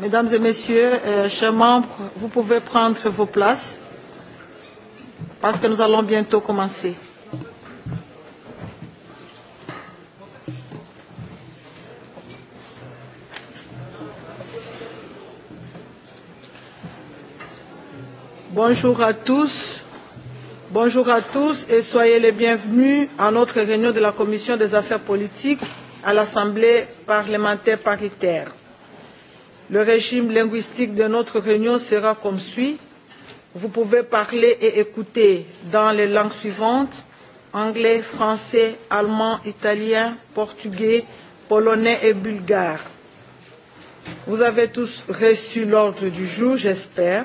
Mesdames et messieurs, chers membres, vous pouvez prendre vos places parce que nous allons bientôt commencer. Bonjour à tous. Bonjour à tous et soyez les bienvenus à notre réunion de la Commission des affaires politiques à l'Assemblée parlementaire paritaire. Le régime linguistique de notre réunion sera comme suit. Vous pouvez parler et écouter dans les langues suivantes anglais, français, allemand, italien, portugais, polonais et bulgare. Vous avez tous reçu l'ordre du jour, j'espère,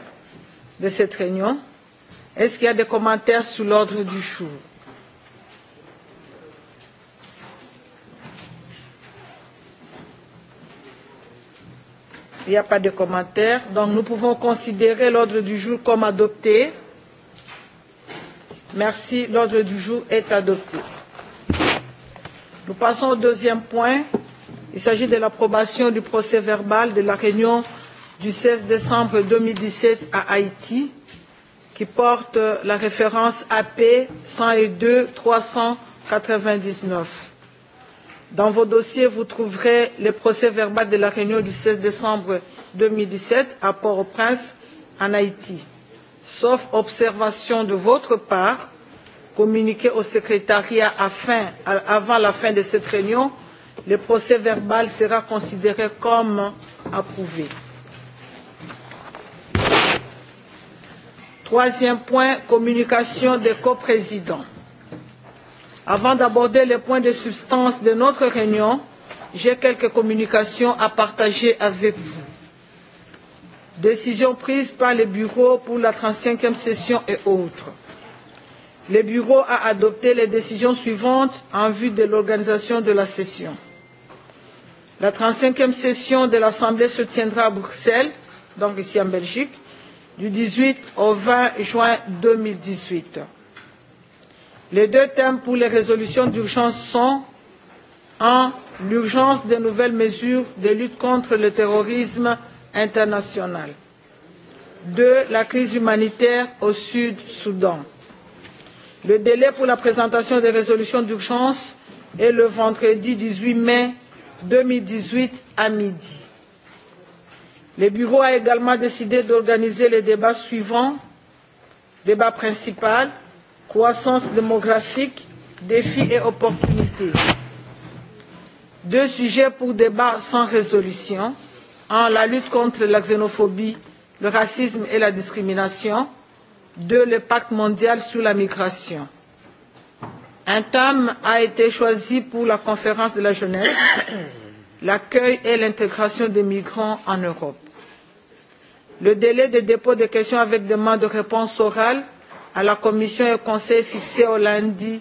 de cette réunion. Est-ce qu'il y a des commentaires sur l'ordre du jour Il n'y a pas de commentaires. Donc nous pouvons considérer l'ordre du jour comme adopté. Merci. L'ordre du jour est adopté. Nous passons au deuxième point. Il s'agit de l'approbation du procès verbal de la réunion du 16 décembre 2017 à Haïti qui porte la référence AP 102 399. Dans vos dossiers, vous trouverez le procès verbal de la réunion du 16 décembre 2017 à Port-au-Prince, en Haïti. Sauf observation de votre part, communiquée au secrétariat avant la fin de cette réunion, le procès verbal sera considéré comme approuvé. Troisième point, communication des coprésidents. Avant d'aborder les points de substance de notre réunion, j'ai quelques communications à partager avec vous. Décision prise par le Bureau pour la 35e session et autres. Le Bureau a adopté les décisions suivantes en vue de l'organisation de la session. La 35e session de l'Assemblée se tiendra à Bruxelles, donc ici en Belgique, du 18 au 20 juin 2018. Les deux thèmes pour les résolutions d'urgence sont 1. L'urgence de nouvelles mesures de lutte contre le terrorisme international. 2. La crise humanitaire au Sud-Soudan. Le délai pour la présentation des résolutions d'urgence est le vendredi 18 mai 2018 à midi. Le bureau a également décidé d'organiser les débats suivants. Débat principal croissance démographique, défis et opportunités. Deux sujets pour débat sans résolution. Un, la lutte contre la xénophobie, le racisme et la discrimination. Deux, le pacte mondial sur la migration. Un thème a été choisi pour la conférence de la jeunesse, l'accueil et l'intégration des migrants en Europe. Le délai de dépôt des questions avec demande de réponse orale à la Commission et au Conseil fixé au lundi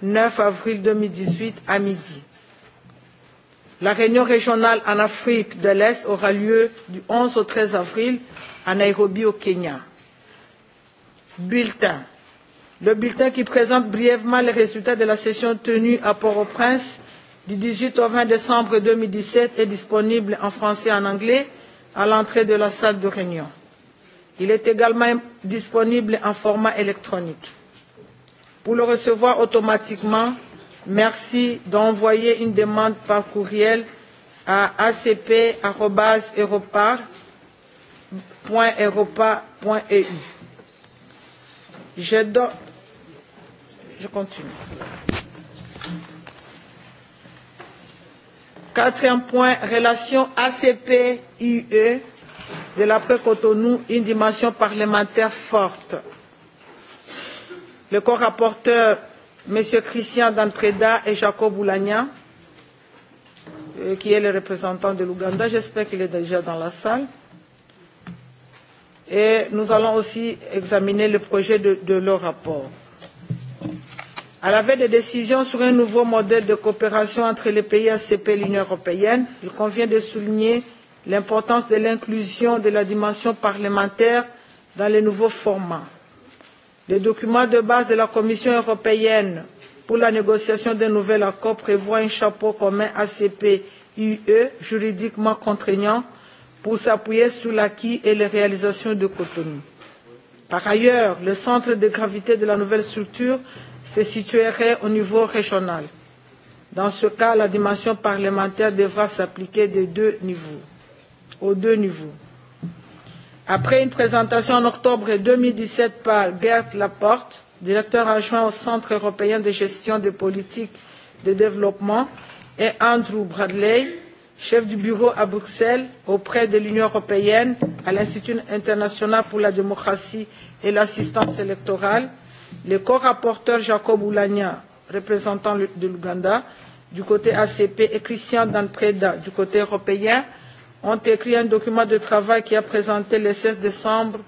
9 avril 2018 à midi. La réunion régionale en Afrique de l'Est aura lieu du 11 au 13 avril à Nairobi au Kenya. Bulletin. Le bulletin qui présente brièvement les résultats de la session tenue à Port-au-Prince du 18 au 20 décembre 2017 est disponible en français et en anglais à l'entrée de la salle de réunion. Il est également disponible en format électronique. Pour le recevoir automatiquement, merci d'envoyer une demande par courriel à acp.europa.eu. Je, do... Je continue. Quatrième point, relation ACP-UE de l'après Cotonou une dimension parlementaire forte. Le co-rapporteur, M. Christian Dantreda et Jacob Boulagna, qui est le représentant de l'Ouganda, j'espère qu'il est déjà dans la salle. Et nous allons aussi examiner le projet de leur rapport. À la veille des décisions sur un nouveau modèle de coopération entre les pays ACP et l'Union européenne, il convient de souligner l'importance de l'inclusion de la dimension parlementaire dans les nouveaux formats. Le documents de base de la Commission européenne pour la négociation d'un nouvel accord prévoit un chapeau commun ACP-UE juridiquement contraignant pour s'appuyer sur l'acquis et les réalisations de Cotonou. Par ailleurs, le centre de gravité de la nouvelle structure se situerait au niveau régional. Dans ce cas, la dimension parlementaire devra s'appliquer de deux niveaux aux deux niveaux. Après une présentation en octobre 2017 par Gert Laporte, directeur adjoint au Centre européen de gestion des politiques de développement, et Andrew Bradley, chef du bureau à Bruxelles auprès de l'Union européenne à l'Institut international pour la démocratie et l'assistance électorale, le co-rapporteur Jacob Oulania, représentant de l'Ouganda, du côté ACP, et Christian Danpreda, du côté européen, ont écrit un document de travail qui a présenté le 16 décembre,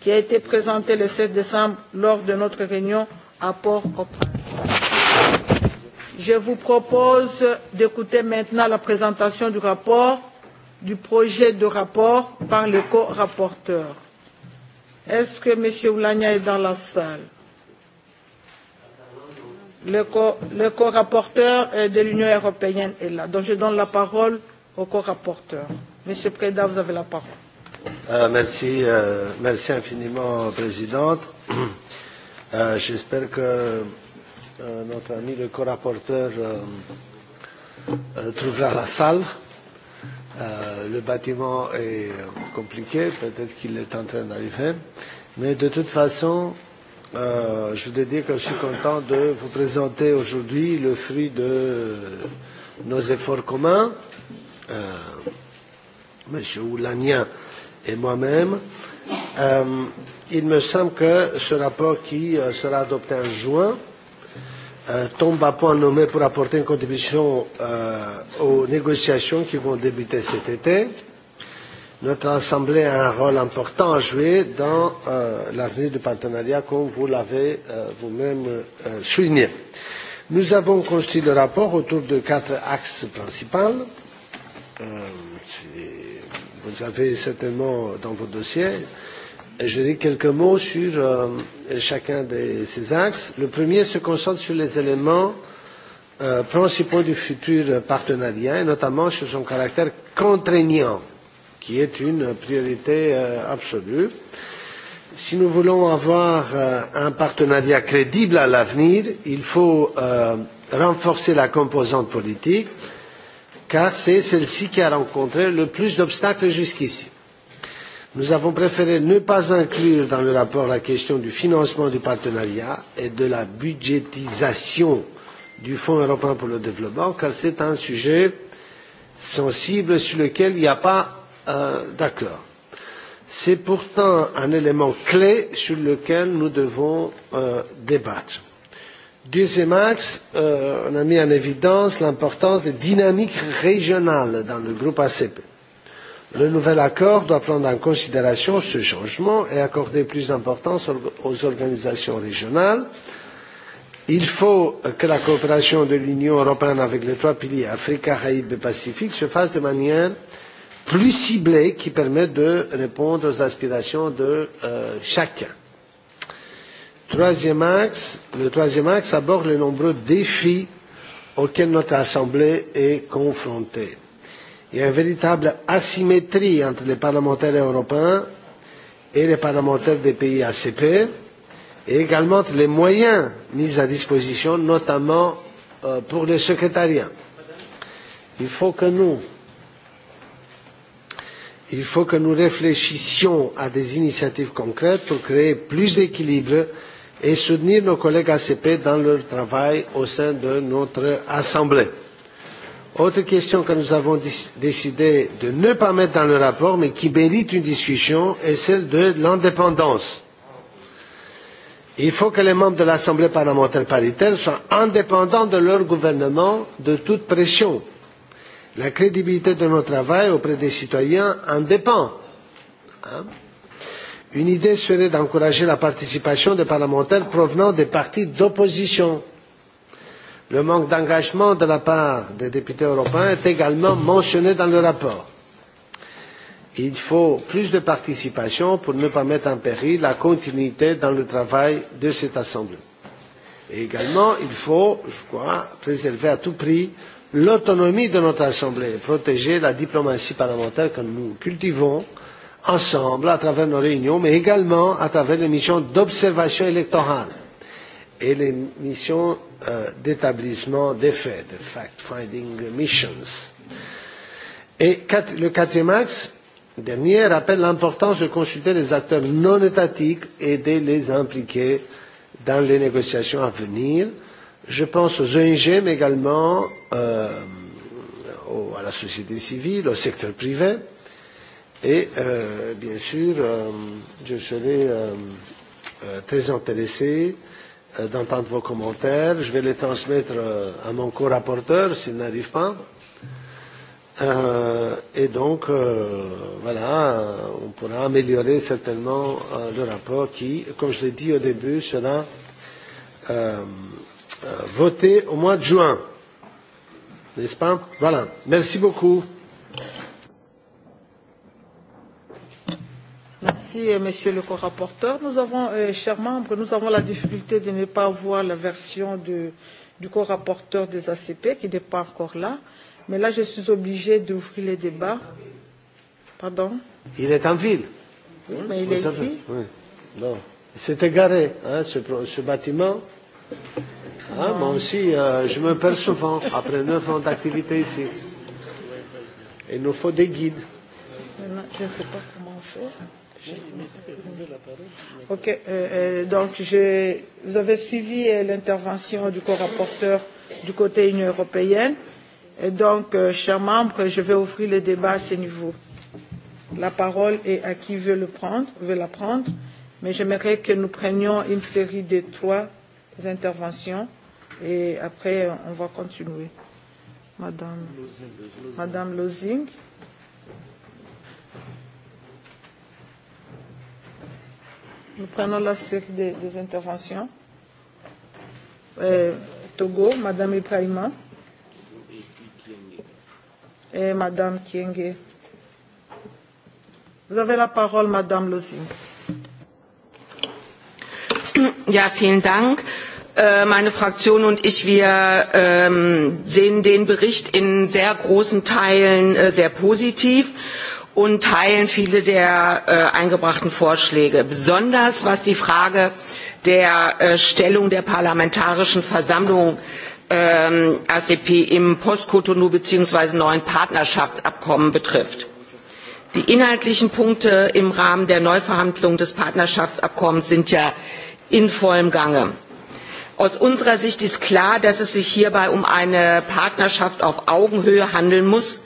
qui a été présenté le 16 décembre lors de notre réunion à Port-au-Prince. Je vous propose d'écouter maintenant la présentation du rapport, du projet de rapport par le co-rapporteur. Est-ce que M. Oulania est dans la salle Le co-rapporteur de l'Union européenne est là. Donc je donne la parole au co-rapporteur. Monsieur Preda, vous la parole. Merci, infiniment, Présidente. J'espère que notre ami le co-rapporteur trouvera la salle. Le bâtiment est compliqué, peut-être qu'il est en train d'arriver. Mais de toute façon, je voudrais dire que je suis content de vous présenter aujourd'hui le fruit de nos efforts communs Monsieur Oulania et moi-même. Il me semble que ce rapport qui sera adopté en juin tombe à point nommé pour apporter une contribution aux négociations qui vont débuter cet été. Notre Assemblée a un rôle important à jouer dans l'avenir du partenariat, comme vous l'avez vous-même souligné. Nous avons construit le rapport autour de quatre axes principaux vous avez certainement dans vos dossiers. Je dis quelques mots sur chacun de ces axes. Le premier se concentre sur les éléments principaux du futur partenariat, et notamment sur son caractère contraignant, qui est une priorité absolue. Si nous voulons avoir un partenariat crédible à l'avenir, il faut renforcer la composante politique car c'est celle-ci qui a rencontré le plus d'obstacles jusqu'ici. Nous avons préféré ne pas inclure dans le rapport la question du financement du partenariat et de la budgétisation du Fonds européen pour le développement, car c'est un sujet sensible sur lequel il n'y a pas d'accord. C'est pourtant un élément clé sur lequel nous devons débattre. Deuxième axe, on a mis en évidence l'importance des dynamiques régionales dans le groupe ACP. Le nouvel accord doit prendre en considération ce changement et accorder plus d'importance aux organisations régionales. Il faut que la coopération de l'Union européenne avec les trois piliers Afrique, Caraïbes et Pacifique se fasse de manière plus ciblée qui permette de répondre aux aspirations de chacun. Troisième le troisième axe aborde les nombreux défis auxquels notre Assemblée est confrontée. Il y a une véritable asymétrie entre les parlementaires européens et les parlementaires des pays ACP, et également entre les moyens mis à disposition, notamment pour les secrétariats. il faut que nous réfléchissions à des initiatives concrètes pour créer plus d'équilibre et soutenir nos collègues ACP dans leur travail au sein de notre Assemblée. Autre question que nous avons décidé de ne pas mettre dans le rapport, mais qui mérite une discussion, est celle de l'indépendance. Il faut que les membres de l'Assemblée parlementaire paritaire soient indépendants de leur gouvernement de toute pression. La crédibilité de notre travail auprès des citoyens en dépend. Une idée serait d'encourager la participation des parlementaires provenant des partis d'opposition. Le manque d'engagement de la part des députés européens est également mentionné dans le rapport. Il faut plus de participation pour ne pas mettre en péril la continuité dans le travail de cette Assemblée. également, il faut, je crois, préserver à tout prix l'autonomie de notre Assemblée et protéger la diplomatie parlementaire que nous cultivons ensemble à travers nos réunions, mais également à travers les missions d'observation électorale et les missions d'établissement des faits, de fact-finding missions. Et le quatrième axe dernier rappelle l'importance de consulter les acteurs non étatiques et de les impliquer dans les négociations à venir. Je pense aux ONG, mais également à la société civile, au secteur privé Et bien sûr, je serai très intéressé d'entendre vos commentaires. Je vais les transmettre à mon co-rapporteur s'il n'arrive pas. Et donc, voilà, on pourra améliorer certainement le rapport qui, comme je l'ai dit au début, sera voté au mois de juin. N'est-ce pas Voilà. Merci beaucoup. Merci, Monsieur le co-rapporteur. Nous avons, chers membres, nous avons la difficulté de ne pas voir la version du co-rapporteur des ACP qui n'est pas encore là. Mais là, je suis obligée d'ouvrir les débats. Pardon Il est en ville. Oui, mais il est ici. Non. s'est égaré, hein, ce, bâtiment. Hein, moi aussi, je me perds souvent après neuf ans d'activité ici. Il nous faut des guides. Je ne sais pas comment faire. Ok, euh, donc je, vous avez suivi l'intervention du co-rapporteur du côté Union européenne. Et donc, euh, chers membres, je vais ouvrir le débat à ce niveau. La parole est à qui veut, le prendre, veut la prendre, mais j'aimerais que nous prenions une série de trois interventions et après on va continuer. Madame, Madame Lozing. Nous prenons la suite des, des interventions. Euh, Togo, Madame Ibrahima. Et Madame Kienge. Vous avez la parole, Madame Losing. Ja, vielen Dank. Meine Fraktion und ich, wir sehen den Bericht in sehr großen Teilen sehr positiv und teilen viele der eingebrachten Vorschläge, besonders was die Frage der Stellung der Parlamentarischen Versammlung ACP im Postkotonou bzw. neuen Partnerschaftsabkommen betrifft. Die inhaltlichen Punkte im Rahmen der Neuverhandlung des Partnerschaftsabkommens sind ja in vollem Gange. Aus unserer Sicht ist klar, dass es sich hierbei um eine Partnerschaft auf Augenhöhe handeln muss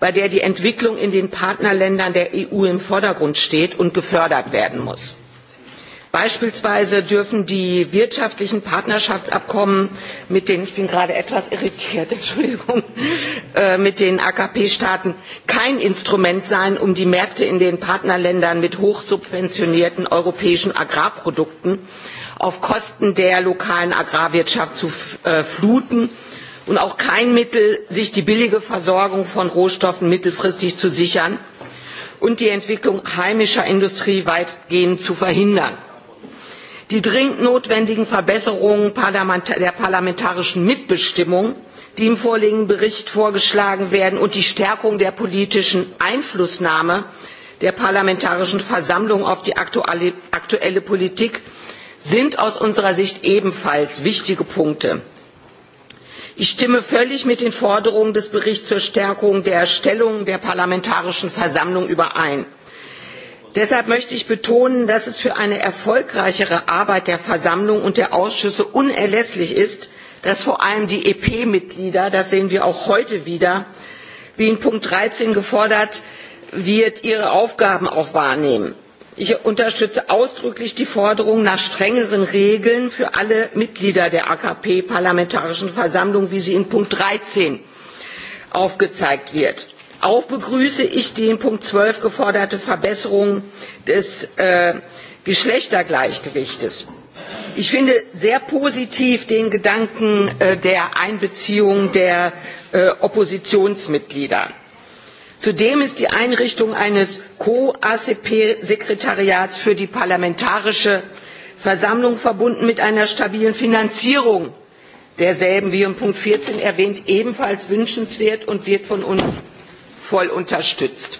bei der die Entwicklung in den Partnerländern der EU im Vordergrund steht und gefördert werden muss. Beispielsweise dürfen die wirtschaftlichen Partnerschaftsabkommen mit den ich bin gerade etwas irritiert, Entschuldigung mit den AKP Staaten kein Instrument sein, um die Märkte in den Partnerländern mit hochsubventionierten europäischen Agrarprodukten auf Kosten der lokalen Agrarwirtschaft zu fluten und auch kein Mittel, sich die billige Versorgung von Rohstoffen mittelfristig zu sichern und die Entwicklung heimischer Industrie weitgehend zu verhindern. Die dringend notwendigen Verbesserungen der parlamentarischen Mitbestimmung, die im vorliegenden Bericht vorgeschlagen werden, und die Stärkung der politischen Einflussnahme der Parlamentarischen Versammlung auf die aktuelle Politik sind aus unserer Sicht ebenfalls wichtige Punkte ich stimme völlig mit den forderungen des berichts zur stärkung der stellung der parlamentarischen versammlung überein. deshalb möchte ich betonen dass es für eine erfolgreichere arbeit der versammlung und der ausschüsse unerlässlich ist dass vor allem die ep mitglieder das sehen wir auch heute wieder wie in punkt 13 gefordert wird ihre aufgaben auch wahrnehmen ich unterstütze ausdrücklich die forderung nach strengeren regeln für alle mitglieder der akp parlamentarischen versammlung wie sie in punkt dreizehn aufgezeigt wird. auch begrüße ich die in punkt zwölf geforderte verbesserung des Geschlechtergleichgewichts. ich finde sehr positiv den gedanken der einbeziehung der oppositionsmitglieder. Zudem ist die Einrichtung eines Co-ACP-Sekretariats für die Parlamentarische Versammlung verbunden mit einer stabilen Finanzierung derselben, wie in Punkt 14 erwähnt, ebenfalls wünschenswert und wird von uns voll unterstützt.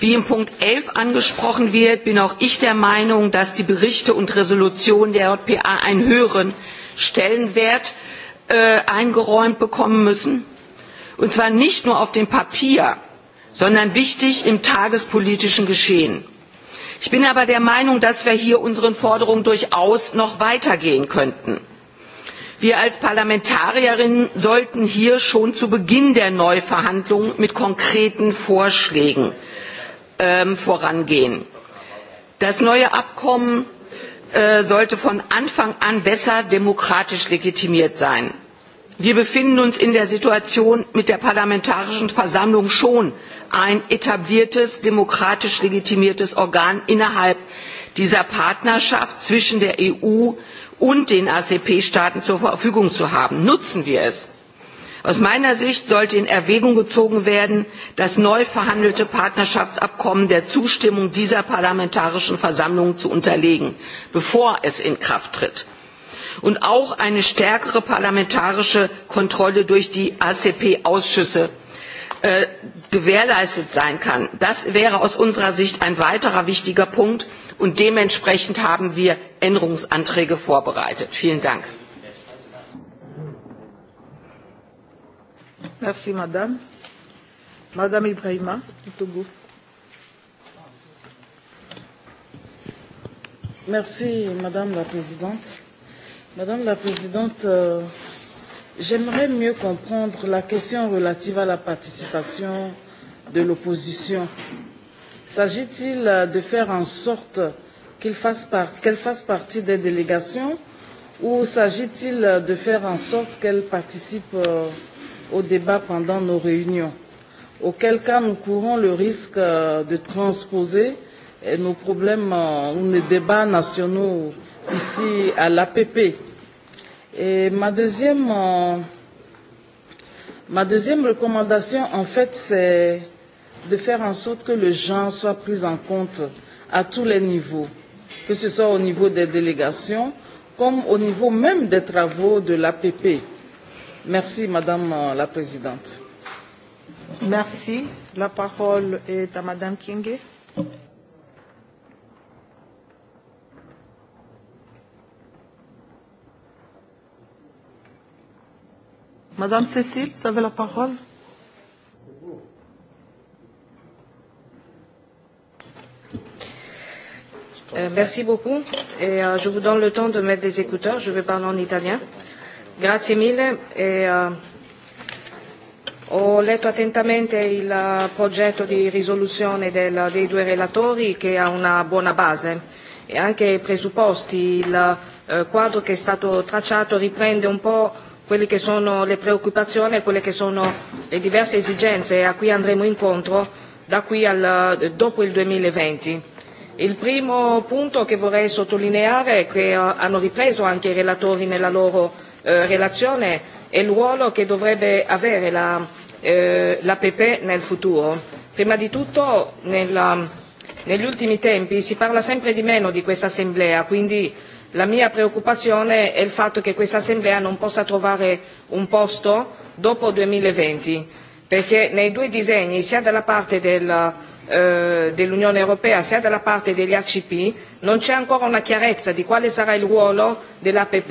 Wie in Punkt 11 angesprochen wird, bin auch ich der Meinung, dass die Berichte und Resolutionen der JPA einen höheren Stellenwert eingeräumt bekommen müssen und zwar nicht nur auf dem papier sondern wichtig im tagespolitischen geschehen. ich bin aber der meinung dass wir hier unseren forderungen durchaus noch weitergehen könnten. wir als parlamentarierinnen sollten hier schon zu beginn der neuverhandlungen mit konkreten vorschlägen vorangehen. das neue abkommen sollte von anfang an besser demokratisch legitimiert sein wir befinden uns in der situation mit der parlamentarischen versammlung schon ein etabliertes demokratisch legitimiertes organ innerhalb dieser partnerschaft zwischen der eu und den acp staaten zur verfügung zu haben. nutzen wir es! aus meiner sicht sollte in erwägung gezogen werden das neu verhandelte partnerschaftsabkommen der zustimmung dieser parlamentarischen versammlung zu unterlegen bevor es in kraft tritt und auch eine stärkere parlamentarische kontrolle durch die acp ausschüsse gewährleistet sein kann. das wäre aus unserer sicht ein weiterer wichtiger punkt und dementsprechend haben wir änderungsanträge vorbereitet. vielen dank. Madame la Présidente, j'aimerais mieux comprendre la question relative à la participation de l'opposition. S'agit-il de faire en sorte qu'elle fasse partie des délégations ou s'agit-il de faire en sorte qu'elle participe au débat pendant nos réunions auquel cas nous courons le risque de transposer nos problèmes ou nos débats nationaux ici à l'APP. Et ma deuxième, ma deuxième recommandation, en fait, c'est de faire en sorte que le genre soit pris en compte à tous les niveaux, que ce soit au niveau des délégations comme au niveau même des travaux de l'APP. Merci, Madame la Présidente. Merci. La parole est à Madame Kinge. Madame Cécile, vous avez la parole. Merci beaucoup et je vous donne le temps de mettre des écouteurs, je vais parler en italien. Grazie mille e ho letto attentamente il progetto di risoluzione del dei due relatori che ha una buona base e anche i presupposti il quadro che è stato tracciato riprende un po' quelle che sono le preoccupazioni e quelle che sono le diverse esigenze a cui andremo incontro da qui al dopo il 2020. Il primo punto che vorrei sottolineare che hanno ripreso anche i relatori nella loro relazione è il ruolo che dovrebbe avere la PP nel futuro. Prima di tutto negli ultimi tempi si parla sempre di meno di questa assemblea, quindi la mia preoccupazione è il fatto che questa assemblea non possa trovare un posto dopo il 2020 perché nei due disegni sia dalla parte dell'Unione Europea sia dalla parte degli ACP non c'è ancora una chiarezza di quale sarà il ruolo dell'APP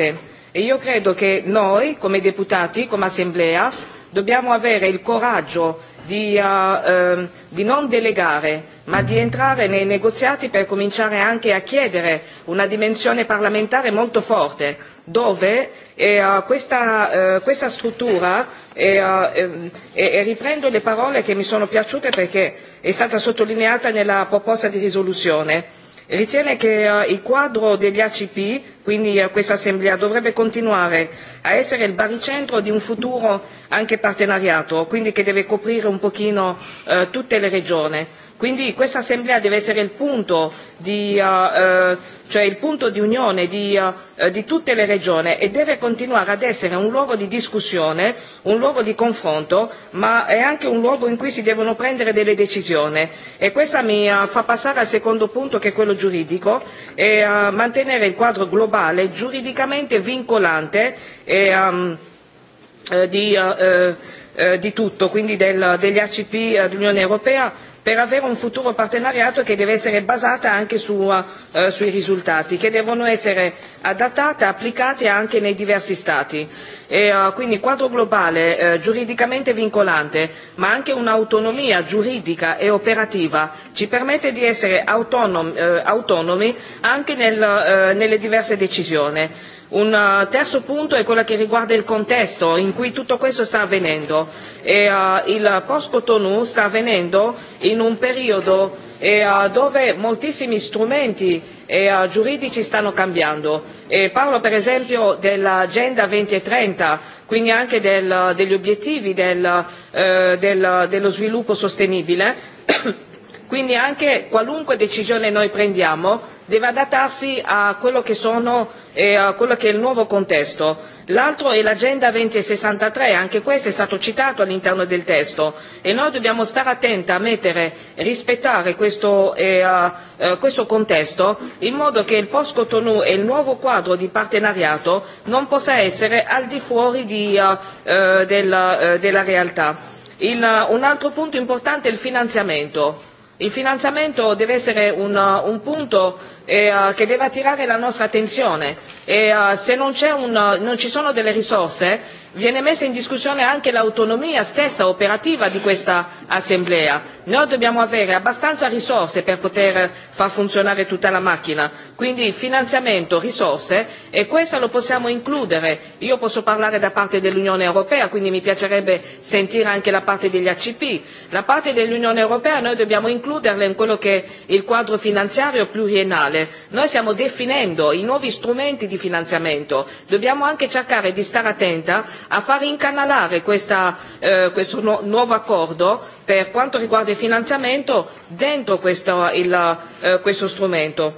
e io credo che noi come deputati come assemblea dobbiamo avere il coraggio di di non delegare ma di entrare nei negoziati per cominciare anche a chiedere una dimensione parlamentare molto forte dove questa struttura e riprendo le parole che mi sono piaciute perché è stata sottolineata nella proposta di risoluzione ritiene che il quadro degli acp quindi questa assemblea dovrebbe continuare a essere il baricentro di un futuro anche partenariato quindi che deve coprire un pochino tutte le regioni quindi questa assemblea deve essere il punto di cioè il punto di unione di tutte le regioni e deve continuare ad essere un luogo di discussione un luogo di confronto ma è anche un luogo in cui si devono prendere delle decisioni e questo mi fa passare al secondo punto che è quello giuridico e mantenere il quadro globale giuridicamente vincolante di tutto quindi degli acp dell'unione europea per avere un futuro partenariato che deve essere basata anche sui risultati che devono essere adattate e applicate anche nei diversi stati quindi quadro globale giuridicamente vincolante ma anche un'autonomia giuridica e operativa ci permette di essere autonomi anche nelle diverse decisioni Un terzo punto è quello che riguarda il contesto in cui tutto questo sta avvenendo e il post Cotonou sta avvenendo in un periodo dove moltissimi strumenti giuridici stanno cambiando e parlo per esempio dell'agenda 2030 quindi anche degli obiettivi dello sviluppo sostenibile Quindi anche qualunque decisione noi prendiamo deve adattarsi a quello che sono a quello che è il nuovo contesto. L'altro è l'agenda 2063, anche questo è stato citato all'interno del testo e noi dobbiamo stare attenti a mettere e rispettare questo questo contesto in modo che il post Cotonou e il nuovo quadro di partenariato non possa essere al di fuori della realtà. Un altro punto importante è il finanziamento il finanziamento deve essere un punto che deve attirare la nostra attenzione e se non ci sono delle risorse viene messa in discussione anche l'autonomia stessa operativa di questa assemblea. Noi dobbiamo avere abbastanza risorse per poter far funzionare tutta la macchina, quindi finanziamento, risorse e questo lo possiamo includere. Io posso parlare da parte dell'Unione Europea, quindi mi piacerebbe sentire anche la parte degli ACP. La parte dell'Unione Europea noi dobbiamo includerla in quello che è il quadro finanziario pluriennale. Noi stiamo definendo i nuovi strumenti di finanziamento. Dobbiamo anche cercare di stare attenta a far incanalare questo nuovo accordo per quanto riguarda il finanziamento dentro questo strumento.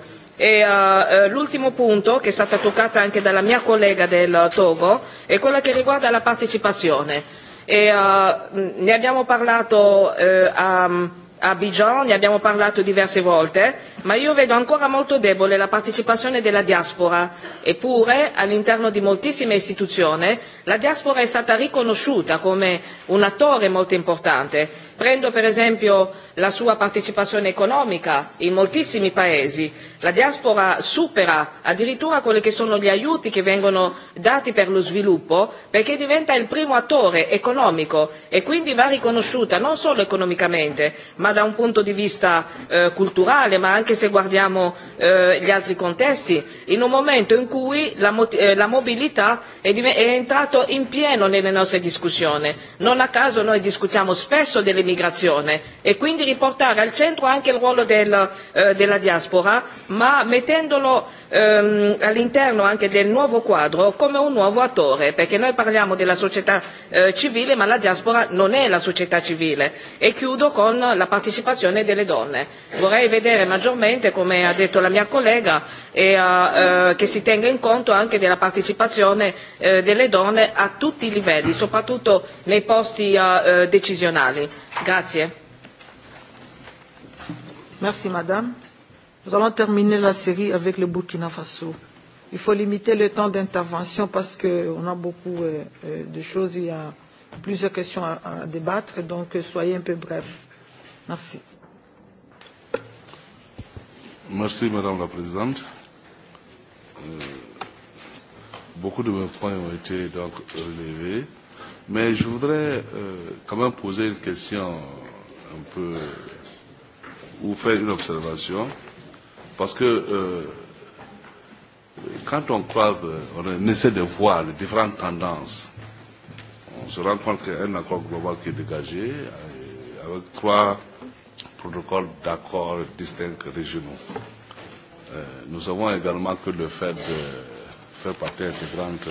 L'ultimo punto, che è stato toccato anche dalla mia collega del Togo, è quello che riguarda la partecipazione. Ne abbiamo parlato a Abidjan, ne abbiamo parlato diverse volte, ma io vedo ancora molto debole la partecipazione della diaspora. Eppure, all'interno di moltissime istituzioni, la diaspora è stata riconosciuta come un attore molto importante prendo per esempio la sua partecipazione economica in moltissimi paesi la diaspora supera addirittura quelli che sono gli aiuti che vengono dati per lo sviluppo perché diventa il primo attore economico e quindi va riconosciuta non solo economicamente ma da un punto di vista culturale ma anche se guardiamo gli altri contesti in un momento in cui la mobilità è entrato in pieno nelle nostre discussioni non a caso noi discutiamo spesso dell'immigrazione e quindi riportare al centro anche il ruolo della diaspora ma mettendolo all'interno anche del nuovo quadro come un nuovo attore perché noi parliamo della società civile ma la diaspora non è la società civile e chiudo con la partecipazione delle donne vorrei vedere maggiormente come ha detto la mia collega che si tenga in conto anche della partecipazione delle donne a tutti i livelli soprattutto nei posti decisionali grazie Merci madame Nous allons terminer la série avec le Burkina Faso. Il faut limiter le temps d'intervention parce qu'on a beaucoup de choses. Il y a plusieurs questions à débattre, donc soyez un peu bref. Merci. Merci, Madame la Présidente. Beaucoup de mes points ont été donc relevés, mais je voudrais quand même poser une question un peu ou faire une observation Parce que quand on croise, on essaie de voir les différentes tendances, on se rend compte qu'il y a un accord global qui est dégagé avec trois protocoles d'accords distincts régionaux. Nous avons également que le fait de faire partie intégrante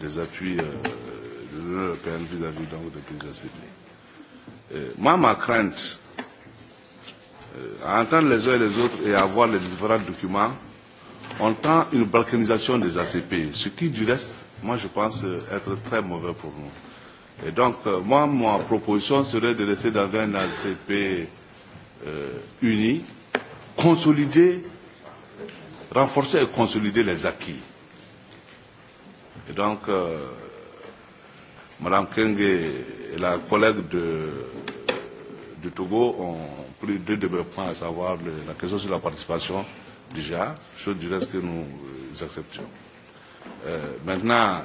des appuis de l'Union européenne vis-à-vis des pays ACP. Moi, ma crainte, à entendre les uns et les autres et à voir les différents documents, on tend une balkanisation des ACP, ce qui, du reste, moi, je pense être très mauvais pour nous. Et donc, moi, ma proposition serait de laisser dans un ACP uni, consolider, renforcer et consolider les acquis. Et donc, Madame Kenge et la collègue de, de Togo ont plus deux développements, à savoir la question sur la participation déjà, chose du reste que nous acceptions. Maintenant,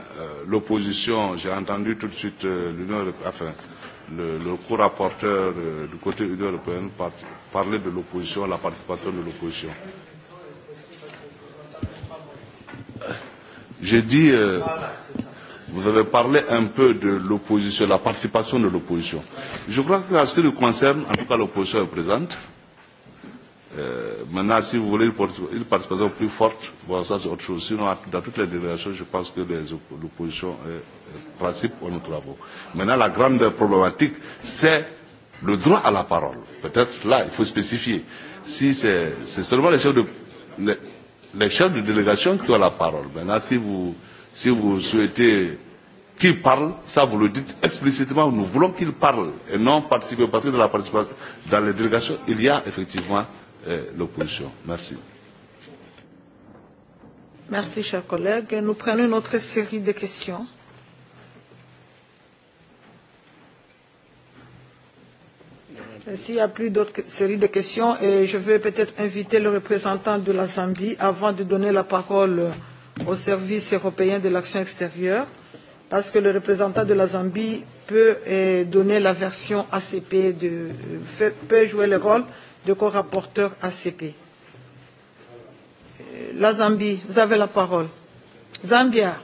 l'opposition, j'ai entendu tout de suite l'Union enfin, le, le co-rapporteur du côté de l'Union européenne parler de l'opposition, la participation de l'opposition. J'ai dit. Vous avez parlé un peu de l'opposition, la participation de l'opposition. Je crois qu'à ce qui nous concerne, en tout cas l'opposition est présente. Euh, maintenant, si vous voulez une participation plus forte, bon, ça c'est autre chose. Sinon, dans toutes les délégations, je pense que l'opposition participe aux nos travaux. Maintenant, la grande problématique, c'est le droit à la parole. Peut-être là, il faut spécifier. Si c'est seulement les chefs, de, les, les chefs de délégation qui ont la parole. Maintenant, si vous, si vous souhaitez Qu'il parle, ça vous le dites explicitement, nous voulons qu'il parle et non participer au parti de la participation. Dans les délégations, il y a effectivement l'opposition. Merci. Merci, chers collègues. Nous prenons une autre série de questions. S'il n'y a plus d'autres séries de questions, je vais peut-être inviter le représentant de la Zambie avant de donner la parole au service européen de l'action extérieure Est-ce que le représentant de la Zambie peut donner la version ACP, de, peut jouer le rôle de co-rapporteur ACP. La Zambie, vous avez la parole. Zambia,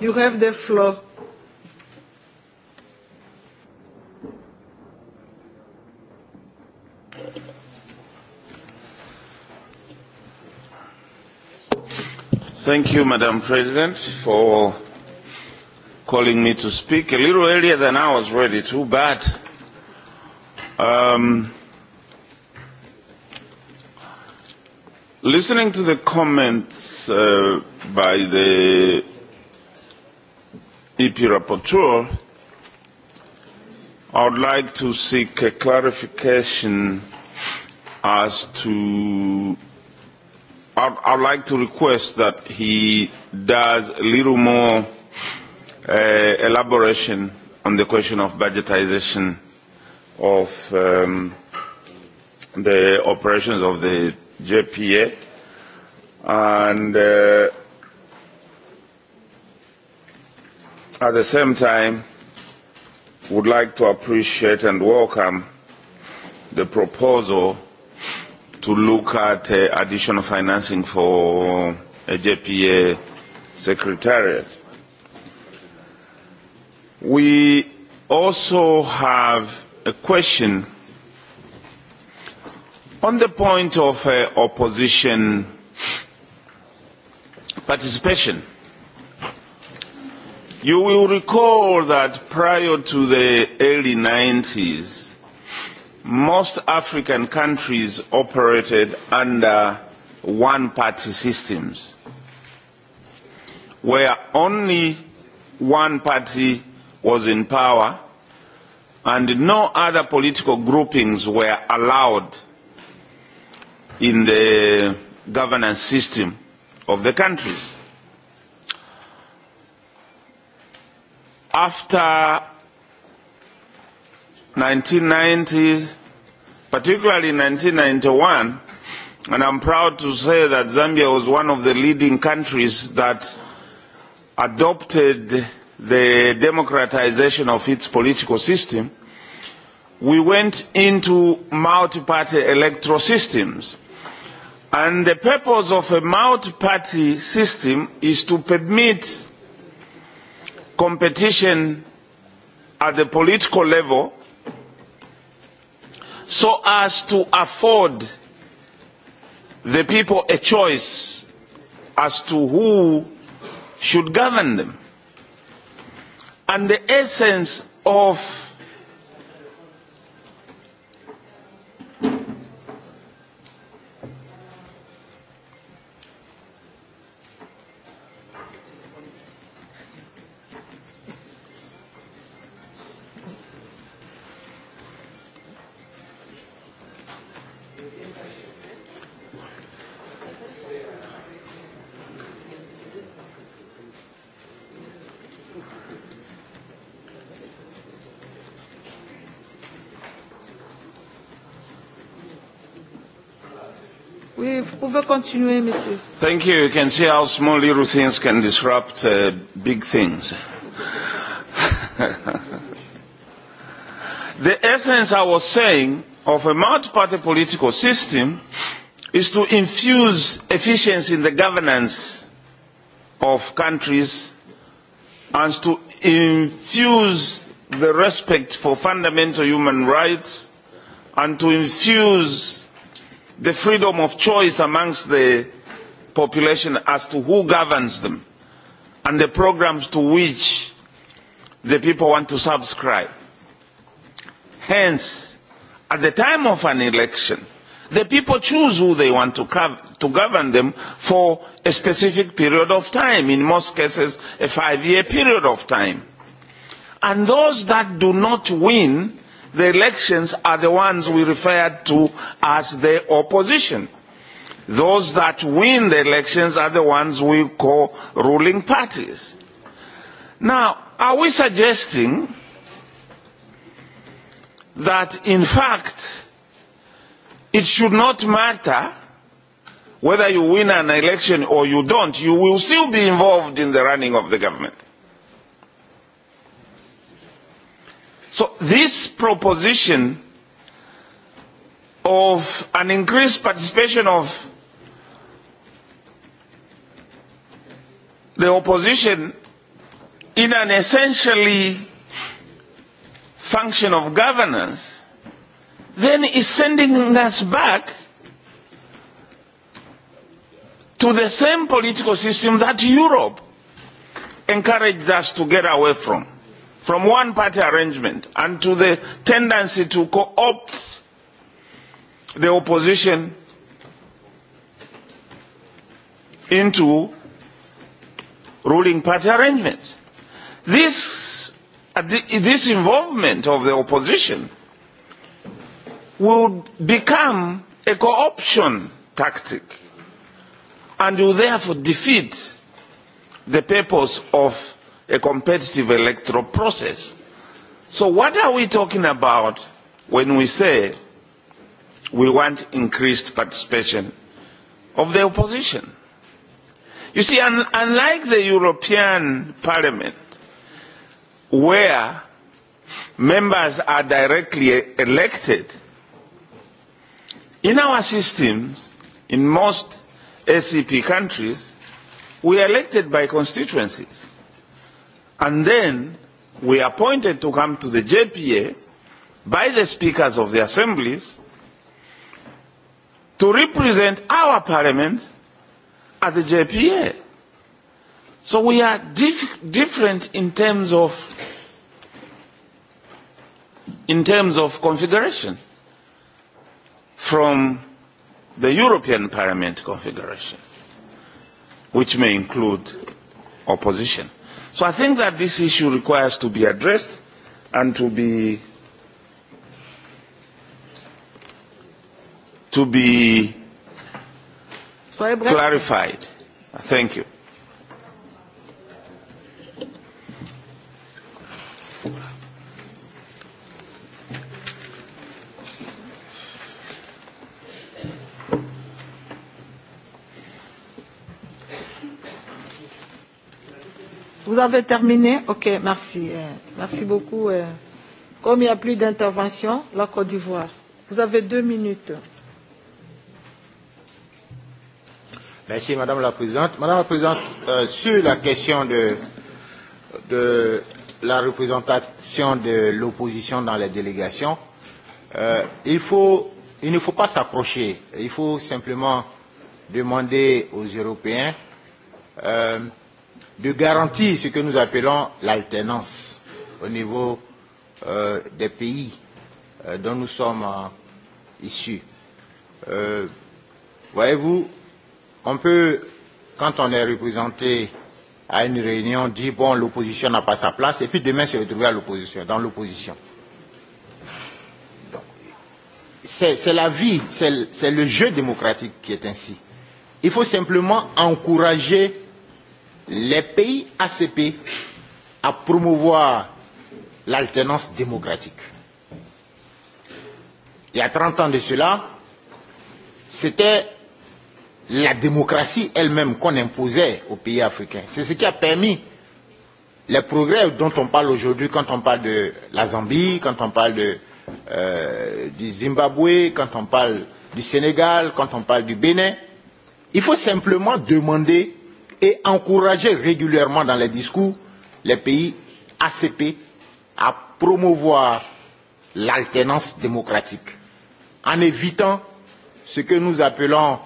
you have the floor. Thank you, Madam President, calling me to speak a little earlier than I was ready. Too bad. Um, listening to the comments by the EP rapporteur, I would like to seek a clarification as to I would like to request that he does a little more elaboration on the question of budgetization of the operations of the JPA. And at the same time, would like to appreciate and welcome the proposal to look at additional financing for a JPA secretariat. We also have a question on the point of opposition participation. You will recall that prior to the early 90s, most African countries operated under one-party systems, where only one party was in power and no other political groupings were allowed in the governance system of the countries. After 1990, particularly 1991, and I'm proud to say that Zambia was one of the leading countries that adopted the democratization of its political system, we went into multi-party electoral systems. And the purpose of a multi-party system is to permit competition at the political level so as to afford the people a choice as to who should govern them and the essence of Thank you. You can see how small little things can disrupt big things. The essence I was saying of a multi-party political system is to infuse efficiency in the governance of countries and to infuse the respect for fundamental human rights and to infuse the freedom of choice amongst the population as to who governs them and the programs to which the people want to subscribe. Hence, at the time of an election, the people choose who they want to, to govern them for a specific period of time, in most cases a five-year period of time. And those that do not win the elections are the ones we refer to as the opposition. Those that win the elections are the ones we call ruling parties. Now, are we suggesting that in fact it should not matter whether you win an election or you don't, you will still be involved in the running of the government? So this proposition of an increased participation of the opposition in an essentially function of governance then is sending us back to the same political system that Europe encouraged us to get away from from one party arrangement and to the tendency to co opt the opposition into ruling party arrangements. This, this involvement of the opposition would become a co option tactic and will therefore defeat the purpose of a competitive electoral process. So what are we talking about when we say we want increased participation of the opposition? You see, unlike the European Parliament, where members are directly elected, in our systems, in most SCP countries, we are elected by constituencies and then we appointed to come to the JPA by the speakers of the assemblies to represent our parliament at the JPA. So we are different in terms of in terms of configuration from the European Parliament configuration, which may include opposition. So I think that this issue requires to be addressed and to be to be clarified. Thank you. Vous avez terminé Ok, merci. Merci beaucoup. Comme il n'y a plus d'intervention, la Côte d'Ivoire. Vous avez deux minutes. Merci, Madame la Présidente. Madame la Présidente, sur la question de, la représentation de l'opposition dans les délégations, il ne faut pas s'approcher. Il faut simplement demander aux Européens de garantir ce que nous appelons l'alternance au niveau euh, des pays dont nous sommes issus. Euh, Voyez-vous, on peut, quand on est représenté à une réunion, dire bon, l'opposition n'a pas sa place, et puis demain se retrouver à l'opposition, dans l'opposition. C'est la vie, c'est le jeu démocratique qui est ainsi. Il faut simplement encourager les pays ACP à promouvoir l'alternance démocratique. Il y a 30 ans de cela, c'était la démocratie elle-même qu'on imposait aux pays africains. C'est ce qui a permis les progrès dont on parle aujourd'hui quand on parle de la Zambie, quand on parle de, euh, du Zimbabwe, quand on parle du Sénégal, quand on parle du Bénin. Il faut simplement demander et encourager régulièrement dans les discours les pays ACP à promouvoir l'alternance démocratique en évitant ce que nous appelons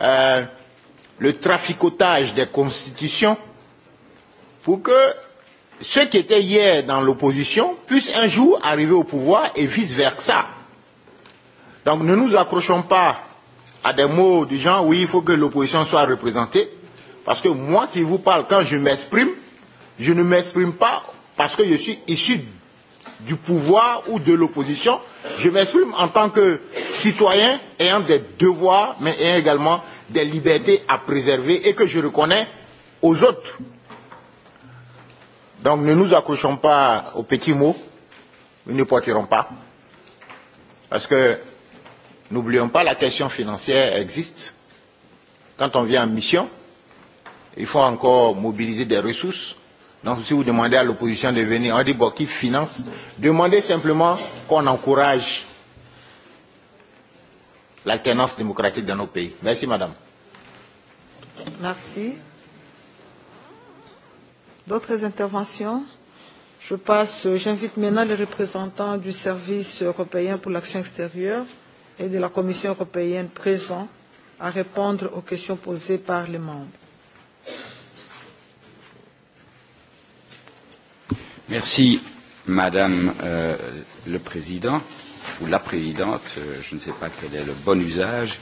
le traficotage des constitutions pour que ceux qui étaient hier dans l'opposition puissent un jour arriver au pouvoir et vice-versa. Donc ne nous accrochons pas à des mots du genre oui, il faut que l'opposition soit représentée. Parce que moi qui vous parle, quand je m'exprime, je ne m'exprime pas parce que je suis issu du pouvoir ou de l'opposition. Je m'exprime en tant que citoyen ayant des devoirs, mais ayant également des libertés à préserver et que je reconnais aux autres. Donc ne nous accrochons pas aux petits mots, nous ne porterons pas. Parce que n'oublions pas, la question financière existe. Quand on vient en mission, il faut encore mobiliser des ressources. Donc si vous demandez à l'opposition de venir, on dit bon, qui finance Demandez simplement qu'on encourage l'alternance démocratique dans nos pays. Merci madame. Merci. D'autres interventions Je passe, j'invite maintenant les représentants du service européen pour l'action extérieure et de la Commission européenne présents à répondre aux questions posées par les membres. Merci, Madame le Président, ou la Présidente, je ne sais pas quel est le bon usage.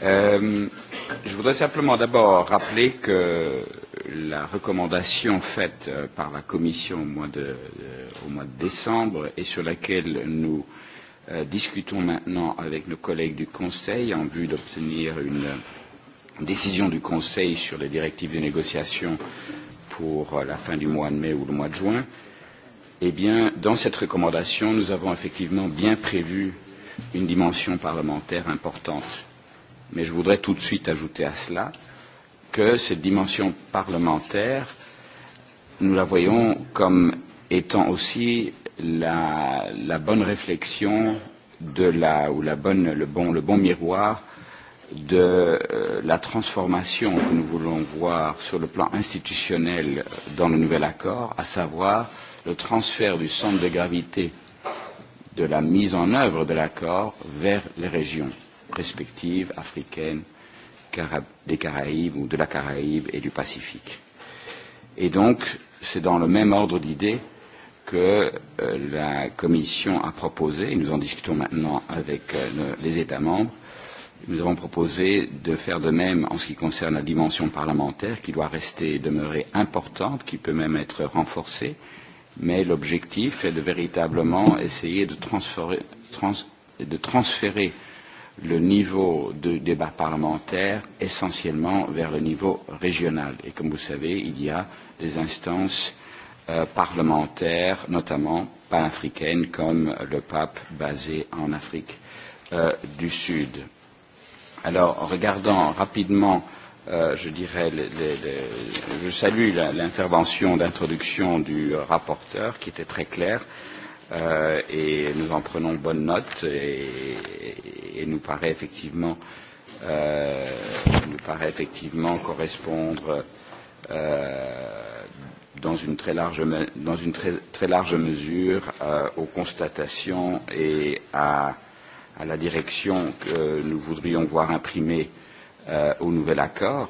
Je voudrais simplement d'abord rappeler que la recommandation faite par la Commission au mois de décembre et sur laquelle nous discutons maintenant avec nos collègues du Conseil en vue d'obtenir une décision du Conseil sur les directives de négociation pour la fin du mois de mai ou le mois de juin, eh bien, dans cette recommandation, nous avons effectivement bien prévu une dimension parlementaire importante. Mais je voudrais tout de suite ajouter à cela que cette dimension parlementaire, nous la voyons comme étant aussi la bonne réflexion de la ou la bonne le bon le bon miroir de la transformation que nous voulons voir sur le plan institutionnel dans le nouvel accord, à savoir le transfert du centre de gravité de la mise en œuvre de l'accord vers les régions respectives africaines, des Caraïbes ou de la Caraïbe et du Pacifique. Et donc, c'est dans le même ordre d'idées que la Commission a proposé, et nous en discutons maintenant avec les États membres, Nous avons proposé de faire de même en ce qui concerne la dimension parlementaire, qui doit rester et demeurer importante, qui peut même être renforcée, mais l'objectif est de véritablement essayer de transférer le niveau de débat parlementaire essentiellement vers le niveau régional. Et comme vous savez, il y a des instances parlementaires, notamment panafricaines, comme le pape basé en Afrique du Sud. Alors, en regardant rapidement, je dirais, je salue l'intervention d'introduction du rapporteur qui était très claire et nous en prenons bonne note et nous paraît effectivement nous paraît effectivement correspondre dans une très large dans une très large mesure aux constatations et à à la direction que nous voudrions voir imprimée au nouvel accord.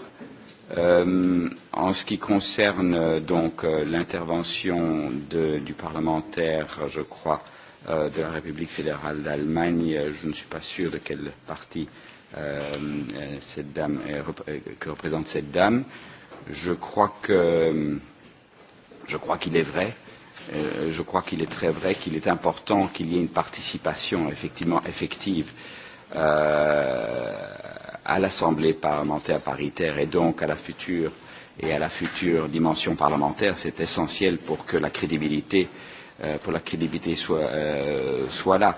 En ce qui concerne donc l'intervention du parlementaire, je crois, de la République fédérale d'Allemagne, je ne suis pas sûr de quel parti cette dame que représente cette dame. Je crois que je crois qu'il est vrai je crois qu'il est très vrai qu'il est important qu'il y ait une participation effectivement effective à l'Assemblée parlementaire paritaire et donc à la future et à la future dimension parlementaire. C'est essentiel pour que la crédibilité pour la crédibilité soit, soit là,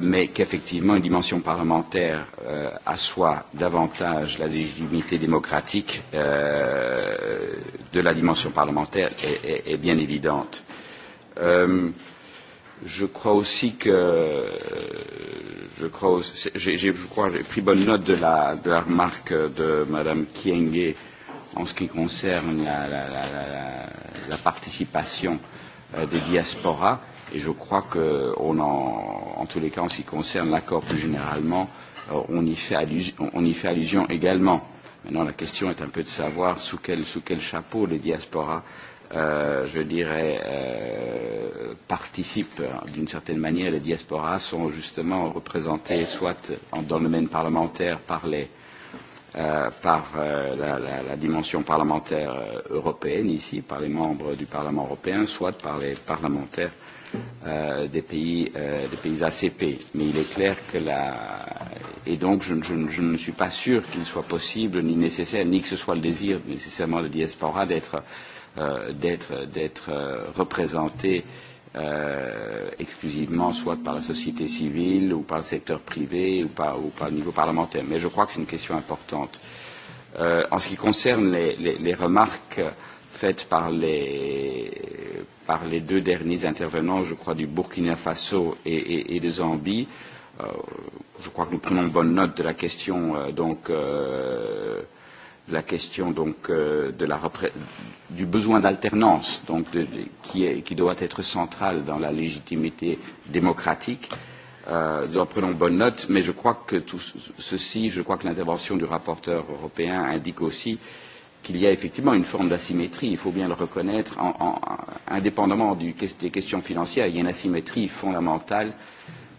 mais qu'effectivement une dimension parlementaire assoit davantage la légitimité démocratique de la dimension parlementaire est, est, est bien évidente. Je crois aussi que je crois j'ai pris bonne note de la de la remarque de Madame Kienge en ce qui concerne la la la participation des diasporas et je crois que on en en tous les cas en ce qui concerne l'accord plus généralement on y fait on y fait allusion également. Maintenant la question est un peu de savoir sous quel sous quel chapeau les diasporas je dirais, participent d'une certaine manière, les diasporas sont justement représentées soit dans le domaine parlementaire par les par la dimension parlementaire européenne ici, par les membres du Parlement européen, soit par les parlementaires des pays ACP. Mais il est clair que la... Et donc, je ne suis pas sûr qu'il soit possible, ni nécessaire, ni que ce soit le désir nécessairement de diaspora d'être d'être représentés exclusivement soit par la société civile ou par le secteur privé ou par le niveau parlementaire. Mais je crois que c'est une question importante. En ce qui concerne les remarques faites par les par les deux derniers intervenants, je crois, du Burkina Faso et de Zambie, je crois que nous prenons bonne note de la question donc la question donc de la du besoin d'alternance qui qui doit être centrale dans la légitimité démocratique euh nous en prenons bonne note mais je crois que tout ceci je crois que l'intervention du rapporteur européen indique aussi qu'il y a effectivement une forme d'asymétrie il faut bien le reconnaître indépendamment des questions financières il y a une asymétrie fondamentale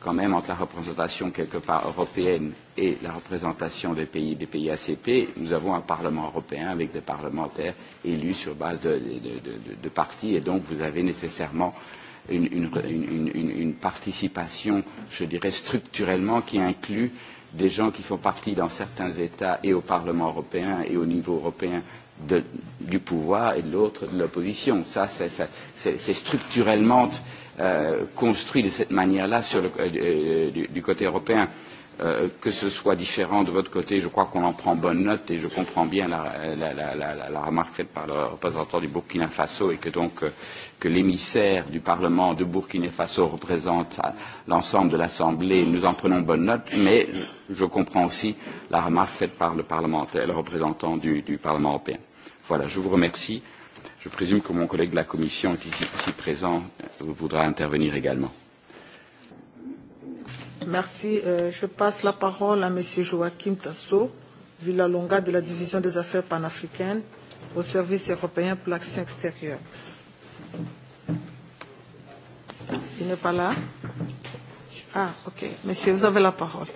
quand même entre la représentation quelque part européenne et la représentation des pays des pays ACP, nous avons un Parlement européen avec des parlementaires élus sur base de, de, de, partis et donc vous avez nécessairement une, une, une, une, participation, je dirais, structurellement qui inclut des gens qui font partie dans certains États et au Parlement européen et au niveau européen de, du pouvoir et de l'autre de l'opposition. Ça, c'est structurellement construit de cette manière-là du côté européen. Que ce soit différent de votre côté, je crois qu'on en prend bonne note et je comprends bien la remarque faite par le représentant du Burkina Faso et que donc que l'émissaire du Parlement de Burkina Faso représente l'ensemble de l'Assemblée. Nous en prenons bonne note, mais je comprends aussi la remarque faite par le parlementaire le représentant du Parlement européen. Voilà, je vous remercie. Je présume que mon collègue de la Commission, qui est ici présent, voudra intervenir également. Merci. Je passe la parole à M. Joachim Tasso, Villalonga de la Division des Affaires panafricaines au Service européen pour l'action extérieure. Il n'est pas là Ah, ok. Monsieur, vous avez la parole.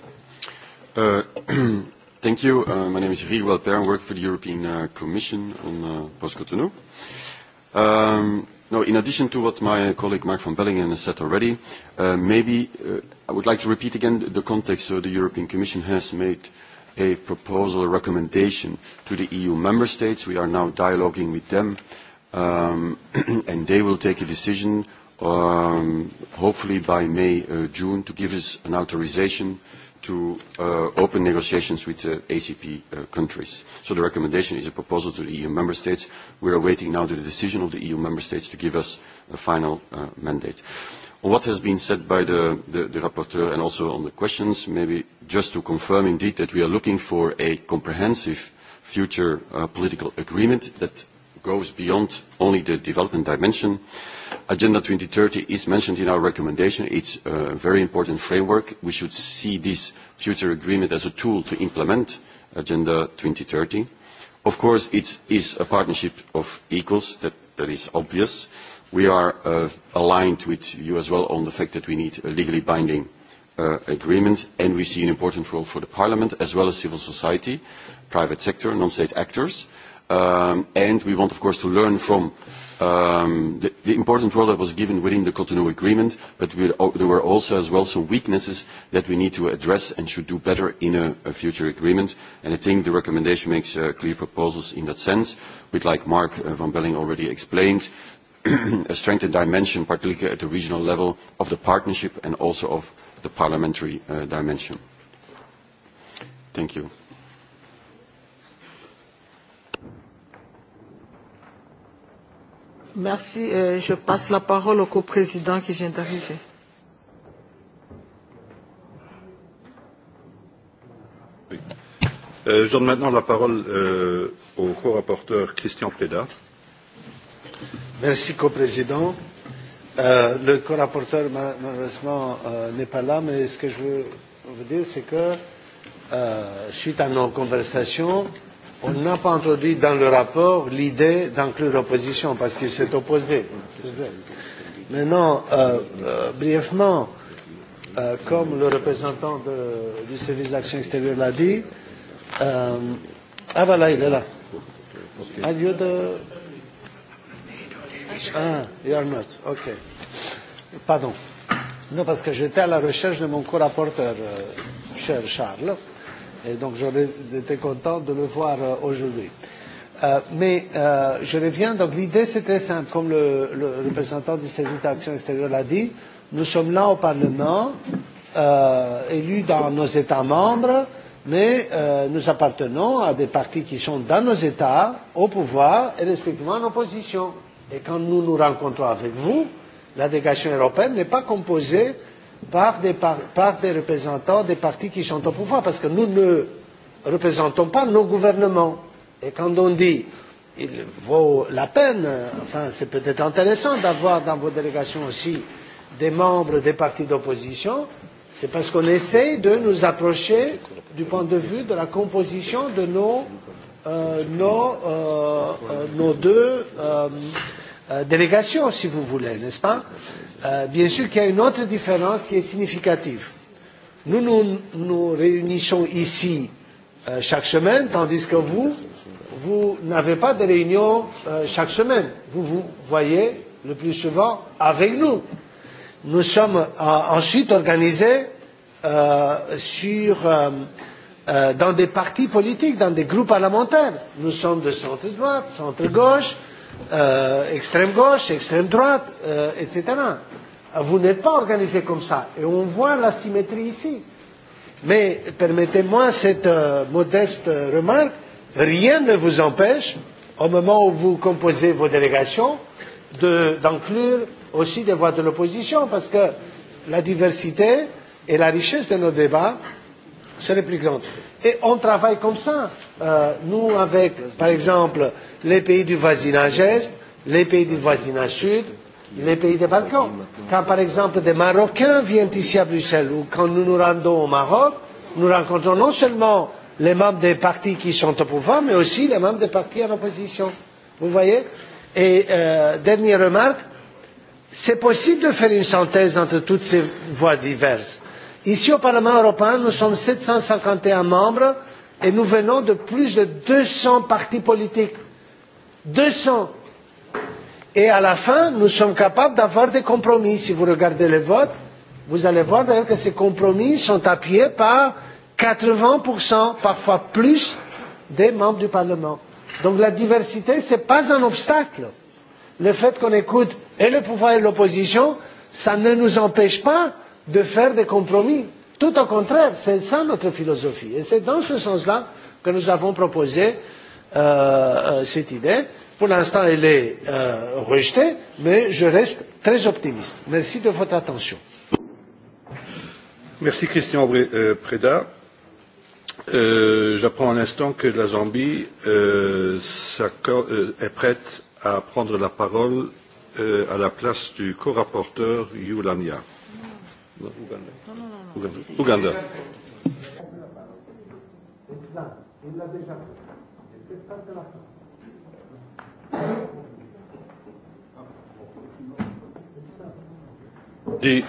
Thank you. My name is I work for the European Commission on post now, in addition to what my colleague Mark van Bellingen has said already, maybe I would like to repeat again the context. So the European Commission has made a proposal, a recommendation to the EU member states. We are now dialoguing with them, and they will take a decision, hopefully by May, June, to give us an authorization to open negotiations with the ACP countries. So the recommendation is a proposal to the EU member states. We are waiting now the decision of the EU member states to give us a final mandate. On what has been said by the rapporteur and also on the questions, maybe just to confirm indeed that we are looking for a comprehensive future political agreement that goes beyond only the development dimension Agenda 2030 is mentioned in our recommendation. It's a very important framework. We should see this future agreement as a tool to implement Agenda 2030. Of course, it is a partnership of equals. That is obvious. We are aligned with you as well on the fact that we need a legally binding agreement, and we see an important role for the Parliament as well as civil society, private sector, non-state actors. And we want, of course, to learn from The important role that was given within the Cotonou Agreement, but there were also as well some weaknesses that we need to address and should do better in a future agreement. And I think the recommendation makes clear proposals in that sense, with, like Mark van Belling already explained, a strengthened dimension, particularly at the regional level, of the partnership and also of the parliamentary dimension. Thank you. Merci. Je passe la parole au coprésident qui vient d'arriver. Je donne maintenant la parole au co-rapporteur Christian Peda. Merci, coprésident. Le co-rapporteur, malheureusement, n'est pas là, mais ce que je veux vous dire, c'est que, suite à nos conversations, On n'a pas introduit dans le rapport l'idée d'inclure l'opposition parce qu'il s'est opposé. Maintenant, euh, euh, brièvement, euh, comme le représentant de, du service d'action extérieure l'a dit, euh, ah voilà, il est là. A lieu de... Ah, you are not. OK. Pardon. Non, parce que j'étais à la recherche de mon co-rapporteur, cher Charles. Et donc j'aurais été content de le voir aujourd'hui. Mais je reviens, donc l'idée c'est très simple, comme le représentant du service d'action extérieure l'a dit, nous sommes là au Parlement, élus dans nos États membres, mais nous appartenons à des partis qui sont dans nos États, au pouvoir et respectivement en opposition. Et quand nous nous rencontrons avec vous, la délégation européenne n'est pas composée par des, par, des représentants des partis qui sont au pouvoir, parce que nous ne représentons pas nos gouvernements. Et quand on dit il vaut la peine, enfin c'est peut-être intéressant d'avoir dans vos délégations aussi des membres des partis d'opposition, c'est parce qu'on essaie de nous approcher du point de vue de la composition de nos, euh, nos, euh, nos deux délégations, si vous voulez, n'est-ce pas bien sûr qu'il y a une autre différence qui est significative. Nous nous, nous réunissons ici chaque semaine, tandis que vous, vous n'avez pas de réunion chaque semaine. Vous vous voyez le plus souvent avec nous. Nous sommes ensuite organisés sur, dans des partis politiques, dans des groupes parlementaires. Nous sommes de centre-droite, centre-gauche, extrême gauche, extrême droite, etc. Vous n'êtes pas organisé comme ça. Et on voit la symétrie ici. Mais permettez-moi cette modeste remarque. Rien ne vous empêche, au moment où vous composez vos délégations, d'inclure aussi des voix de l'opposition. Parce que la diversité et la richesse de nos débats seraient plus grandes. Et on travaille comme ça. Nous, avec, par exemple, les pays du voisinage Est, les pays du voisinage Sud, les pays des Balkans. Quand, par exemple, des Marocains viennent ici à Bruxelles ou quand nous nous rendons au Maroc, nous rencontrons non seulement les membres des partis qui sont au pouvoir, mais aussi les membres des partis en opposition. Vous voyez Et dernière remarque, c'est possible de faire une synthèse entre toutes ces voies diverses Ici au Parlement européen, nous sommes 751 membres et nous venons de plus de 200 partis politiques. 200 Et à la fin, nous sommes capables d'avoir des compromis. Si vous regardez les votes, vous allez voir d'ailleurs que ces compromis sont appuyés par 80%, parfois plus, des membres du Parlement. Donc la diversité, ce n'est pas un obstacle. Le fait qu'on écoute et le pouvoir et l'opposition, ça ne nous empêche pas de faire des compromis. Tout au contraire, c'est ça notre philosophie. Et c'est dans ce sens-là que nous avons proposé cette idée. Pour l'instant, elle est rejetée, mais je reste très optimiste. Merci de votre attention. Merci Christian Preda. J'apprends un instant que la Zambie est prête à prendre la parole à la place du co-rapporteur Yulania. Uganda.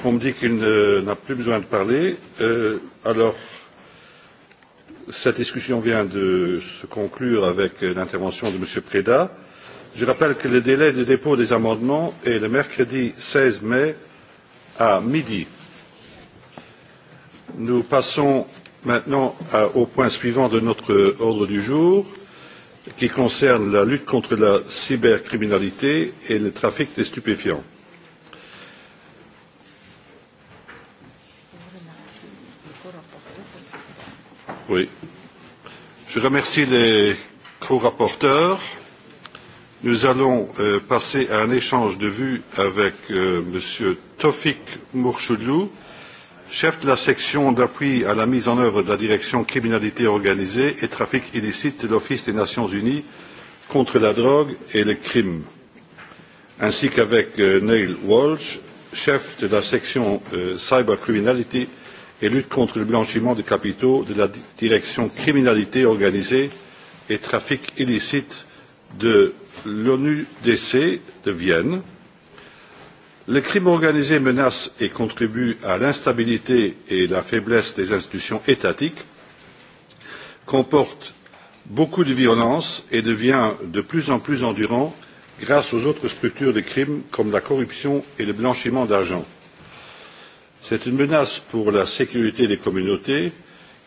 On me dit qu'il n'a plus besoin de parler. Alors, cette discussion vient de se conclure avec l'intervention de M. Preda. Je rappelle que le délai de dépôt des amendements est le mercredi 16 mai à midi. Nous passons maintenant au point suivant de notre ordre du jour, qui concerne la lutte contre la cybercriminalité et le trafic des stupéfiants. Oui. Je remercie les co-rapporteurs. Nous allons passer à un échange de vues avec M. Tofik Mourchoudlou, chef de la section d'appui à la mise en œuvre de la direction criminalité organisée et trafic illicite de l'Office des Nations Unies contre la drogue et le crime, ainsi qu'avec Neil Walsh, chef de la section cybercriminalité et lutte contre le blanchiment de capitaux de la direction criminalité organisée et trafic illicite de l'ONUDC de Vienne Le crime organisé menace et contribue à l'instabilité et la faiblesse des institutions étatiques, comporte beaucoup de violence et devient de plus en plus endurant grâce aux autres structures de crime comme la corruption et le blanchiment d'argent. C'est une menace pour la sécurité des communautés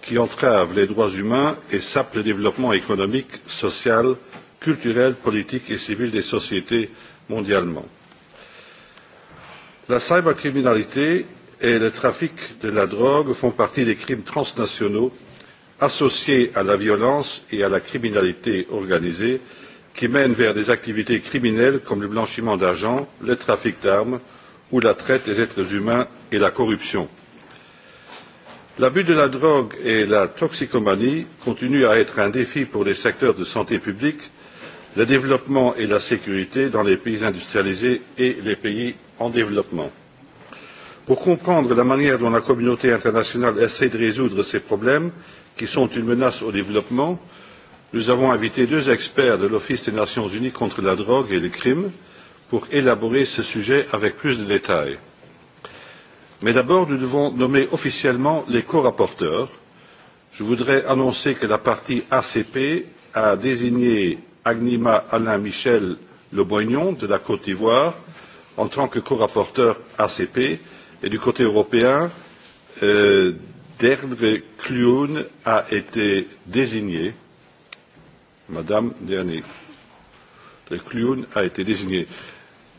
qui entrave les droits humains et sape le développement économique, social, culturel, politique et civil des sociétés mondialement. La cybercriminalité et le trafic de la drogue font partie des crimes transnationaux associés à la violence et à la criminalité organisée qui mènent vers des activités criminelles comme le blanchiment d'argent, le trafic d'armes ou la traite des êtres humains et la corruption. L'abus de la drogue et la toxicomanie continuent à être un défi pour les secteurs de santé publique, le développement et la sécurité dans les pays industrialisés et les pays en développement. Pour comprendre la manière dont la communauté internationale essaie de résoudre ces problèmes, qui sont une menace au développement, nous avons invité deux experts de l'Office des Nations Unies contre la drogue et le crime pour élaborer ce sujet avec plus de détails. Mais d'abord, nous devons nommer officiellement les co rapporteurs. Je voudrais annoncer que la partie ACP a désigné Agnima Alain Michel Le Boignon de la Côte d'Ivoire, en tant que corapporteur ACP. Et du côté européen, Derdre Clune a été désignée. Madame Dernier. Clune a été désignée.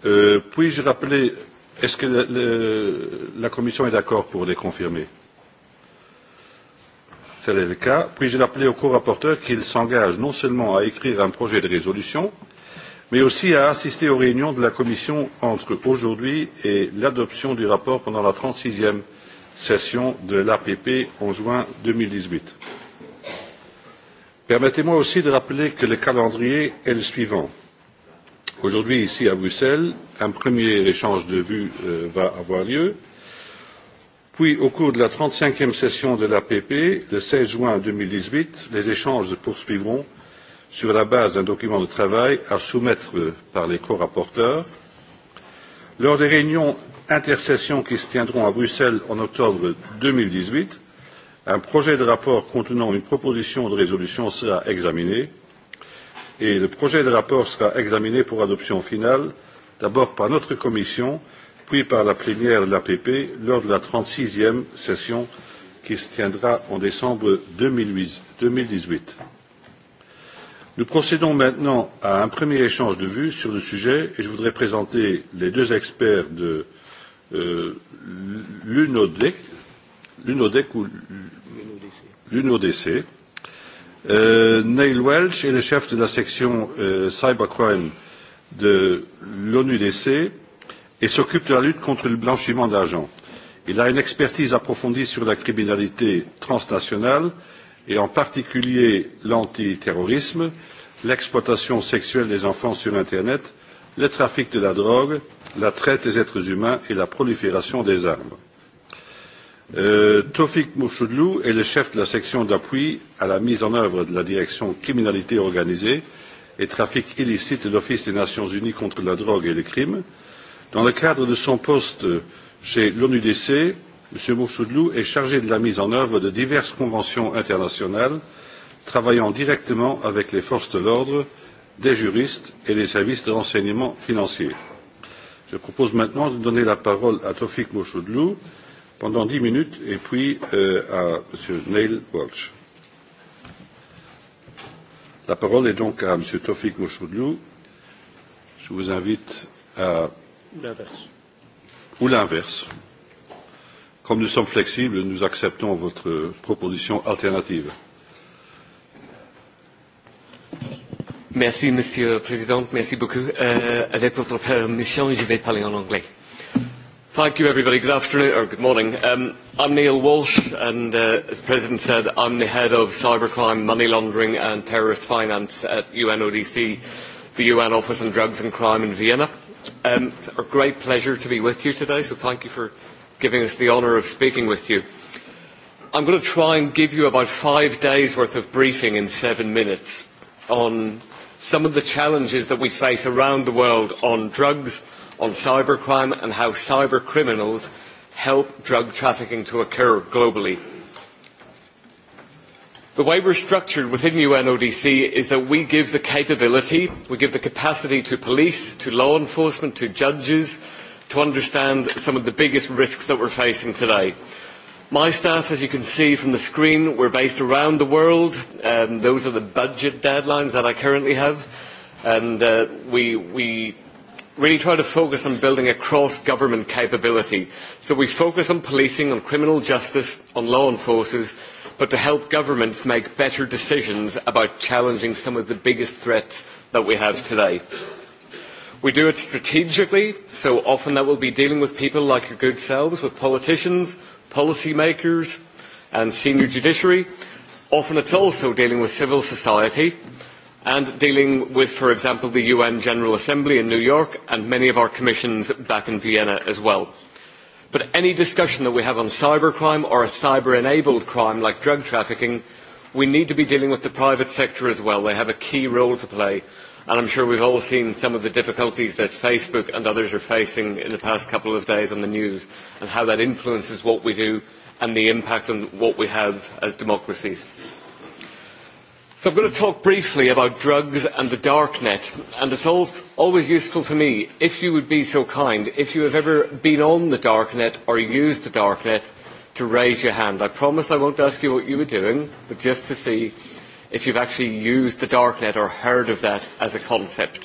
Puis-je rappeler, est-ce que la Commission est d'accord pour les confirmer Tel est le cas. Puis-je rappeler au co-rapporteur qu'il s'engage non seulement à écrire un projet de résolution, mais aussi à assister aux réunions de la Commission entre aujourd'hui et l'adoption du rapport pendant la 36e session de l'APP en juin deux mille 2018. Permettez-moi aussi de rappeler que le calendrier est le suivant. Aujourd'hui, ici à Bruxelles, un premier échange de vues va avoir lieu. Puis, au cours de la 35e session de l'APP, le 16 juin deux mille dix huit, les échanges se poursuivront sur la base d'un document de travail à soumettre par les co-rapporteurs, Lors des réunions intercessions qui se tiendront à Bruxelles en octobre 2018, un projet de rapport contenant une proposition de résolution sera examiné et le projet de rapport sera examiné pour adoption finale, d'abord par notre commission, puis par la plénière de l'APP lors de la 36e session qui se tiendra en décembre 2018. Nous procédons maintenant à un premier échange de vues sur le sujet et je voudrais présenter les deux experts de l'UNODC ou l'UNODC, Neil Welch est le chef de la section cybercrime de l'ONUDC et s'occupe de la lutte contre le blanchiment d'argent. Il a une expertise approfondie sur la criminalité transnationale et en particulier l'antiterrorisme, l'exploitation sexuelle des enfants sur Internet, le trafic de la drogue, la traite des êtres humains et la prolifération des armes. Tofik Mouchoudlou est le chef de la section d'appui à la mise en œuvre de la direction criminalité organisée et trafic illicite de l'Office des Nations Unies contre la drogue et le crime. Dans le cadre de son poste chez l'ONUDC, M. Bourchoudlou est chargé de la mise en œuvre de diverses conventions internationales, travaillant directement avec les forces de l'ordre, des juristes et les services de renseignement financier. Je propose maintenant de donner la parole à Tofik Bourchoudlou pendant dix minutes et puis à M. Neil Walsh. La parole est donc à M. Tofik Mouchoudlou. Je vous invite à... Ou l'inverse. Comme nous sommes flexibles, nous acceptons votre proposition alternative. Merci, Monsieur le Président. Merci beaucoup. Avec votre permission, je vais parler en anglais. Thank you, everybody. Good afternoon, or good morning. I'm Neil Walsh, and as the President said, I'm the head of cybercrime, money laundering, and terrorist finance at UNODC, the UN Office on Drugs and Crime in Vienna. It's a great pleasure to be with you today, so thank you for giving us the honour of speaking with you. I'm going to try and give you about five days' worth of briefing in seven minutes on some of the challenges that we face around the world on drugs, on cybercrime, and how cyber criminals help drug trafficking to occur globally. The way we're structured within UNODC is that we give the capability, we give the capacity to police, to law enforcement, to judges, to understand some of the biggest risks that we're facing today. My staff, as you can see from the screen, we're based around the world. Those are the budget deadlines that I currently have. And we really try to focus on building a cross-government capability. So we focus on policing, on criminal justice, on law enforcers, but to help governments make better decisions about challenging some of the biggest threats that we have today. We do it strategically, so often that will be dealing with people like your good selves, with politicians, policymakers and senior judiciary. Often it's also dealing with civil society and dealing with, for example, the UN General Assembly in New York and many of our commissions back in Vienna as well. But any discussion that we have on cybercrime or a cyber-enabled crime like drug trafficking, we need to be dealing with the private sector as well. They have a key role to play and I'm sure we've all seen some of the difficulties that Facebook and others are facing in the past couple of days on the news and how that influences what we do and the impact on what we have as democracies. So I'm going to talk briefly about drugs and the dark net, and it's always useful for me, if you would be so kind, if you have ever been on the dark net or used the dark net, to raise your hand. I promise I won't ask you what you were doing, but just to see if you've actually used the darknet or heard of that as a concept.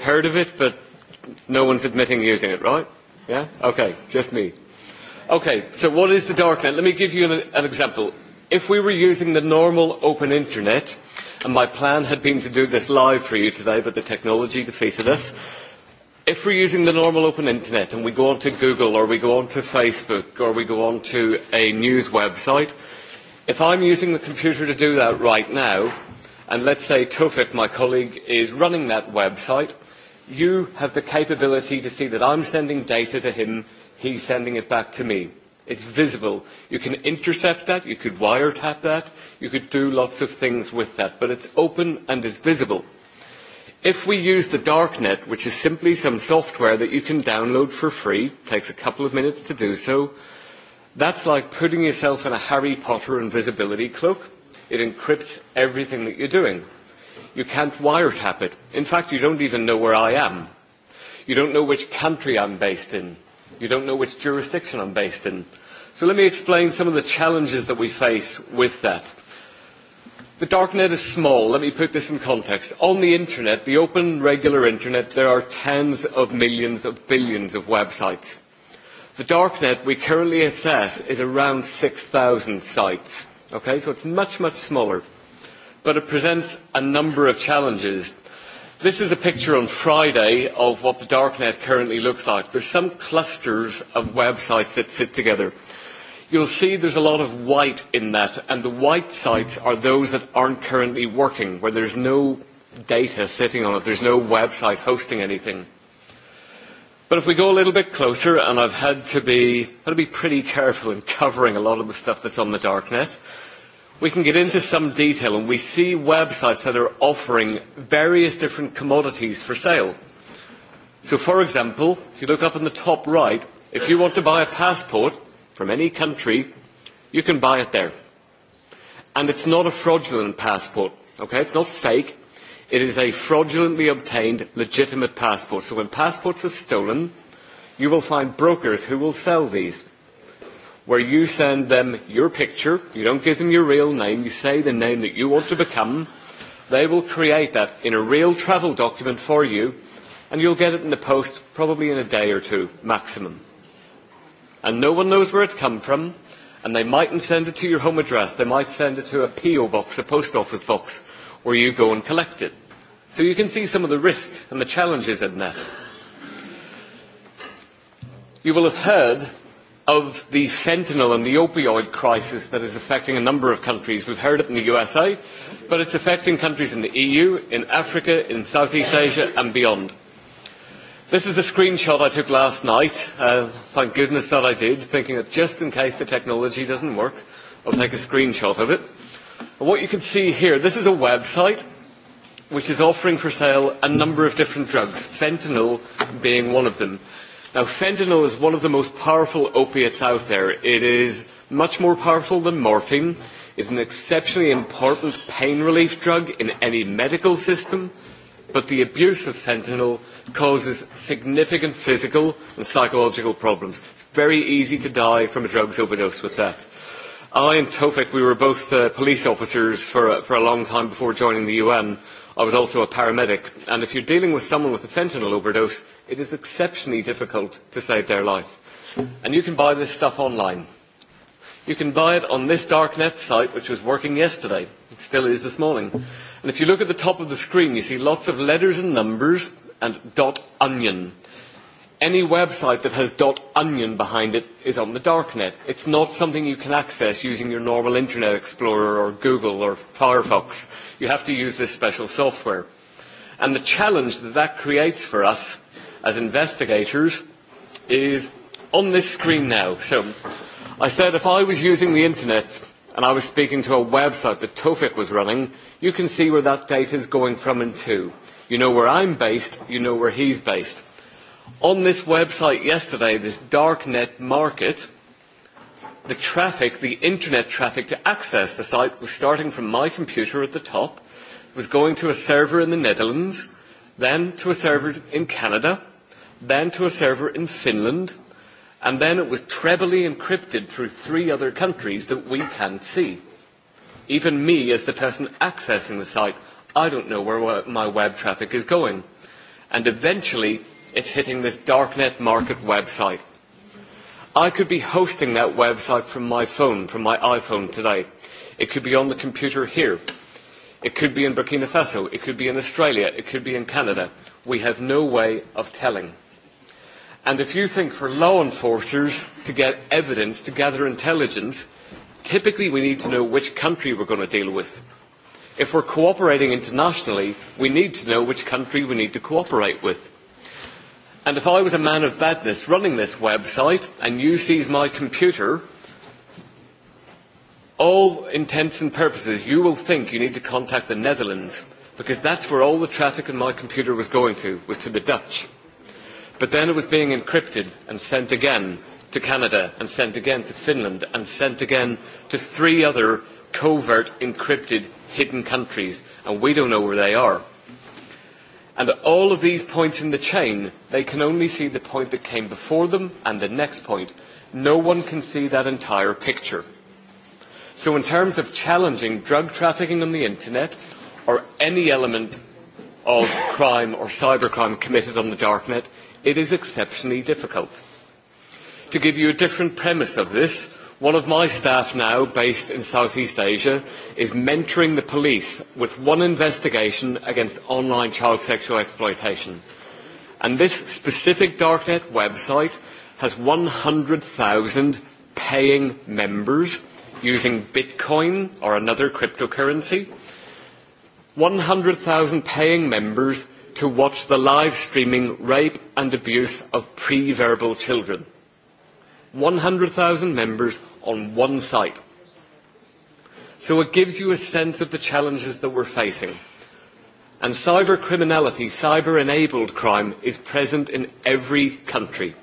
Heard of it, but no one's admitting using it, right? Yeah? Okay, just me. Okay, so what is the darknet? Let me give you an example. If we were using the normal open internet, and my plan had been to do this live for you today, but the technology defeated us, if we're using the normal open internet and we go onto Google or we go onto Facebook or we go onto a news website, If I'm using the computer to do that right now, and let's say Tofik, my colleague, is running that website, you have the capability to see that I'm sending data to him, he's sending it back to me. It's visible. You can intercept that, you could wiretap that, you could do lots of things with that, but it's open and is visible. If we use the darknet, which is simply some software that you can download for free, takes a couple of minutes to do so, That's like putting yourself in a Harry Potter invisibility cloak. It encrypts everything that you're doing. You can't wiretap it. In fact, you don't even know where I am. You don't know which country I'm based in. You don't know which jurisdiction I'm based in. So let me explain some of the challenges that we face with that. The darknet is small. Let me put this in context. On the internet, the open, regular internet, there are tens of millions of billions of websites. The darknet we currently assess is around 6,000 sites. Okay, so it's much, much smaller. But it presents a number of challenges. This is a picture on Friday of what the darknet currently looks like. There's some clusters of websites that sit together. You'll see there's a lot of white in that, and the white sites are those that aren't currently working, where there's no data sitting on it, there's no website hosting anything. But if we go a little bit closer, and I've had to be, had to be pretty careful in covering a lot of the stuff that's on the darknet, we can get into some detail and we see websites that are offering various different commodities for sale. So, for example, if you look up in the top right, if you want to buy a passport from any country, you can buy it there. And it's not a fraudulent passport, okay? It's not fake It is a fraudulently obtained legitimate passport. So when passports are stolen, you will find brokers who will sell these, where you send them your picture, you don't give them your real name, you say the name that you want to become, they will create that in a real travel document for you, and you'll get it in the post probably in a day or two, maximum. And no one knows where it's come from, and they mightn't send it to your home address, they might send it to a PO box, a post office box where you go and collect it. So you can see some of the risk and the challenges in that. You will have heard of the fentanyl and the opioid crisis that is affecting a number of countries. We've heard it in the USA, but it's affecting countries in the EU, in Africa, in Southeast Asia and beyond. This is a screenshot I took last night. Thank goodness that I did, thinking that just in case the technology doesn't work, I'll take a screenshot of it what you can see here, this is a website which is offering for sale a number of different drugs, fentanyl being one of them. Now, fentanyl is one of the most powerful opiates out there. It is much more powerful than morphine. It's an exceptionally important pain relief drug in any medical system, but the abuse of fentanyl causes significant physical and psychological problems. It's very easy to die from a drugs overdose with that. I and Tofik, we were both police officers for a long time before joining the UN. I was also a paramedic. And if you're dealing with someone with a fentanyl overdose, it is exceptionally difficult to save their life. And you can buy this stuff online. You can buy it on this darknet site, which was working yesterday. It still is this morning. And if you look at the top of the screen, you see lots of letters and numbers and dot onion. Any website that has .onion behind it is on the darknet. It's not something you can access using your normal Internet Explorer or Google or Firefox. You have to use this special software. And the challenge that that creates for us as investigators is on this screen now. So I said if I was using the Internet and I was speaking to a website that Tofik was running, you can see where that data is going from and to. You know where I'm based, you know where he's based. On this website yesterday, this dark net market, the traffic, the internet traffic to access the site was starting from my computer at the top, was going to a server in the Netherlands, then to a server in Canada, then to a server in Finland, and then it was trebly encrypted through three other countries that we can't see. Even me, as the person accessing the site, I don't know where my web traffic is going. And eventually, it's hitting this darknet market website. I could be hosting that website from my phone, from my iPhone today. It could be on the computer here. It could be in Burkina Faso. It could be in Australia. It could be in Canada. We have no way of telling. And if you think for law enforcers to get evidence, to gather intelligence, typically we need to know which country we're going to deal with. If we're cooperating internationally, we need to know which country we need to cooperate with. And if I was a man of badness running this website and you seize my computer, all intents and purposes, you will think you need to contact the Netherlands because that's where all the traffic on my computer was going to, was to the Dutch. But then it was being encrypted and sent again to Canada and sent again to Finland and sent again to three other covert, encrypted, hidden countries, and we don't know where they are and at all of these points in the chain they can only see the point that came before them and the next point. No one can see that entire picture. So in terms of challenging drug trafficking on the internet or any element of crime or cybercrime committed on the darknet, it is exceptionally difficult. To give you a different premise of this, One of my staff now, based in Southeast Asia, is mentoring the police with one investigation against online child sexual exploitation. And this specific darknet website has 100,000 paying members using Bitcoin or another cryptocurrency. 100,000 paying members to watch the live streaming rape and abuse of pre-verbal children. 100,000 members on one site. So it gives you a sense of the challenges that we're facing. And cyber criminality, cyber-enabled crime, is present in every country.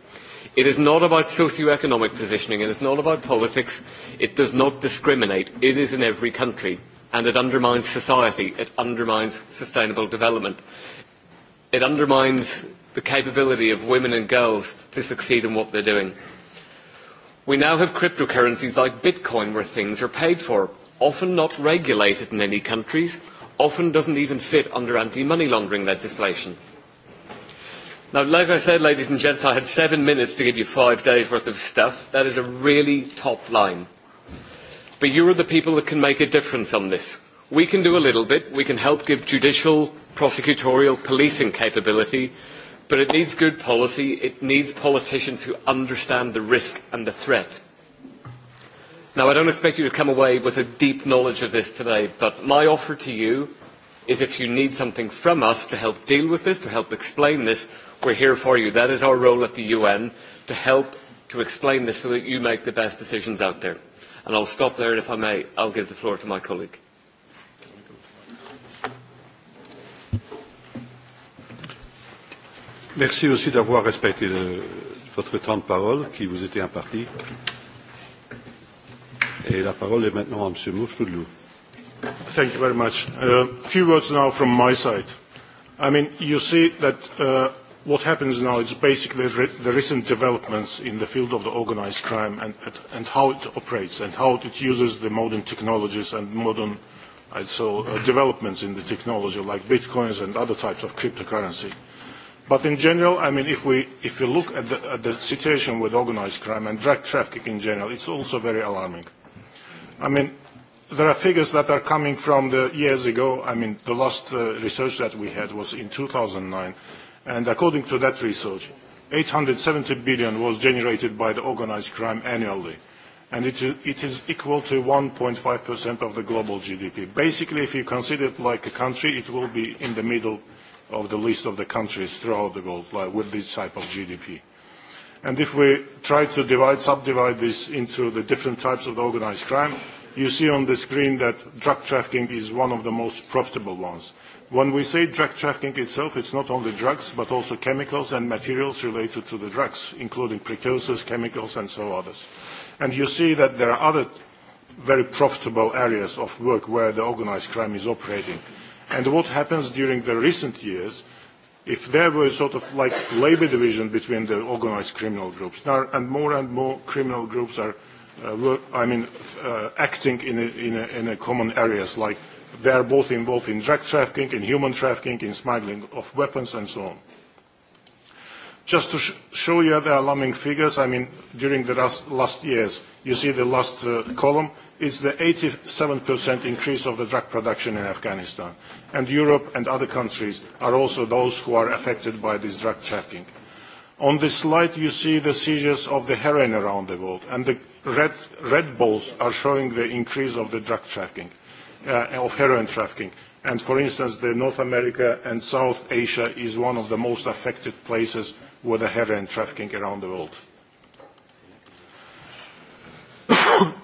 It is not about socioeconomic positioning. It is not about politics. It does not discriminate. It is in every country. And it undermines society. It undermines sustainable development. It undermines the capability of women and girls to succeed in what they're doing. We now have cryptocurrencies like Bitcoin where things are paid for, often not regulated in any countries, often doesn't even fit under anti-money laundering legislation. Now, like I said, ladies and gents, I had seven minutes to give you five days' worth of stuff. That is a really top line. But you are the people that can make a difference on this. We can do a little bit. We can help give judicial, prosecutorial, policing capability But it needs good policy. It needs politicians who understand the risk and the threat. Now, I don't expect you to come away with a deep knowledge of this today, but my offer to you is if you need something from us to help deal with this, to help explain this, we're here for you. That is our role at the UN, to help to explain this so that you make the best decisions out there. And I'll stop there, and if I may, I'll give the floor to my colleague. Merci aussi d'avoir respecté votre temps de parole qui vous était imparti. Et la parole est maintenant à M. Mouchoudlou. Thank you very much. A few words now from my side. I mean, you see that what happens now is basically the recent developments in the field of the organized crime and how it operates and how it uses the modern technologies and modern developments in the technology like bitcoins and other types of cryptocurrency. But in general, I mean, if we you look at the, situation with organized crime and drug trafficking in general, it's also very alarming. I mean, there are figures that are coming from the years ago. I mean, the last research that we had was in 2009, and according to that research, 870 billion was generated by the organized crime annually, and it is, it is equal to 1.5% of the global GDP. Basically, if you consider it like a country, it will be in the middle of the list of the countries throughout the world with this type of GDP. And if we try to divide, subdivide this into the different types of organized crime, you see on the screen that drug trafficking is one of the most profitable ones. When we say drug trafficking itself, it's not only drugs, but also chemicals and materials related to the drugs, including precursors, chemicals, and so others. And you see that there are other very profitable areas of work where the organized crime is operating. And what happens during the recent years, if there was sort of like labor division between the organized criminal groups, now and more and more criminal groups are, I mean, acting in common areas like they are both involved in drug trafficking, in human trafficking, in smuggling of weapons and so on. Just to show you the alarming figures, I mean, during the last years, you see the last column, is the 87% increase of the drug production in Afghanistan. And Europe and other countries are also those who are affected by this drug trafficking. On this slide, you see the seizures of the heroin around the world, and the red balls are showing the increase of the drug trafficking, of heroin trafficking. And for instance, the North America and South Asia is one of the most affected places with the heroin trafficking around the world.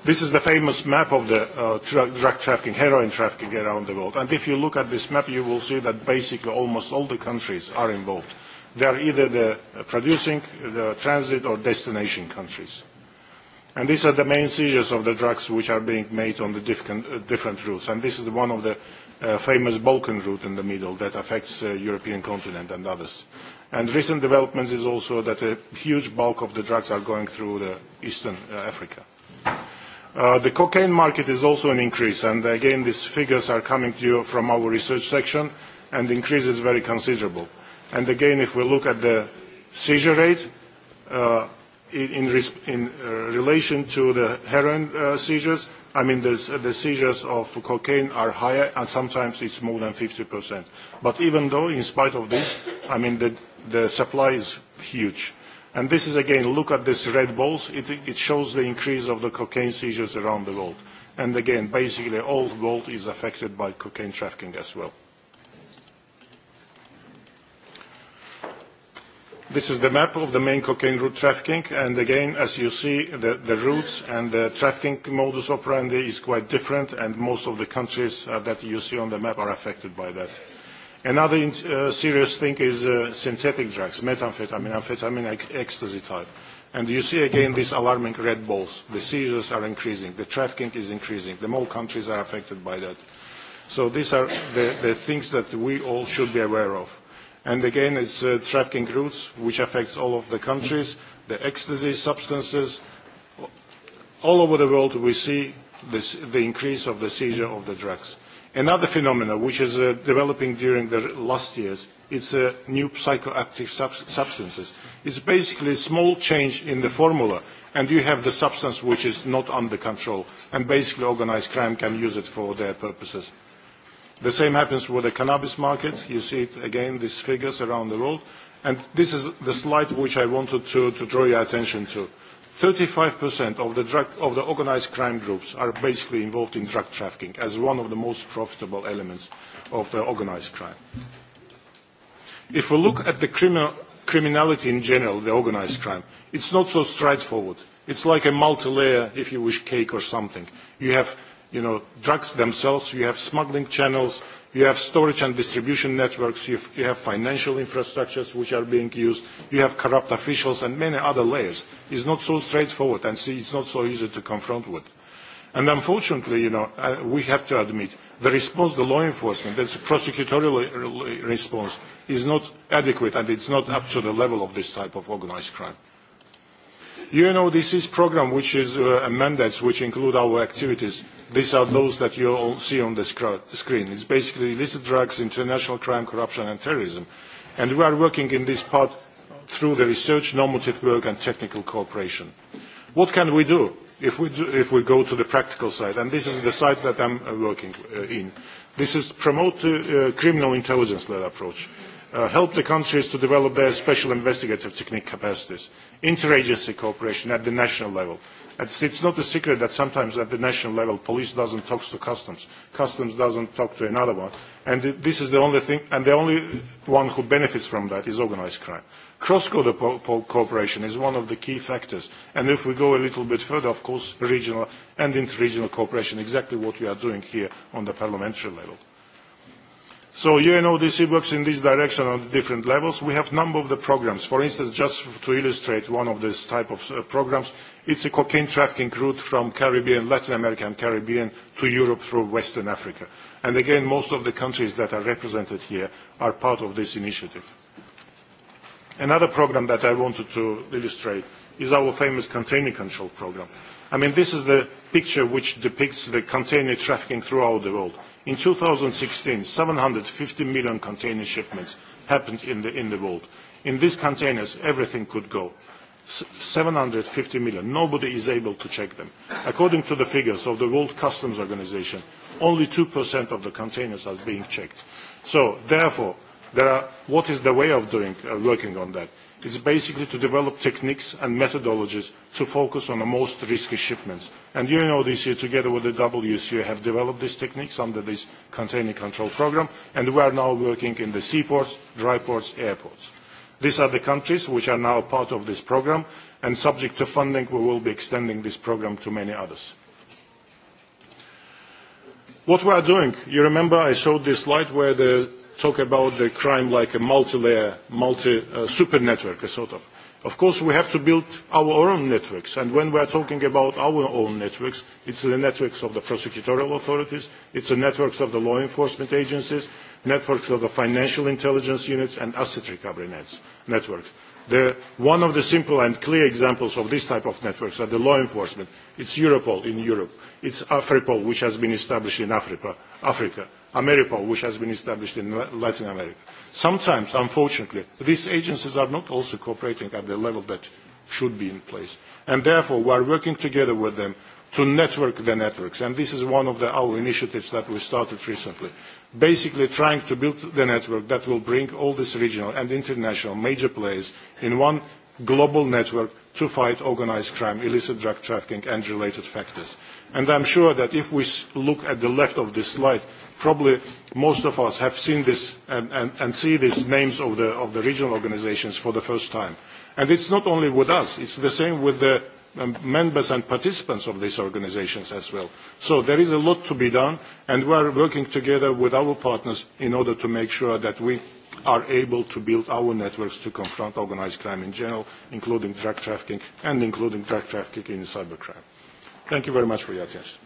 This is the famous map of the drug trafficking, heroin trafficking around the world. And if you look at this map, you will see that basically almost all the countries are involved. They are either the producing, the transit, or destination countries. And these are the main seizures of the drugs which are being made on the different routes. And this is one of the famous Balkan route in the middle that affects the European continent and others. And recent developments is also that a huge bulk of the drugs are going through Eastern Africa. The cocaine market is also an increase, and again, these figures are coming to you from our research section, and the increase is very considerable. And again, if we look at the seizure rate in relation to the heroin seizures, I mean, the seizures of cocaine are higher, and sometimes it's more than 50%. But even though, in spite of this, I mean, the supply is huge. And this is again, look at these red balls. It shows the increase of the cocaine seizures around the world. And again, basically all world is affected by cocaine trafficking as well. This is the map of the main cocaine route trafficking, and again, as you see, the routes and the trafficking modus operandi is quite different, and most of the countries that you see on the map are affected by that. Another serious thing is synthetic drugs, methamphetamine, amphetamine, ecstasy type. And you see again these alarming red balls. The seizures are increasing. The trafficking is increasing. The more countries are affected by that. So these are the things that we all should be aware of. And again, it's trafficking routes, which affects all of the countries, the ecstasy substances. All over the world, we see the increase of the seizure of the drugs. Another phenomenon which is developing during the last years is new psychoactive substances. It's basically a small change in the formula, and you have the substance which is not under control, and basically organized crime can use it for their purposes. The same happens with the cannabis market. You see it again, these figures around the world. And this is the slide which I wanted to draw your attention to. 35% of the of the organized crime groups are basically involved in drug trafficking as one of the most profitable elements of the organized crime. If we look at the criminality in general, the organized crime, it's not so straightforward. It's like a multi-layer, if you wish, cake or something. You have, drugs themselves, you have smuggling channels, you have storage and distribution networks, you have financial infrastructures which are being used, you have corrupt officials and many other layers. It's not so straightforward and it's not so easy to confront with. And unfortunately, you know, we have to admit the response, the law enforcement, that's a prosecutorial response, is not adequate and it's not up to the level of this type of organized crime. UNODC's program, which is mandates which include our activities, These are those that you all see on the screen. It's basically illicit drugs, international crime, corruption and terrorism. And we are working in this part through the research, normative work and technical cooperation. What can we do if we if we go to the practical side? And this is the side that I'm working in. This is promote the criminal intelligence-led approach, help the countries to develop their special investigative technique capacities, interagency cooperation at the national level. It's not a secret that sometimes at the national level, police doesn't talk to customs, customs doesn't talk to another one, and this is the only thing, and the only one who benefits from that is organised crime. Cross-border cooperation is one of the key factors, and if we go a little bit further, of course, regional and inter regional cooperation, exactly what we are doing here on the parliamentary level. So UNODC works in this direction on different levels. We have a number of the programs. For instance, just to illustrate one of these type of programs, it's a cocaine trafficking route from Caribbean, Latin America and Caribbean to Europe through Western Africa. And again, most of the countries that are represented here are part of this initiative. Another program that I wanted to illustrate is our famous container control program. I mean, this is the picture which depicts the container trafficking throughout the world. In 2016, 750 million container shipments happened in the world. In these containers, everything could go. 750 million. Nobody is able to check them. According to the figures of the World Customs Organization, only 2% of the containers are being checked. So, therefore, what is the way of working on that? is basically to develop techniques and methodologies to focus on the most risky shipments. And you know this year, together with the WCO, have developed these techniques under this container control program, and we are now working in the seaports, dry ports, airports. These are the countries which are now part of this program, and subject to funding, we will be extending this program to many others. What we are doing, you remember I showed this slide where the talk about the crime like a multi-layer, multi-super network, sort of. Of course, we have to build our own networks, and when we are talking about our own networks, it's the networks of the prosecutorial authorities, it's the networks of the law enforcement agencies, networks of the financial intelligence units, and asset recovery networks. One of the simple and clear examples of this type of networks are the law enforcement. It's Europol in Europe It's Afripol, which has been established in Africa, Africa, Ameripol, which has been established in Latin America. Sometimes, unfortunately, these agencies are not also cooperating at the level that should be in place. And therefore, we are working together with them to network the networks. And this is one of our initiatives that we started recently. Basically trying to build the network that will bring all these regional and international major players in one global network to fight organised crime, illicit drug trafficking and related factors. And I'm sure that if we look at the left of this slide, probably most of us have seen this and see these names of the regional organizations for the first time. And it's not only with us, it's the same with the members and participants of these organizations as well. So there is a lot to be done, and we are working together with our partners in order to make sure that we are able to build our networks to confront organized crime in general, including drug trafficking and including drug trafficking in cybercrime. Thank you very much for your attention.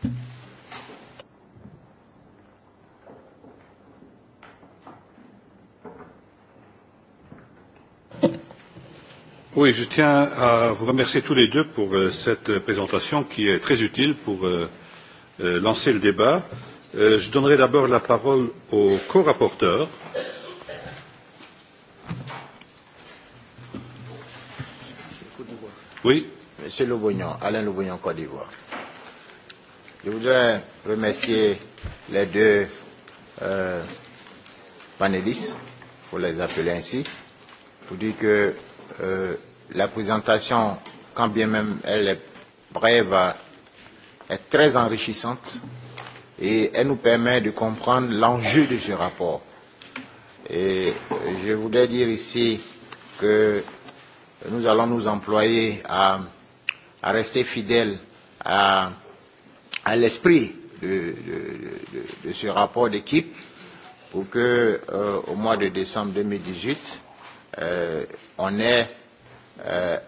Oui, je tiens à vous remercier tous les deux pour cette présentation qui est très utile pour lancer le débat. Je donnerai d'abord la parole au co-rapporteur. Oui. Monsieur Lobognan, Alain Lobognan, Côte d'Ivoire. Je voudrais remercier les deux euh, panélistes, il faut les appeler ainsi, pour dire que la présentation, quand bien même elle est brève, est très enrichissante et elle nous permet de comprendre l'enjeu de ce rapport. Et je voudrais dire ici que nous allons nous employer à rester fidèles à à l'esprit de, ce rapport d'équipe pour que au mois de décembre 2018, euh, on ait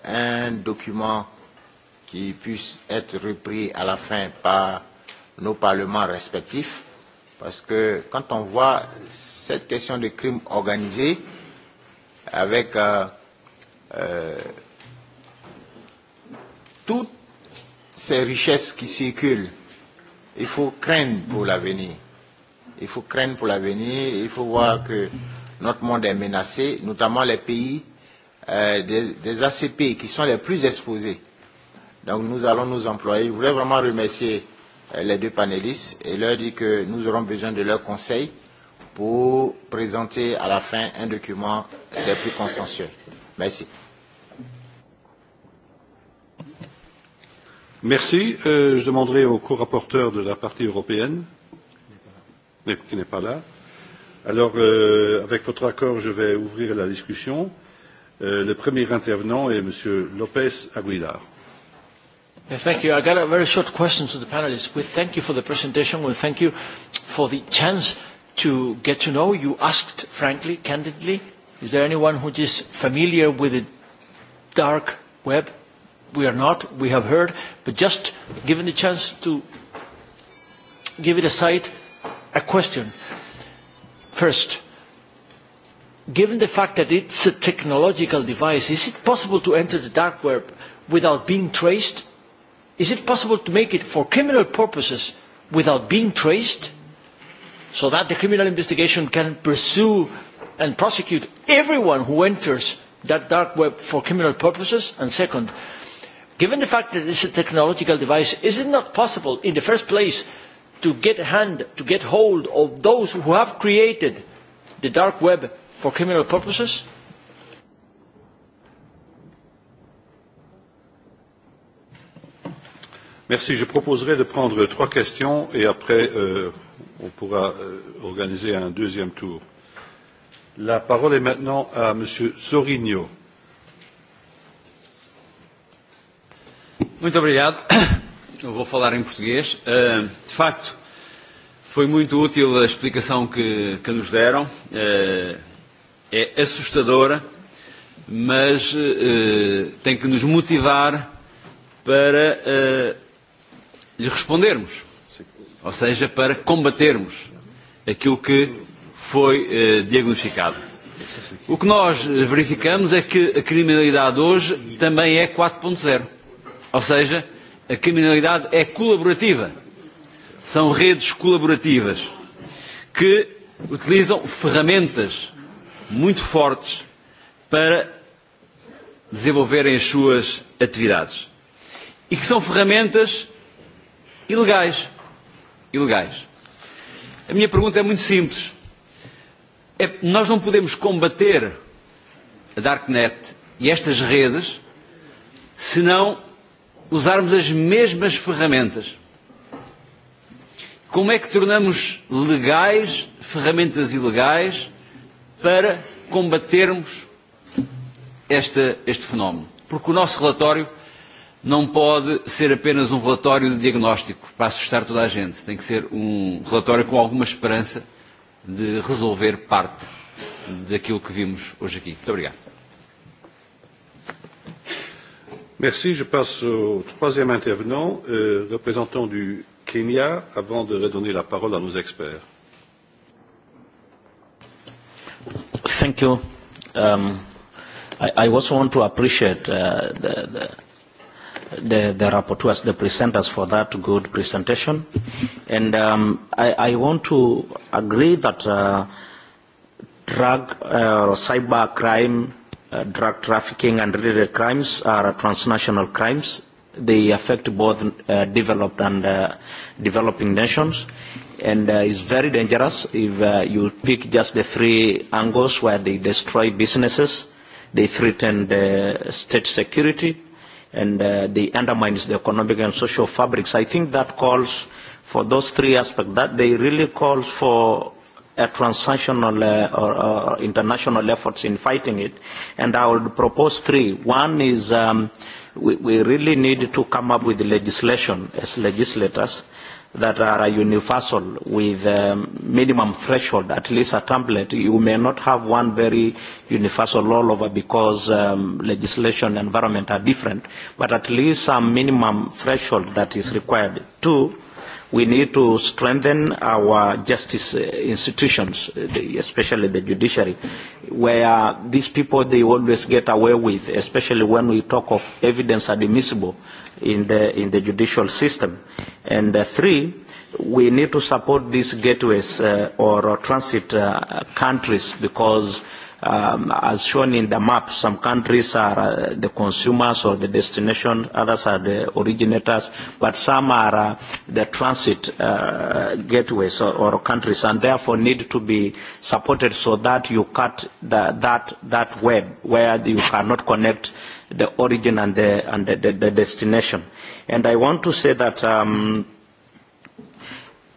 un document qui puisse être repris à la fin par nos parlements respectifs. Parce que quand on voit cette question de crime organisé avec toutes ces richesses qui circulent il faut craindre pour l'avenir. Il faut craindre pour l'avenir, il faut voir que notre monde est menacé, notamment les pays des ACP qui sont les plus exposés. Donc nous allons nous employer. Je voulais vraiment remercier les deux panélistes et leur dire que nous aurons besoin de leur conseil pour présenter à la fin un document des plus consensuels. Merci. Merci. Je demanderai au co-rapporteur de la partie européenne, qui n'est pas là. Alors, avec votre accord, je vais ouvrir la discussion. Le premier intervenant est Monsieur Lopez Aguilar. Thank you. I got a very short question to the panelists. We thank you for the presentation. We thank you for the chance to get to know. You asked, frankly, candidly, is there anyone who is familiar with the dark web? we are not, we have heard, but just given the chance to give it a a question. First, given the fact that it's a technological device, is it possible to enter the dark web without being traced? Is it possible to make it for criminal purposes without being traced so that the criminal investigation can pursue and prosecute everyone who enters that dark web for criminal purposes? And second, Given the fact that this is a technological device, is it not possible in the first place to get hand, to get hold of those who have created the dark web for criminal purposes? Merci. Je proposerai de prendre trois questions et après on pourra organiser un deuxième tour. La parole est maintenant à Monsieur Zorigno. Muito obrigado. Eu vou falar em português. De facto, foi muito útil a explicação que, que nos deram. É assustadora, mas tem que nos motivar para lhe respondermos, ou seja, para combatermos aquilo que foi diagnosticado. O que nós verificamos é que a criminalidade hoje também é 4.0 Ou seja, a criminalidade é colaborativa. São redes colaborativas que utilizam ferramentas muito fortes para desenvolverem as suas atividades. E que são ferramentas ilegais. Ilegais. A minha pergunta é muito simples. Nós não podemos combater a Darknet e estas redes se não usarmos as mesmas ferramentas. Como é que tornamos legais ferramentas ilegais para combatermos esta, este fenómeno? Porque o nosso relatório não pode ser apenas um relatório de diagnóstico para assustar toda a gente. Tem que ser um relatório com alguma esperança de resolver parte daquilo que vimos hoje aqui. Muito obrigado. Merci. Je passe au troisième intervenant, représentant du Kenya, avant de redonner la parole à nos experts. Thank you. I also want to appreciate the rapporteurs, the presenters for that good presentation. And I want to agree that drug or cyber crime drug trafficking and related crimes are transnational crimes. They affect both developed and developing nations and is very dangerous if you pick just the three angles where they destroy businesses, they threaten the state security, and they undermine the economic and social fabrics. I think that calls for those three aspects. That they really calls for transnational or international efforts in fighting it. And I would propose three. One is we really need to come up with legislation as legislators that are universal with minimum threshold, at least a template. You may not have one very universal all over because legislation and environment are different, but at least some minimum threshold that is required. Two, we need to strengthen our justice institutions, especially the judiciary, where these people, they always get away with, especially when we talk of evidence admissible in the, in the judicial system. And three, we need to support these gateways or transit countries because as shown in the map, some countries are the consumers or the destination, others are the originators, but some are the transit gateways or countries, and therefore need to be supported so that you cut that that web where you cannot connect the origin and the and the destination. And I want to say that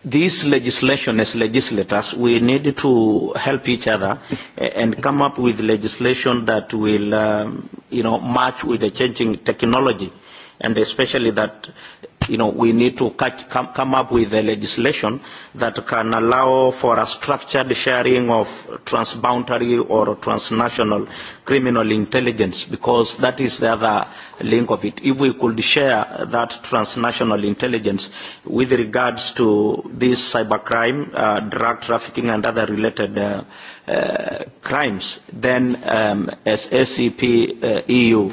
These legislation as legislators, we need to help each other and come up with legislation that will, you know, match with the changing technology, and especially that you know, we need to come up with a legislation that can allow for a structured sharing of transboundary or transnational criminal intelligence, because that is the other link of it. If we could share that transnational intelligence with regards to this cybercrime, drug trafficking and other related crimes, then as SEP EU,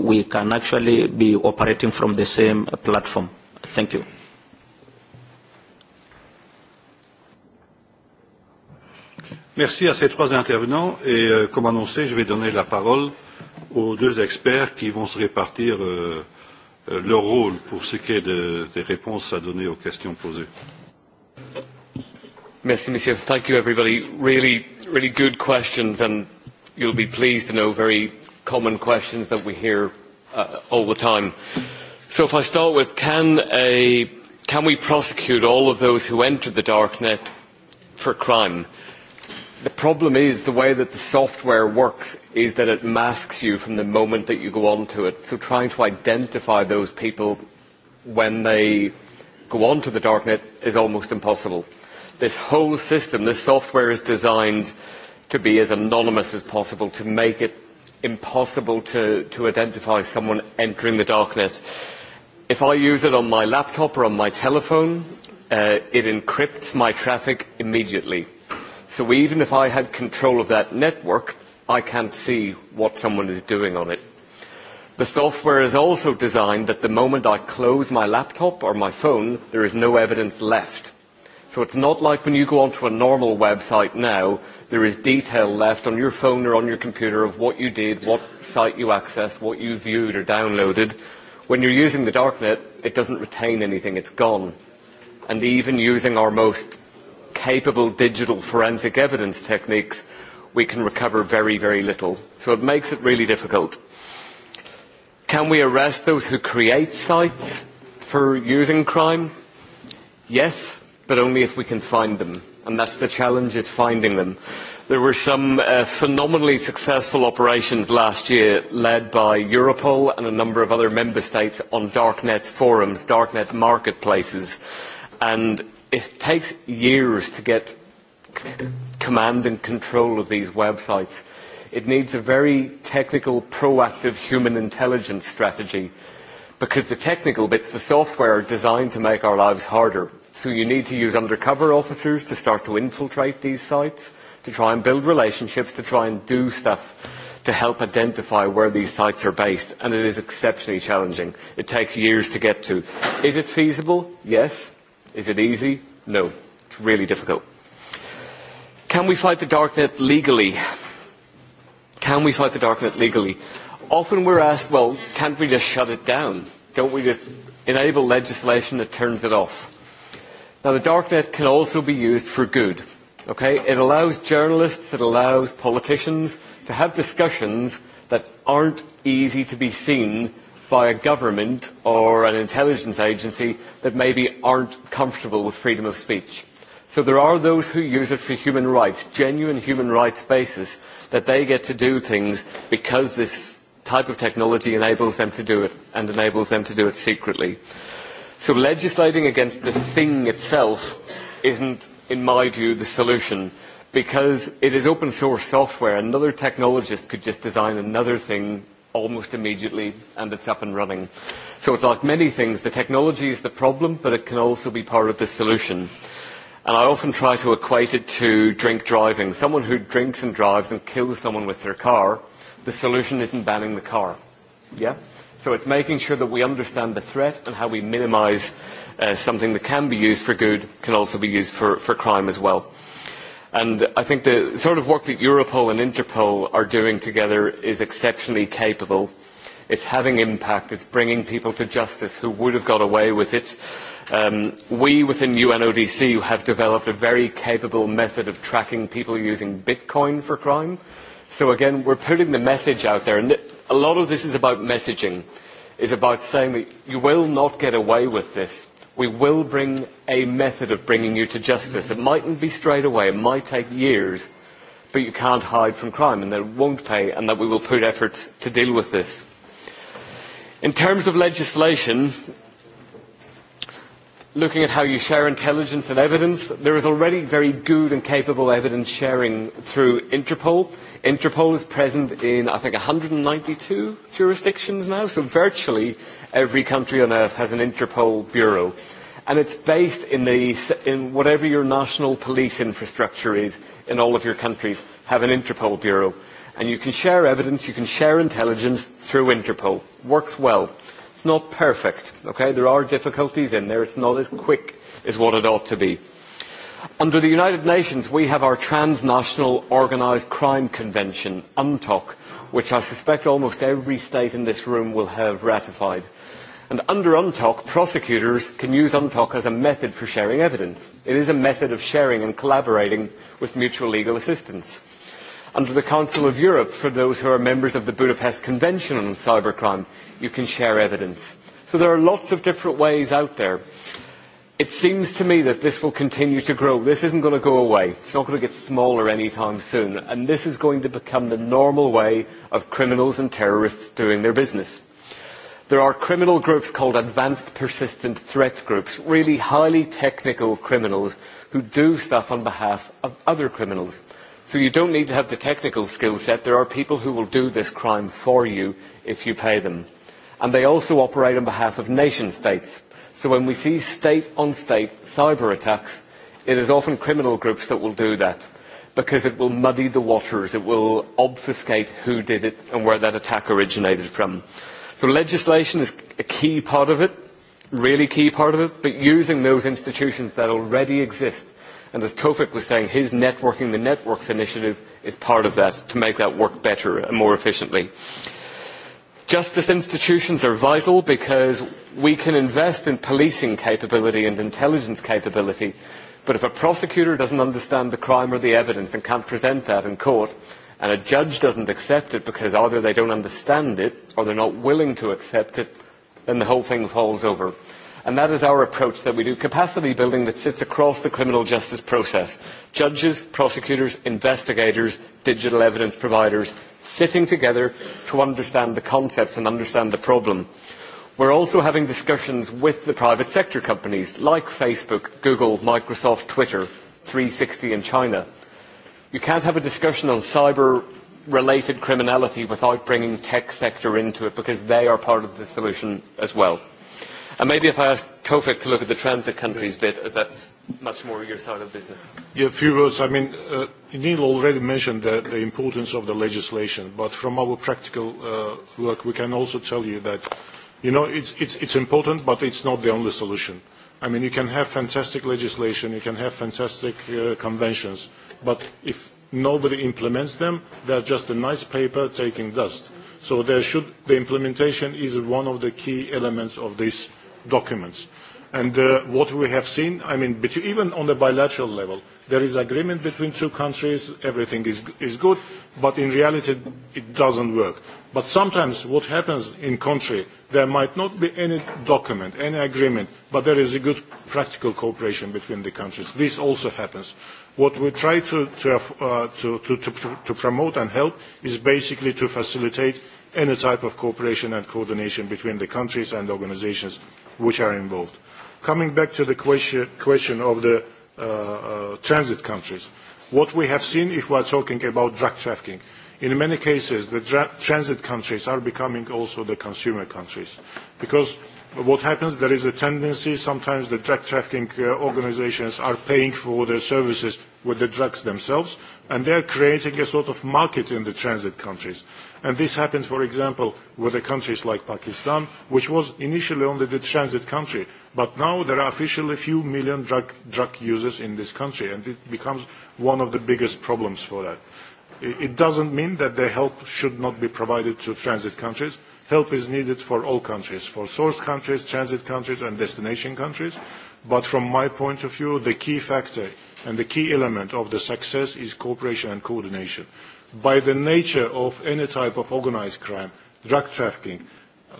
we can actually be operating from the same platform. Thank you. Merci à ces trois intervenants et, comme annoncé, je vais donner la parole aux deux experts qui vont se répartir leur rôle pour ce qui est de, des réponses à donner aux questions posées. Merci, Monsieur. Thank you, everybody. Really, really good questions, and you'll be pleased to know very common questions that we hear all the time. So if I start with, can we prosecute all of those who entered the darknet for crime? The problem is the way that the software works is that it masks you from the moment that you go onto it. So trying to identify those people when they go onto the darknet is almost impossible. This whole system, this software is designed to be as anonymous as possible, to make it impossible to identify someone entering the darknet. If I use it on my laptop or on my telephone, it encrypts my traffic immediately. So even if I had control of that network, I can't see what someone is doing on it. The software is also designed that the moment I close my laptop or my phone, there is no evidence left. So it's not like when you go onto a normal website now, there is detail left on your phone or on your computer of what you did, what site you accessed, what you viewed or downloaded. When you're using the darknet, it doesn't retain anything, it's gone. And even using our most capable digital forensic evidence techniques, we can recover very, very little. So it makes it really difficult. Can we arrest those who create sites for using crime? Yes, but only if we can find them. And that's the challenge, is finding them. There were some phenomenally successful operations last year led by Europol and a number of other member states on darknet forums, darknet marketplaces, and it takes years to get command and control of these websites. It needs a very technical, proactive human intelligence strategy because the technical bits, the software, are designed to make our lives harder. So you need to use undercover officers to start to infiltrate these sites to try and build relationships, to try and do stuff to help identify where these sites are based, and it is exceptionally challenging. It takes years to get to. Is it feasible? Yes. Is it easy? No. It's really difficult. Can we fight the darknet legally? Can we fight the darknet legally? Often we're asked, well, can't we just shut it down? Don't we just enable legislation that turns it off? Now, the darknet can also be used for good. Okay? It allows journalists, it allows politicians to have discussions that aren't easy to be seen by a government or an intelligence agency that maybe aren't comfortable with freedom of speech. So there are those who use it for human rights, genuine human rights basis, that they get to do things because this type of technology enables them to do it and enables them to do it secretly. So legislating against the thing itself isn't, in my view, the solution because it is open source software. Another technologist could just design another thing almost immediately and it's up and running. So it's like many things, the technology is the problem, but it can also be part of the solution. And I often try to equate it to drink driving. Someone who drinks and drives and kills someone with their car, the solution isn't banning the car. Yeah? So it's making sure that we understand the threat and how we minimise something that can be used for good can also be used for crime as well. And I think the sort of work that Europol and Interpol are doing together is exceptionally capable. It's having impact. It's bringing people to justice who would have got away with it. We within UNODC have developed a very capable method of tracking people using Bitcoin for crime So again, we're putting the message out there, and a lot of this is about messaging, is about saying that you will not get away with this. We will bring a method of bringing you to justice. It mightn't be straight away, it might take years, but you can't hide from crime, and that it won't pay, and that we will put efforts to deal with this. In terms of legislation, looking at how you share intelligence and evidence, there is already very good and capable evidence sharing through Interpol. Interpol is present in, I think, 192 jurisdictions now, so virtually every country on earth has an Interpol bureau. And it's based in, the, in whatever your national police infrastructure is in all of your countries, have an Interpol bureau. And you can share evidence, you can share intelligence through Interpol. Works well. It's not perfect, okay? There are difficulties in there. It's not as quick as what it ought to be Under the United Nations, we have our Transnational Organised Crime Convention, UNTOC, which I suspect almost every state in this room will have ratified. And under UNTOC, prosecutors can use UNTOC as a method for sharing evidence. It is a method of sharing and collaborating with mutual legal assistance. Under the Council of Europe, for those who are members of the Budapest Convention on Cybercrime, you can share evidence. So there are lots of different ways out there. It seems to me that this will continue to grow. This isn't going to go away. It's not going to get smaller anytime soon. And this is going to become the normal way of criminals and terrorists doing their business. There are criminal groups called advanced persistent threat groups, really highly technical criminals who do stuff on behalf of other criminals. So you don't need to have the technical skill set. There are people who will do this crime for you if you pay them. And they also operate on behalf of nation states So when we see state-on-state cyber attacks, it is often criminal groups that will do that because it will muddy the waters, it will obfuscate who did it and where that attack originated from. So legislation is a key part of it, really key part of it, but using those institutions that already exist. And as Tofik was saying, his Networking the Networks initiative is part of that to make that work better and more efficiently. Justice institutions are vital because we can invest in policing capability and intelligence capability, but if a prosecutor doesn't understand the crime or the evidence and can't present that in court, and a judge doesn't accept it because either they don't understand it or they're not willing to accept it, then the whole thing falls over and that is our approach that we do capacity building that sits across the criminal justice process judges prosecutors investigators digital evidence providers sitting together to understand the concepts and understand the problem. We're also having discussions with the private sector companies like Facebook, Google, Microsoft, Twitter, 360 in China. You can't have a discussion on cyber-related criminality without bringing tech sector into it because they are part of the solution as well. And maybe if I ask Tofik to look at the transit countries bit, as that's much more your side of business. Yeah, a few words. I mean, Neil already mentioned the importance of the legislation, but from our practical work, we can also tell you that, you know, it's important, but it's not the only solution. I mean, you can have fantastic legislation, you can have fantastic conventions, but if nobody implements them, they're just a nice paper taking dust. So there should, the implementation is one of the key elements of this documents. And what we have seen, I mean, even on the bilateral level, there is agreement between two countries, everything is good, but in reality it doesn't work. But sometimes what happens in country, there might not be any document, any agreement, but there is a good practical cooperation between the countries. This also happens. What we try to to to promote and help is basically to facilitate any type of cooperation and coordination between the countries and organisations which are involved. Coming back to the question of the transit countries, what we have seen if we are talking about drug trafficking, in many cases the transit countries are becoming also the consumer countries because what happens, there is a tendency sometimes the drug trafficking organizations are paying for their services with the drugs themselves, and they are creating a sort of market in the transit countries. And this happens, for example, with the countries like Pakistan, which was initially only the transit country, but now there are officially a few million drug users in this country, and it becomes one of the biggest problems for that. It doesn't mean that the help should not be provided to transit countries help is needed for all countries, for source countries, transit countries, and destination countries. But from my point of view, the key factor and the key element of the success is cooperation and coordination. By the nature of any type of organized crime, drug trafficking,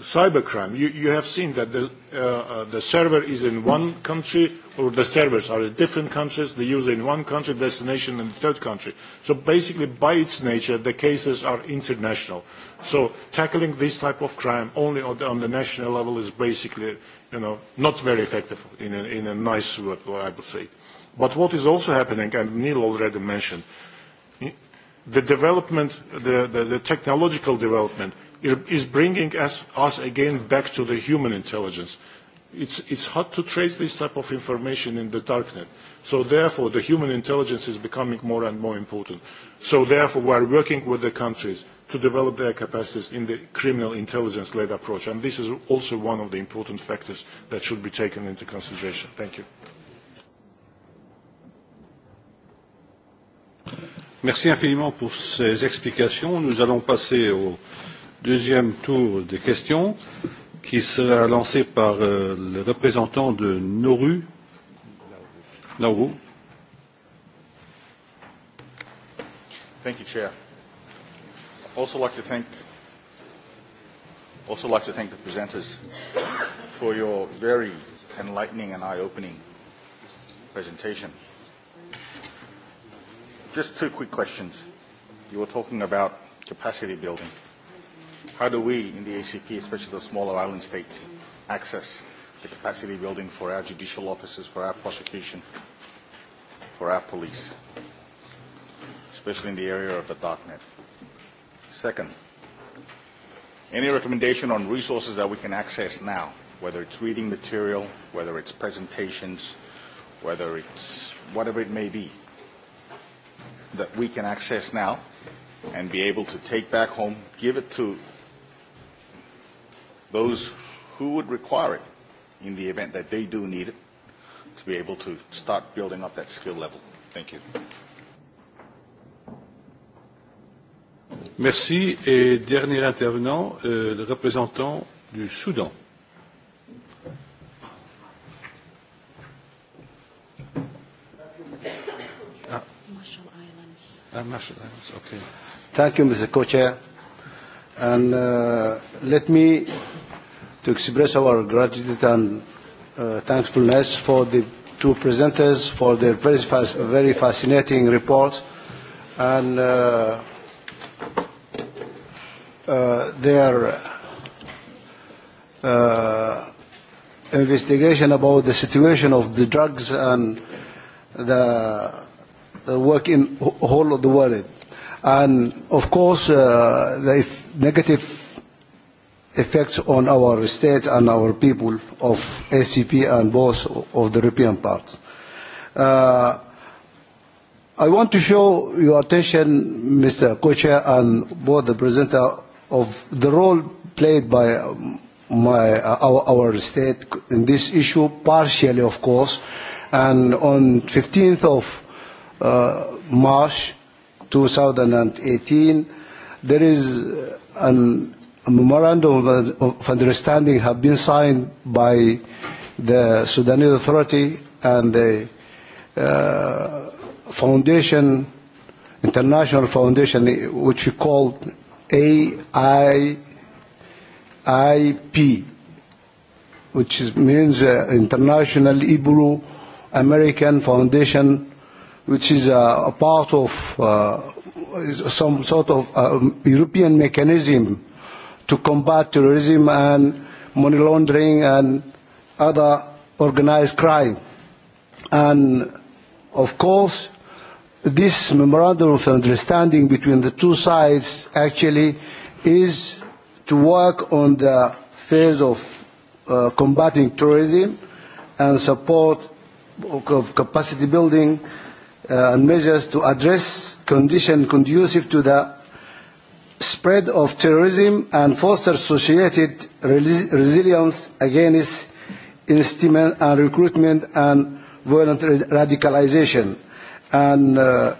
cybercrime, you have seen that the server is in one country or the servers are in different countries, the user in one country, destination in the third country. So basically, by its nature, the cases are international. So tackling this type of crime only on the national level is basically, you know, not very effective in a nice word, I would say. But what is also happening, and Neil already mentioned, the development, the technological development, is bringing us again back to the human intelligence. It's hard to trace this type of information in the darknet. So therefore, the human intelligence is becoming more and more important. So therefore, we are working with the countries to develop their capacities in the criminal intelligence-led approach. And this is also one of the important factors that should be taken into consideration. Thank you. Merci infiniment pour ces explications. Nous allons passer au deuxième tour des questions qui sera lancé par le représentant de Noru. Noru. Thank you, Chair also like to thank also like to thank the presenters for your very enlightening and eye-opening presentation. Just two quick questions. You were talking about capacity building. How do we in the ACP, especially the smaller island states, access the capacity building for our judicial officers, for our prosecution, for our police, especially in the area of the dark net? Second, any recommendation on resources that we can access now, whether it's reading material, whether it's presentations, whether it's whatever it may be, that we can access now and be able to take back home, give it to those who would require it in the event that they do need it to be able to start building up that skill level. Thank you. Merci. Et dernier intervenant, le représentant du Soudan. Thank you, Mr. Co-Chair. And let me to express our gratitude and thankfulness for the two presenters for their very, very fascinating reports. And their investigation about the situation of the drugs and the work in whole of the world. And of course, the negative effects on our state and our people of ACP and both of the European parts. I want to show your attention, Mr. co and both the presenter, of the role played by my, our, our state in this issue, partially of course, and on 15th of March 2018, there is an, a memorandum of understanding have been signed by the Sudanese Authority and the Foundation, International Foundation, which we call AIIP, which means uh, International Hebrew American Foundation, which is a part of some sort of European mechanism to combat terrorism and money laundering and other organized crime. And of course, this memorandum of understanding between the two sides actually is to work on the phase of combating terrorism and support of capacity building and measures to address conditions conducive to the spread of terrorism and foster associated resilience against instrument and recruitment and violent radicalisation and as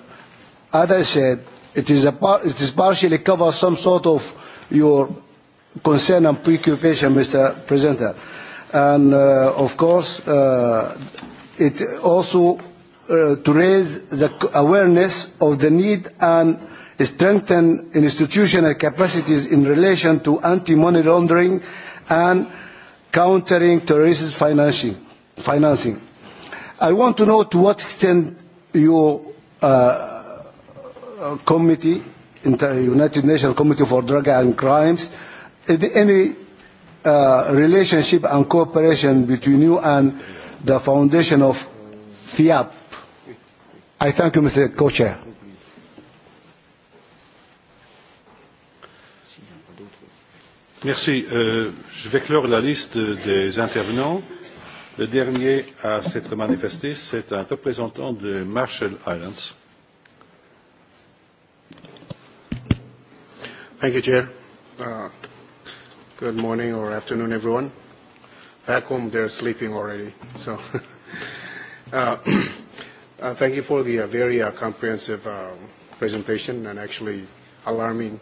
I said, it is it is partially covers some sort of your concern and preoccupation, Mr. President. and of course it also to raise the awareness of the need and strengthen institutional capacities in relation to anti-money laundering and countering terrorist financing. I want to know to what extent your committee, United Nations Committee for Drug and Crimes, any relationship and cooperation between you and the foundation of FIAP. I thank you, Mr. Co-Chair. Merci. Je vais clore la liste des intervenants. Le dernier à s'être manifesté, c'est un représentant de Marshall Islands. Thank you, Chair. Uh, good morning or afternoon, everyone. Back home, they're sleeping already. So, uh, uh, thank you for the very comprehensive presentation and actually alarming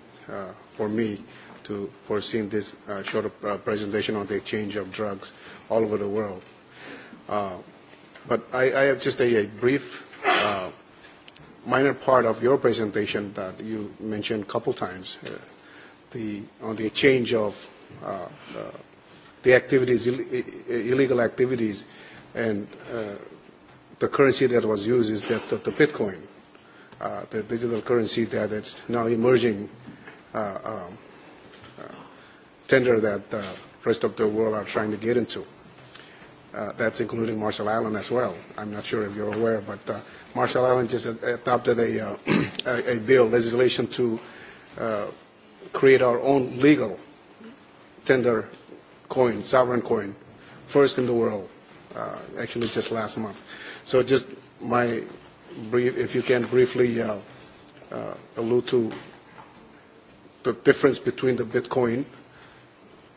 for me to foresee this short presentation on the exchange of drugs all over the world. But I have just a brief minor part of your presentation that you mentioned a couple times on the change of the activities, illegal activities, and the currency that was used is that the Bitcoin, the digital currency that is now emerging tender that the rest of the world are trying to get into that's including Marshall Island as well. I'm not sure if you're aware, but Marshall Island just adopted a, a bill, legislation to create our own legal tender coin, sovereign coin, first in the world, actually just last month. So just my brief, if you can briefly allude to the difference between the Bitcoin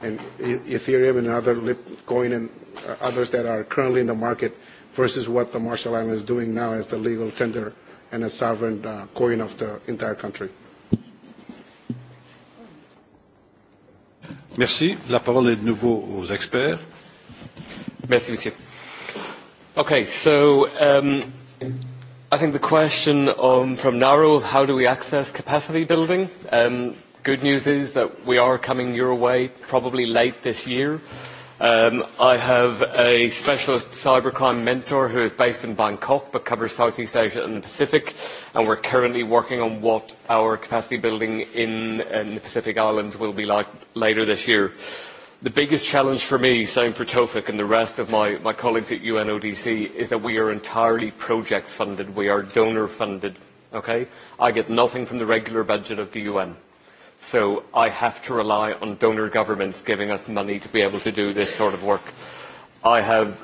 and Ethereum and other Litecoin and others that are currently in the market versus what the Marshall Islands is doing now as the legal tender and a sovereign coin of the entire country. Merci. La parole est de nouveau aux experts. Merci, monsieur. Okay, so um, I think the question um, from Naro, how do we access capacity building? Um, good news is that we are coming your way probably late this year. I have a specialist cybercrime mentor who is based in Bangkok but covers Southeast Asia and the Pacific, and we're currently working on what our capacity building in the Pacific Islands will be like later this year. The biggest challenge for me, same for Tofik and the rest of my colleagues at UNODC, is that we are entirely project funded. We are donor funded. Okay? I get nothing from the regular budget of the UN. So I have to rely on donor governments giving us money to be able to do this sort of work. I have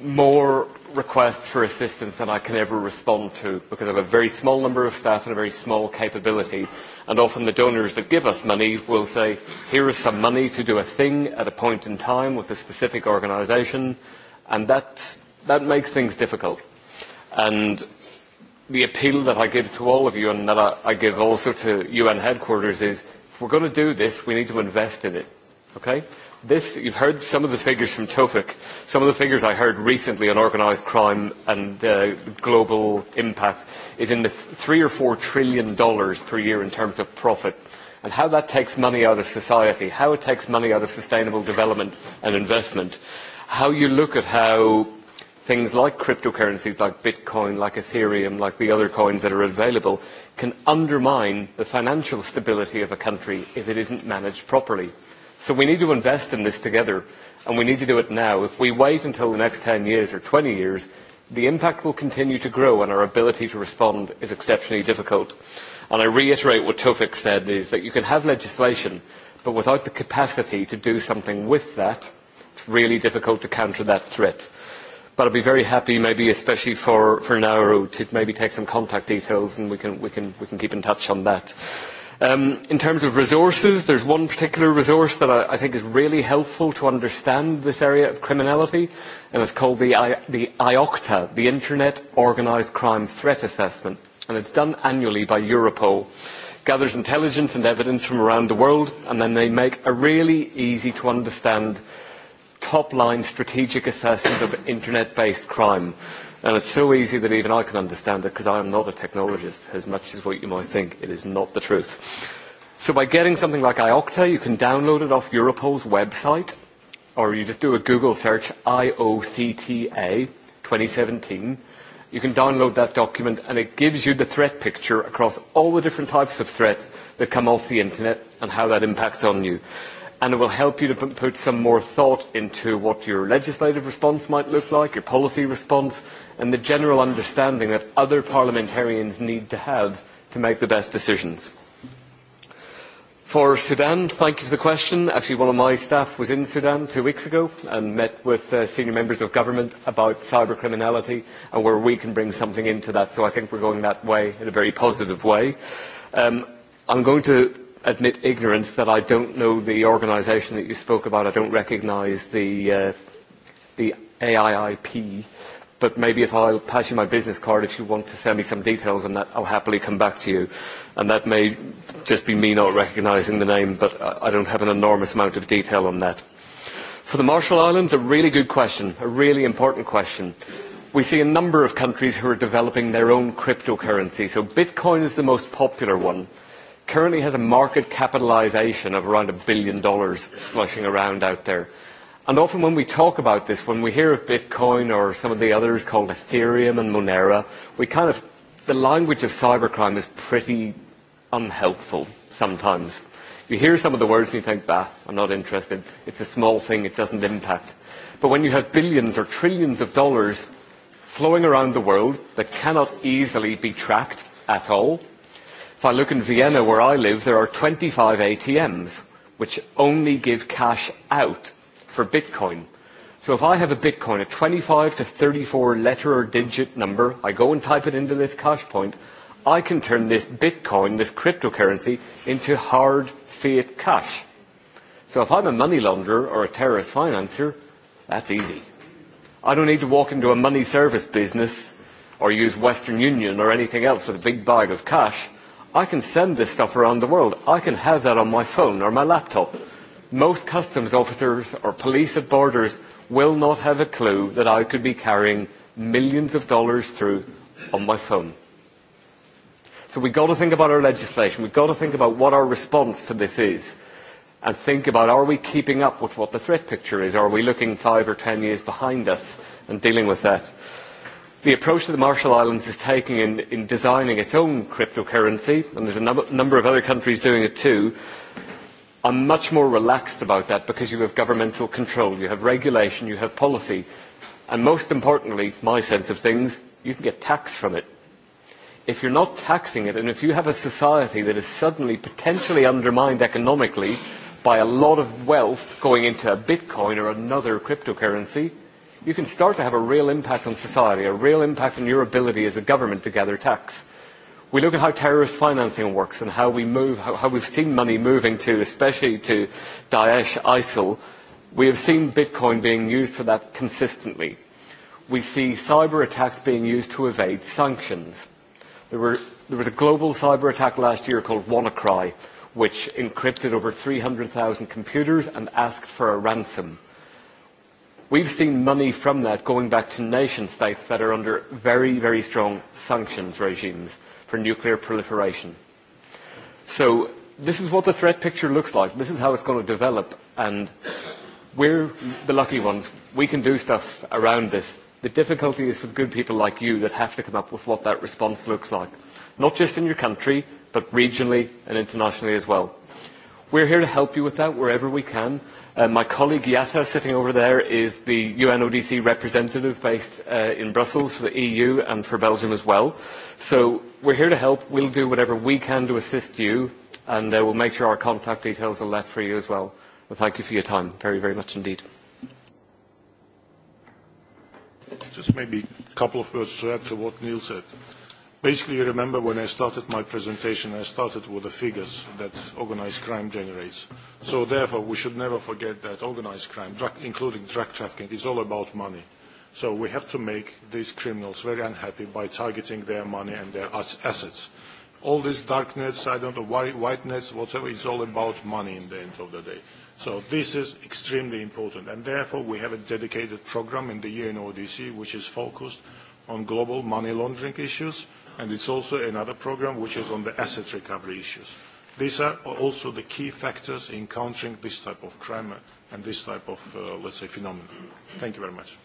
more requests for assistance than I can ever respond to because I have a very small number of staff and a very small capability. And often the donors that give us money will say, here is some money to do a thing at a point in time with a specific organisation. And that makes things difficult. And the appeal that I give to all of you and that I give also to UN headquarters is if we're going to do this, we need to invest in it. Okay? This, you've heard some of the figures from Tofik, some of the figures I heard recently on organized crime and global impact is in the three or four trillion dollars per year in terms of profit and how that takes money out of society, how it takes money out of sustainable development and investment, how you look at how things like cryptocurrencies, like Bitcoin, like Ethereum, like the other coins that are available, can undermine the financial stability of a country if it isn't managed properly. So we need to invest in this together, and we need to do it now. If we wait until the next 10 years or 20 years, the impact will continue to grow and our ability to respond is exceptionally difficult. And I reiterate what Tofik said, is that you can have legislation, but without the capacity to do something with that, it's really difficult to counter that threat. But I'd be very happy, maybe especially for for Nauru, to maybe take some contact details, and we can we can we can keep in touch on that. In terms of resources, there's one particular resource that I think is really helpful to understand this area of criminality, and it's called the IOCTA, the Internet Organized Crime Threat Assessment, and it's done annually by Europol. It Gathers intelligence and evidence from around the world, and then they make a really easy to understand top-line strategic assessment of internet-based crime. And it's so easy that even I can understand it because I am not a technologist, as much as what you might think. It is not the truth. So by getting something like IOCTA, you can download it off Europol's website, or you just do a Google search, IOCTA 2017. You can download that document, and it gives you the threat picture across all the different types of threats that come off the internet and how that impacts on you and it will help you to put some more thought into what your legislative response might look like, your policy response, and the general understanding that other parliamentarians need to have to make the best decisions. For Sudan, thank you for the question. Actually, one of my staff was in Sudan two weeks ago and met with senior members of government about cyber criminality and where we can bring something into that. So I think we're going that way in a very positive way. I'm going to admit ignorance that I don't know the organisation that you spoke about. I don't recognise the AIIP, but maybe if I'll pass you my business card, if you want to send me some details on that, I'll happily come back to you. And that may just be me not recognising the name, but I don't have an enormous amount of detail on that. For the Marshall Islands, a really good question, a really important question. We see a number of countries who are developing their own cryptocurrency, so Bitcoin is the most popular one currently has a market capitalization of around a billion dollars slushing around out there. And often when we talk about this, when we hear of Bitcoin or some of the others called Ethereum and Monera, we kind of, the language of cybercrime is pretty unhelpful sometimes. You hear some of the words and you think, bah, I'm not interested. It's a small thing, it doesn't impact. But when you have billions or trillions of dollars flowing around the world that cannot easily be tracked at all, If I look in Vienna, where I live, there are 25 ATMs which only give cash out for Bitcoin. So if I have a Bitcoin, a 25 to 34 letter or digit number, I go and type it into this cash point, I can turn this Bitcoin, this cryptocurrency, into hard fiat cash. So if I'm a money launderer or a terrorist financer, that's easy. I don't need to walk into a money service business or use Western Union or anything else with a big bag of cash. I can send this stuff around the world. I can have that on my phone or my laptop. Most customs officers or police at borders will not have a clue that I could be carrying millions of dollars through on my phone. So we've got to think about our legislation. We've got to think about what our response to this is and think about are we keeping up with what the threat picture is? Are we looking five or ten years behind us and dealing with that? The approach that the Marshall Islands is taking in designing its own cryptocurrency, and there's a number of other countries doing it too, I'm much more relaxed about that because you have governmental control, you have regulation, you have policy, and most importantly, my sense of things, you can get tax from it. If you're not taxing it, and if you have a society that is suddenly potentially undermined economically by a lot of wealth going into a Bitcoin or another cryptocurrency, you can start to have a real impact on society, a real impact on your ability as a government to gather tax. We look at how terrorist financing works and how we move, how we've seen money moving to, especially to Daesh, ISIL. We have seen Bitcoin being used for that consistently. We see cyber attacks being used to evade sanctions. There was a global cyber attack last year called WannaCry, which encrypted over 300,000 computers and asked for a ransom. We've seen money from that going back to nation states that are under very, very strong sanctions regimes for nuclear proliferation. So this is what the threat picture looks like. This is how it's going to develop. And we're the lucky ones. We can do stuff around this. The difficulty is for good people like you that have to come up with what that response looks like. Not just in your country, but regionally and internationally as well. We're here to help you with that wherever we can. My colleague Yatta, sitting over there, is the UNODC representative based in Brussels for the EU and for Belgium as well. So we're here to help. We'll do whatever we can to assist you, and we'll make sure our contact details are left for you as well. Thank you for your time, very, very much indeed. Just maybe a couple of words to add to what Neil said. Basically, you remember when I started my presentation, I started with the figures that organized crime generates. So therefore, we should never forget that organized crime, including drug trafficking, is all about money. So we have to make these criminals very unhappy by targeting their money and their assets. All these dark nets, I don't know, white nets, whatever, is all about money in the end of the day. So this is extremely important. And therefore, we have a dedicated program in the UNODC, which is focused on global money laundering issues and it's also another program which is on the asset recovery issues. These are also the key factors in countering this type of crime and this type of, let's say, phenomenon. Thank you very much.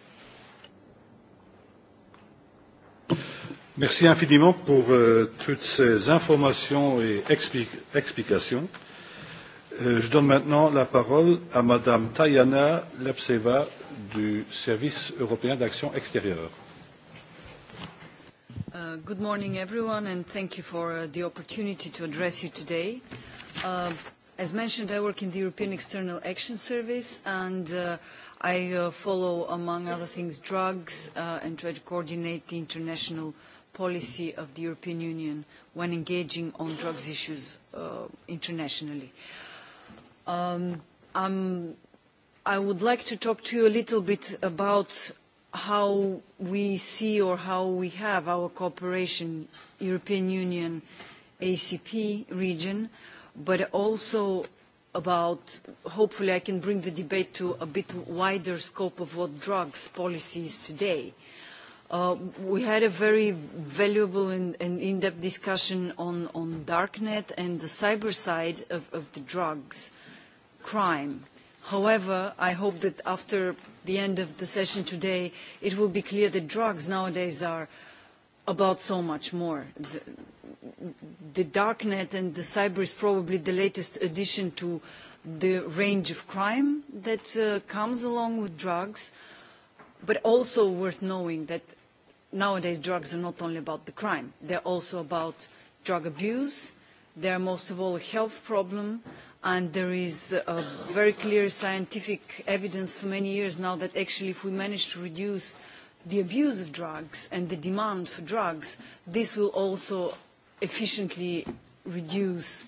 Merci infiniment pour toutes ces informations et explications. Je donne maintenant la parole à Madame Tayana Lepseva du Service européen d'action extérieure. Good morning, everyone, and thank you for the opportunity to address you today. As mentioned, I work in the European External Action Service, and I follow, among other things, drugs, and try to coordinate the international policy of the European Union when engaging on drugs issues internationally. I would like to talk to you a little bit about how we see or how we have our cooperation European Union ACP region, but also about hopefully I can bring the debate to a bit wider scope of what drugs policy is today. We had a very valuable and in-depth discussion on darknet and the cyber side of the drugs crime However, I hope that after the end of the session today, it will be clear that drugs nowadays are about so much more. The darknet and the cyber is probably the latest addition to the range of crime that comes along with drugs, but also worth knowing that nowadays drugs are not only about the crime. They're also about drug abuse. They are most of all a health problem and there is very clear scientific evidence for many years now that actually if we manage to reduce the abuse of drugs and the demand for drugs, this will also efficiently reduce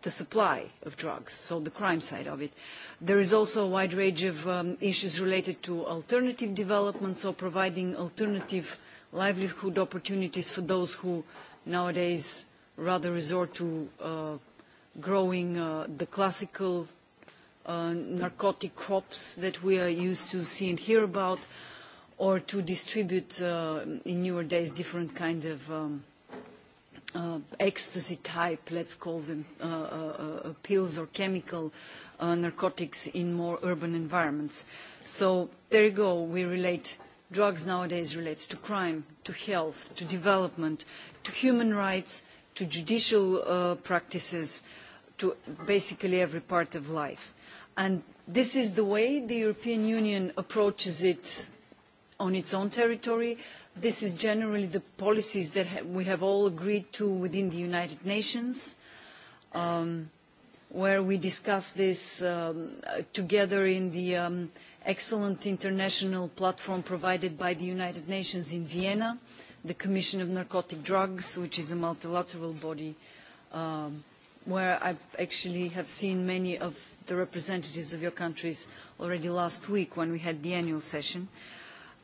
the supply of drugs, so the crime side of it. There is also a wide range of issues related to alternative developments or providing alternative livelihood opportunities for those who nowadays rather resort to growing the classical narcotic crops that we are used to see and hear about, or to distribute in newer days different kind of ecstasy type, let's call them, pills or chemical narcotics in more urban environments. So there you go, we relate, drugs nowadays relates to crime, to health, to development, to human rights, to judicial practices, to basically every part of life. And this is the way the European Union approaches it on its own territory. This is generally the policies that we have all agreed to within the United Nations, where we discuss this together in the excellent international platform provided by the United Nations in Vienna, the Commission of Narcotic Drugs, which is a multilateral body where I actually have seen many of the representatives of your countries already last week when we had the annual session.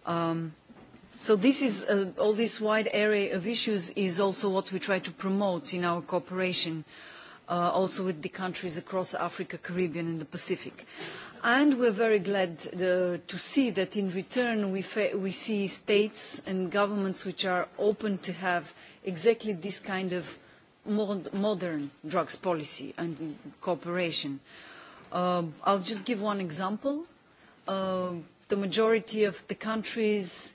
So this is all this wide area of issues is also what we try to promote in our cooperation also with the countries across Africa, Caribbean and the Pacific. And we are very glad to see that in return we see states and governments which are open to have exactly this kind of modern drugs policy and cooperation. I'll just give one example. The majority of the countries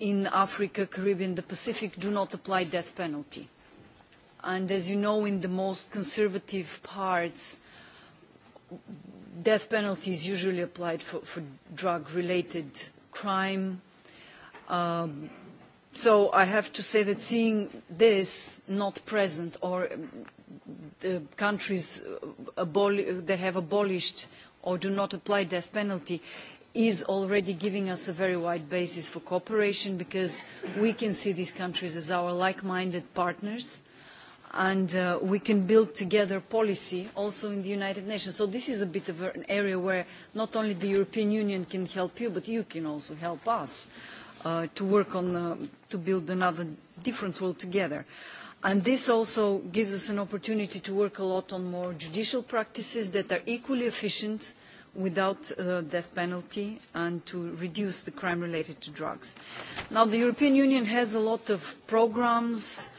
in Africa, Caribbean, the Pacific do not apply death penalty. And as you know, in the most conservative parts, death penalty is usually applied for drug-related crime So I have to say that seeing this not present or the countries that have abolished or do not apply death penalty is already giving us a very wide basis for cooperation because we can see these countries as our like-minded partners and we can build together policy also in the United Nations. So this is a bit of an area where not only the European Union can help you, but you can also help us to work on to build another different world together. And this also gives us an opportunity to work a lot on more judicial practices that are equally efficient without the death penalty and to reduce the crime related to drugs. Now, the European Union has a lot of programs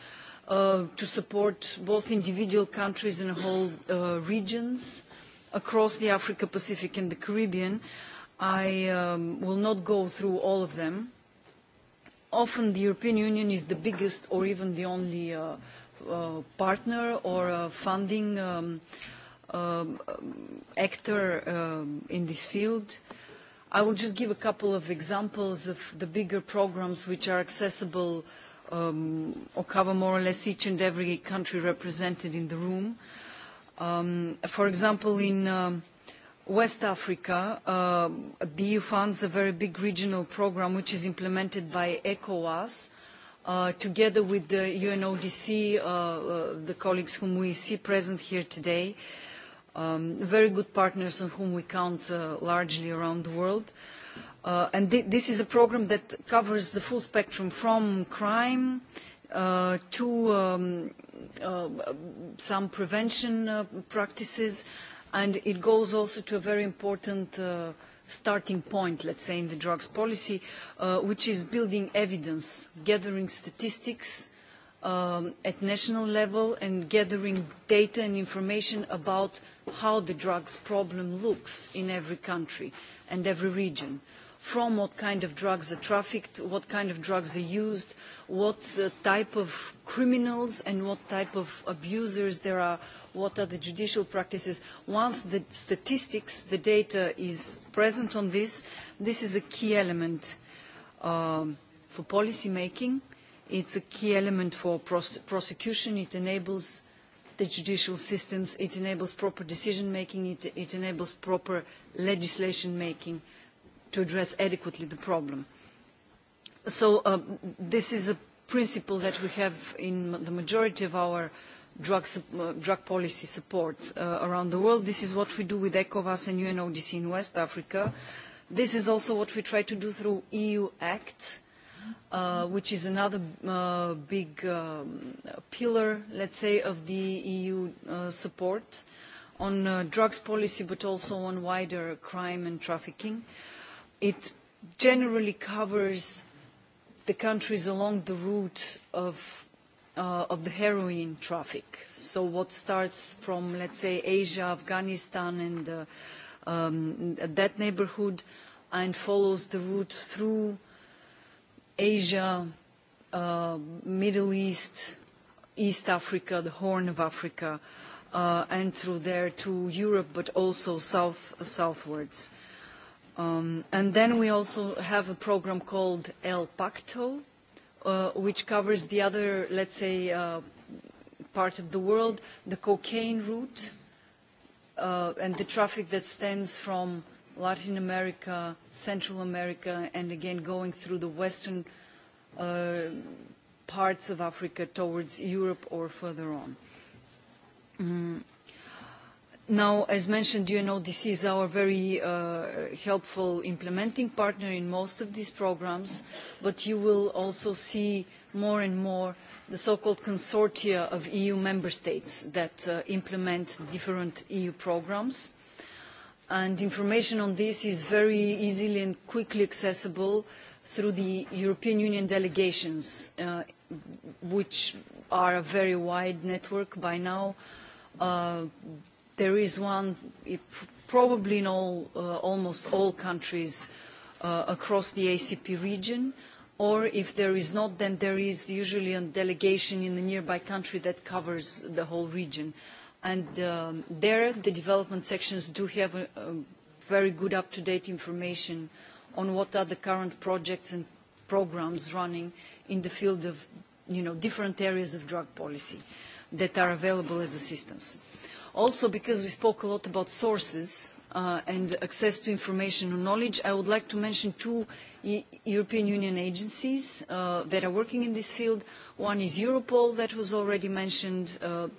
to support both individual countries and whole regions across the Africa, Pacific and the Caribbean. I will not go through all of them often the European Union is the biggest or even the only partner or funding actor in this field. I will just give a couple of examples of the bigger programs which are accessible or cover more or less each and every country represented in the room. For example, in West Africa, the EU funds a very big regional program which is implemented by ECOWAS together with the UNODC, the colleagues whom we see present here today, very good partners on whom we count largely around the world. And this is a program that covers the full spectrum from crime to some prevention practices and it goes also to a very important starting point, let's say, in the drugs policy, which is building evidence, gathering statistics at national level and gathering data and information about how the drugs problem looks in every country and every region, from what kind of drugs are trafficked, what kind of drugs are used, what type of criminals and what type of abusers there are what are the judicial practices. Once the statistics, the data is present on this, this is a key element for policy making. It's a key element for prosecution. It enables the judicial systems. It enables proper decision making. It enables proper legislation making to address adequately the problem. So this is a principle that we have in the majority of our drug policy support around the world. This is what we do with ECOVAS and UNODC in West Africa. This is also what we try to do through EU ACT, which is another big pillar, let's say, of the EU support on drugs policy, but also on wider crime and trafficking. It generally covers the countries along the route of of the heroin traffic. So what starts from, let's say, Asia, Afghanistan, and that neighborhood, and follows the route through Asia, Middle East, East Africa, the Horn of Africa, and through there to Europe, but also south southwards. And then we also have a program called El Pacto which covers the other, let's say, part of the world, the cocaine route and the traffic that stems from Latin America, Central America, and again going through the western parts of Africa towards Europe or further on. Now, as mentioned, you know, this is our very helpful implementing partner in most of these programs, but you will also see more and more the so-called consortia of EU member states that implement different EU programs. And information on this is very easily and quickly accessible through the European Union delegations, which are a very wide network by now There is one, probably in almost all countries across the ACP region, or if there is not, then there is usually a delegation in the nearby country that covers the whole region. And there, the development sections do have very good up-to-date information on what are the current projects and programs running in the field of different areas of drug policy that are available as assistance also because we spoke a lot about sources and access to information and knowledge, I would like to mention two European Union agencies that are working in this field. One is Europol, that was already mentioned.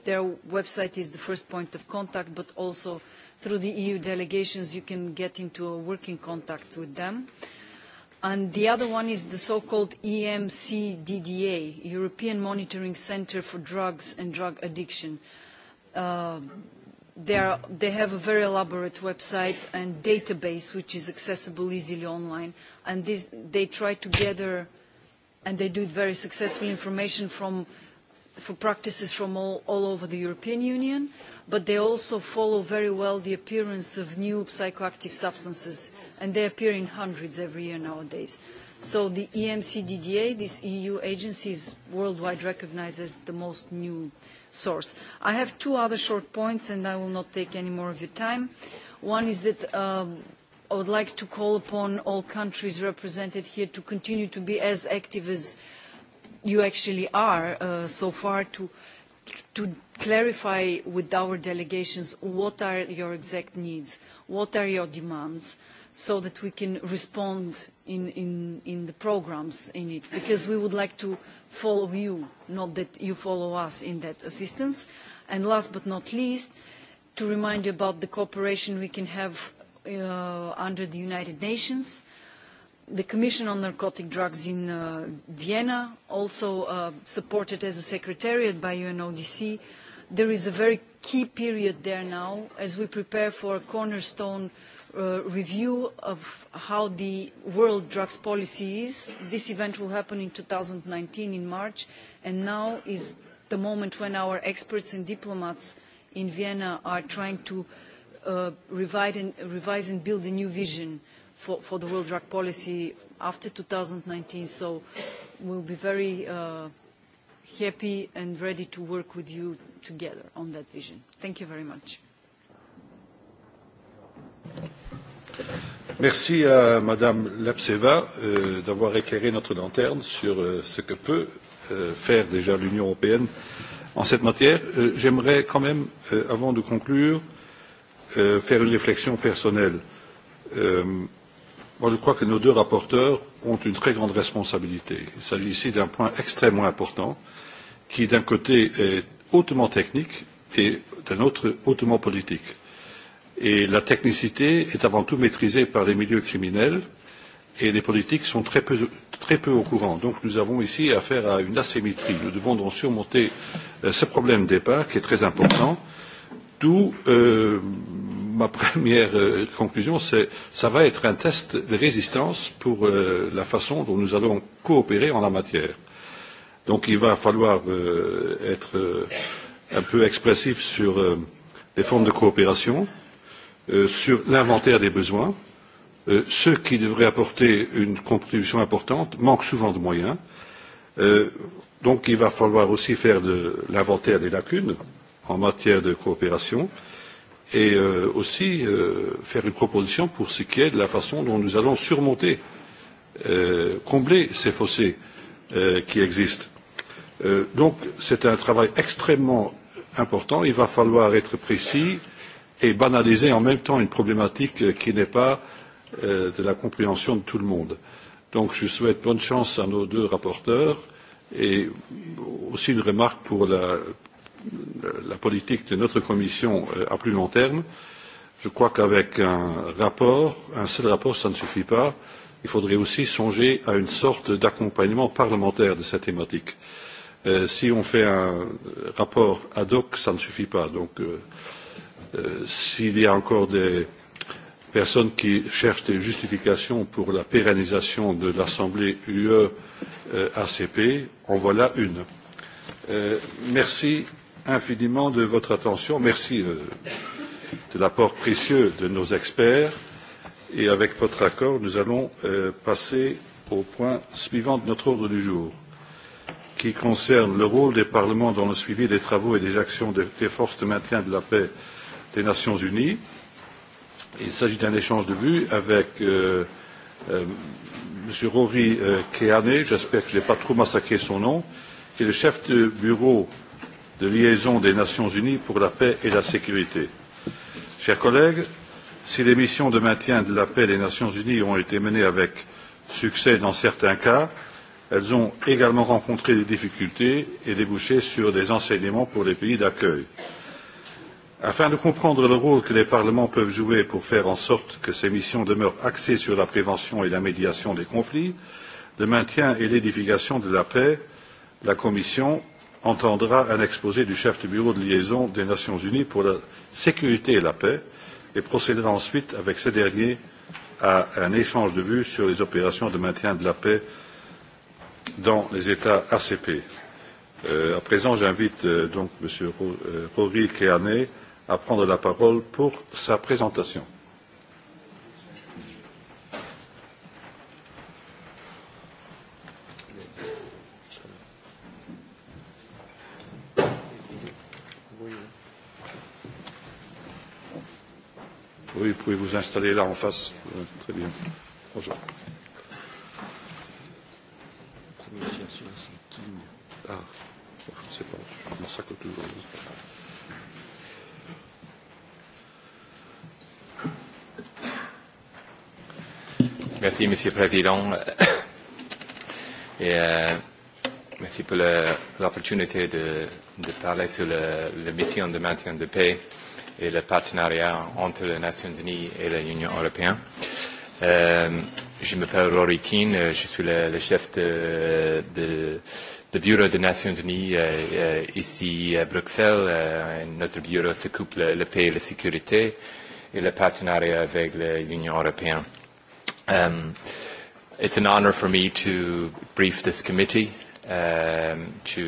Their website is the first point of contact, but also through the EU delegations you can get into a working contact with them. And the other one is the so-called EMCDDA, European Monitoring Centre for Drugs and Drug Addiction They have a very elaborate website and database which is accessible easily online, and they try to gather, and they do very successful information from for practices from all over the European Union, but they also follow very well the appearance of new psychoactive substances, and they appear in hundreds every year nowadays. So the EMCDDA, this EU agency, is worldwide recognized as the most new source. I have two other short points, and I will not take any more of your time. One is that I would like to call upon all countries represented here to continue to be as active as you actually are so far to clarify with our delegations what are your exact needs, what are your demands, so that we can respond in the programs in it. Because we would like to follow you, not that you follow us in that assistance. And last but not least, to remind you about the cooperation we can have under the United Nations, the Commission on Narcotic Drugs in Vienna, also supported as a secretariat by UNODC. There is a very key period there now as we prepare for a cornerstone review of how the world drugs policy is. This event will happen in 2019 in March, and now is the moment when our experts and diplomats in Vienna are trying to revise and build a new vision for the world drug policy after 2019. So we'll be very happy and ready to work with you together on that vision. Thank you very much. Merci à Madame Lapseva d'avoir éclairé notre lanterne sur ce que peut faire déjà l'Union européenne en cette matière. J'aimerais quand même, avant de conclure, faire une réflexion personnelle. Moi, je crois que nos deux rapporteurs ont une très grande responsabilité. Il s'agit ici d'un point extrêmement important qui, d'un côté, est hautement technique et, d'un autre, hautement politique et la technicité est avant tout maîtrisée par les milieux criminels et les politiques sont très peu au courant. donc nous avons ici affaire à une asymétrie. nous devons donc surmonter ce problème de départ qui est très important d'où ma première conclusion c'est ça va être un test de résistance pour la façon dont nous allons coopérer en la matière. donc il va falloir être un peu expressif sur les formes de coopération sur l'inventaire des besoins. Ceux qui devraient apporter une contribution importante manquent souvent de moyens. Donc il va falloir aussi faire de l'inventaire des lacunes en matière de coopération et aussi faire une proposition pour ce qui est de la façon dont nous allons surmonter, combler ces fossés qui existent. Donc c'est un travail extrêmement important. Il va falloir être précis et banaliser en même temps une problématique qui n'est pas de la compréhension de tout le monde. Donc je souhaite bonne chance à nos deux rapporteurs et aussi une remarque pour la politique de notre commission à plus long terme. Je crois qu'avec un rapport, un seul rapport, ça ne suffit pas. Il faudrait aussi songer à une sorte d'accompagnement parlementaire de cette thématique. Si on fait un rapport ad hoc, ça ne suffit pas. Donc s'il y a encore des personnes qui cherchent des justifications pour la pérennisation de l'Assemblée UE ACP, en voilà une. Merci infiniment de votre attention, merci de l'apport précieux de nos experts et avec votre accord, nous allons passer au point suivant de notre ordre du jour, qui concerne le rôle des parlements dans le suivi des travaux et des actions des forces de maintien de la paix des Nations Unies. Il s'agit d'un échange de vues avec M. Rory Keane, j'espère que je n'ai pas trop massacré son nom, qui est le chef de bureau de liaison des Nations Unies pour la paix et la sécurité. Chers collègues, si les missions de maintien de la paix des Nations Unies ont été menées avec succès dans certains cas, elles ont également rencontré des difficultés et débouché sur des enseignements pour les pays d'accueil. Afin de comprendre le rôle que les parlements peuvent jouer pour faire en sorte que ces missions demeurent axées sur la prévention et la médiation des conflits, le maintien et l'édification de la paix, la Commission entendra un exposé du chef du bureau de liaison des Nations unies pour la sécurité et la paix et procédera ensuite avec ce derniers, à un échange de vues sur les opérations de maintien de la paix dans les États ACP. À présent, j'invite donc M. Rory Keane à prendre la parole pour sa présentation. Oui, vous pouvez vous installer là en face. Très bien. Bonjour. Ah, je ne sais pas, je me le toujours. Merci, Monsieur le Président. Et, merci pour l'opportunité de, de parler sur la, la mission de maintien de paix et le partenariat entre les Nations Unies et l'Union Européenne. Euh, je m'appelle Rory Keane, je suis le, chef de, de, bureau des Nations Unies ici à Bruxelles. notre bureau s'occupe de la paix et la sécurité et le partenariat avec l'Union Européenne. Um It's an honor for me to brief this committee, um to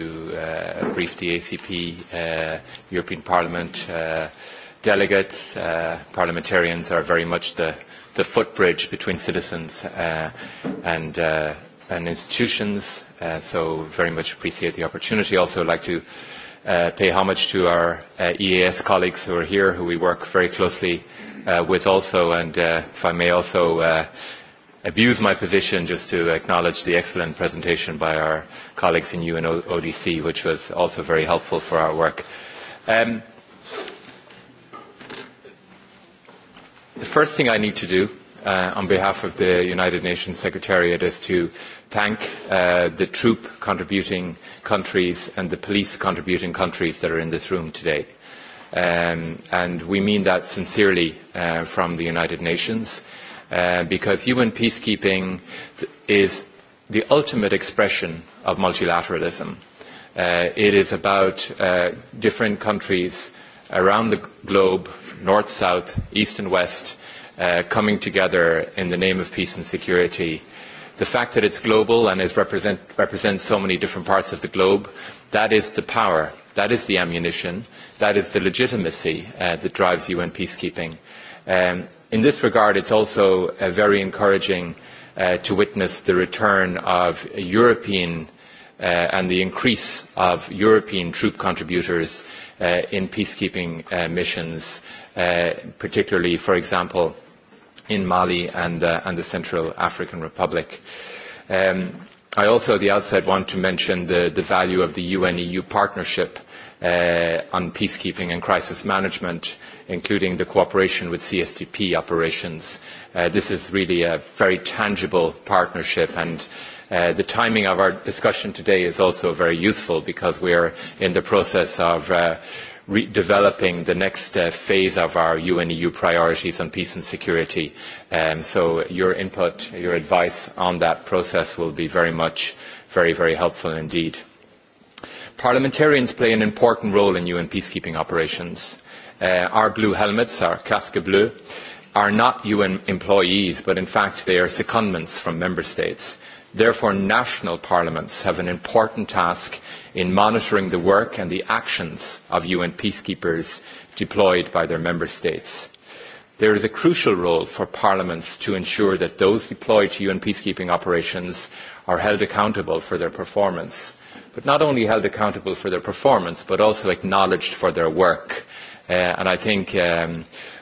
brief the ACP, European Parliament delegates. Parliamentarians are very much the the footbridge between citizens and institutions, so very much appreciate the opportunity. Also, like to pay homage to our EAS colleagues who are here, who we work very closely with also, and if I may also abuse my position just to acknowledge the excellent presentation by our colleagues in UNODC, which was also very helpful for our work. The first thing I need to do on behalf of the United Nations Secretariat is to thank the troop contributing countries and the police contributing countries that are in this room today. And we mean that sincerely from the United Nations because human peacekeeping is the ultimate expression of multilateralism. It is about different countries around the globe, north, south, east and west, coming together in the name of peace and security. The fact that it's global and represents so many different parts of the globe, that is the power, that is the ammunition, that is the legitimacy that drives UN peacekeeping. In this regard, it's also very encouraging to witness the return of European and the increase of European troop contributors in peacekeeping missions, particularly, for example, in Mali and the Central African Republic. I also at the outset want to mention the value of the UN-EU partnership on peacekeeping and crisis management, including the cooperation with CSTP operations. This is really a very tangible partnership and the timing of our discussion today is also very useful because we are in the process of developing the next phase of our UN EU priorities on peace and security. So your input, your advice on that process will be very much, very, very helpful indeed. Parliamentarians play an important role in UN peacekeeping operations. Our blue helmets, our casque bleu, are not UN employees, but in fact they are secondments from member states Therefore, national parliaments have an important task in monitoring the work and the actions of UN peacekeepers deployed by their member states. There is a crucial role for parliaments to ensure that those deployed to UN peacekeeping operations are held accountable for their performance, but not only held accountable for their performance, but also acknowledged for their work. And I think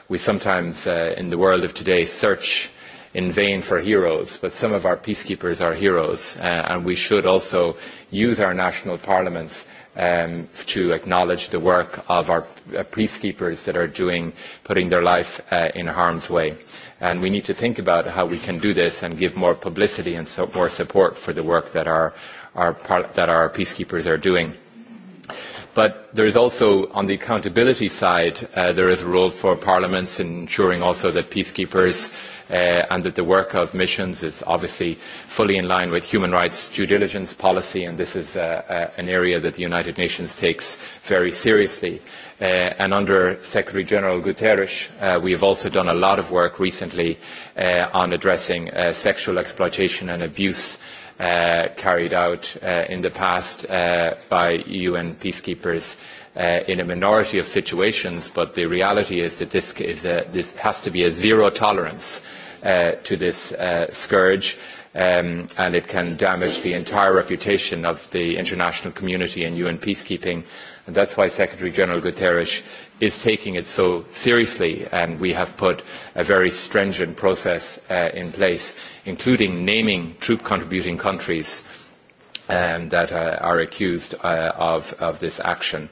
we sometimes, in the world of today, search in vain for heroes, but some of our peacekeepers are heroes, and we should also use our national parliaments to acknowledge the work of our peacekeepers that are doing, putting their life in harm's way. And we need to think about how we can do this and give more publicity and more support for the work that our peacekeepers are doing. But there is also, on the accountability side, there is a role for parliaments in ensuring also that peacekeepers and that the work of missions is obviously fully in line with human rights due diligence policy, and this is an area that the United Nations takes very seriously. And under Secretary General Guterres, we have also done a lot of work recently on addressing sexual exploitation and abuse carried out in the past by UN peacekeepers in a minority of situations, but the reality is that this has to be a zero tolerance to this scourge and it can damage the entire reputation of the international community and UN peacekeeping. And that's why Secretary General Guterres is taking it so seriously and we have put a very stringent process in place including naming troop contributing countries that are accused of this action.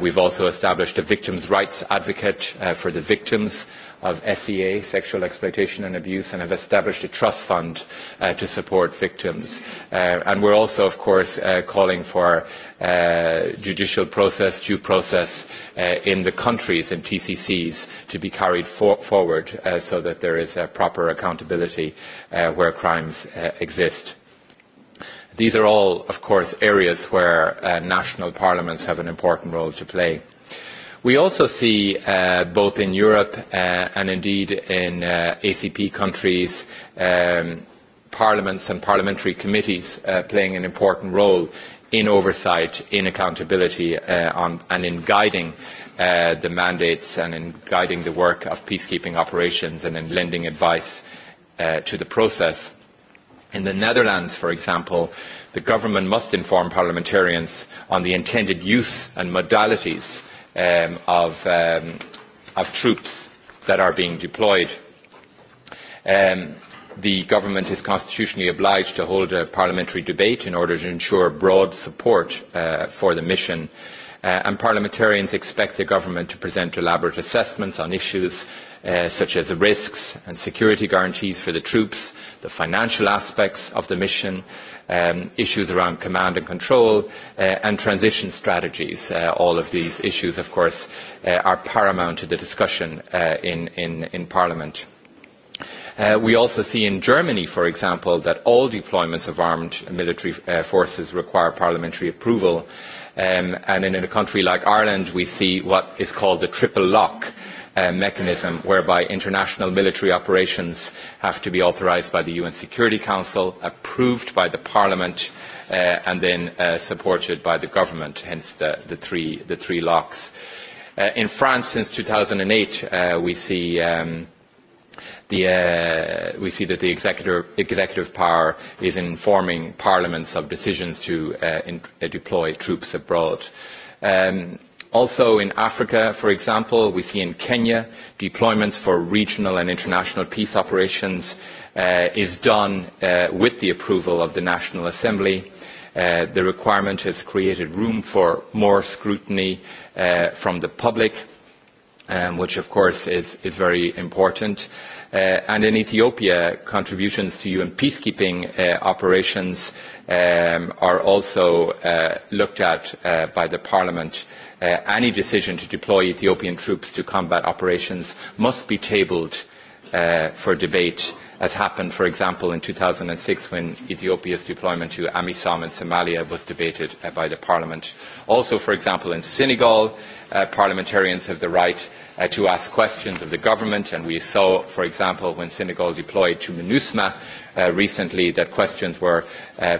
We've also established a victims' rights advocate for the victims of SEA, sexual exploitation and abuse, and have established a trust fund to support victims. And we're also, of course, calling for judicial process, due process in the countries and TCCs to be carried forward so that there is a proper accountability where crimes exist. These are all, of course, areas where national parliaments have an important role to play. We also see both in Europe and indeed in ACP countries parliaments and parliamentary committees playing an important role in oversight, in accountability and in guiding the mandates and in guiding the work of peacekeeping operations and in lending advice to the process. In the Netherlands, for example, the government must inform parliamentarians on the intended use and modalities of troops that are being deployed. The government is constitutionally obliged to hold a parliamentary debate in order to ensure broad support for the mission and parliamentarians expect the government to present elaborate assessments on issues such as the risks and security guarantees for the troops, the financial aspects of the mission, issues around command and control, and transition strategies. All of these issues, of course, are paramount to the discussion in Parliament. We also see in Germany, for example, that all deployments of armed military forces require parliamentary approval and in a country like Ireland we see what is called the triple lock mechanism whereby international military operations have to be authorised by the UN Security Council, approved by the Parliament and then supported by the government, hence the three locks. In France since 2008 we see We see that the executive power is informing parliaments of decisions to deploy troops abroad. Also in Africa, for example, we see in Kenya deployments for regional and international peace operations is done with the approval of the National Assembly. The requirement has created room for more scrutiny from the public which of course is very important. And in Ethiopia, contributions to UN peacekeeping operations are also looked at by the Parliament. Any decision to deploy Ethiopian troops to combat operations must be tabled for debate as happened, for example, in 2006 when Ethiopia's deployment to AMISOM in Somalia was debated by the Parliament. Also, for example, in Senegal, parliamentarians have the right to ask questions of the government, and we saw, for example, when Senegal deployed to MINUSMA recently, that questions were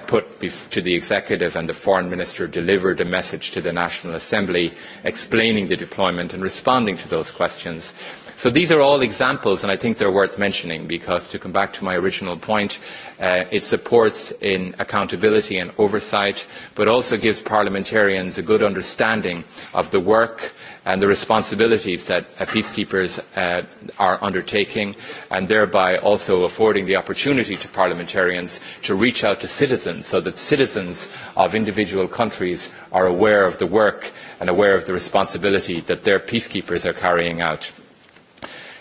put to the executive, and the foreign minister delivered a message to the National Assembly explaining the deployment and responding to those questions. So these are all examples, and I think they're worth mentioning, because to come back to my original point, it supports in accountability and oversight, but also gives parliamentarians a good understanding of the work and the responsibilities that peacekeepers are undertaking, and thereby also affording the opportunity to parliamentarians to reach out to citizens so that citizens of individual countries are aware of the work and aware of the responsibility that their peacekeepers are carrying out.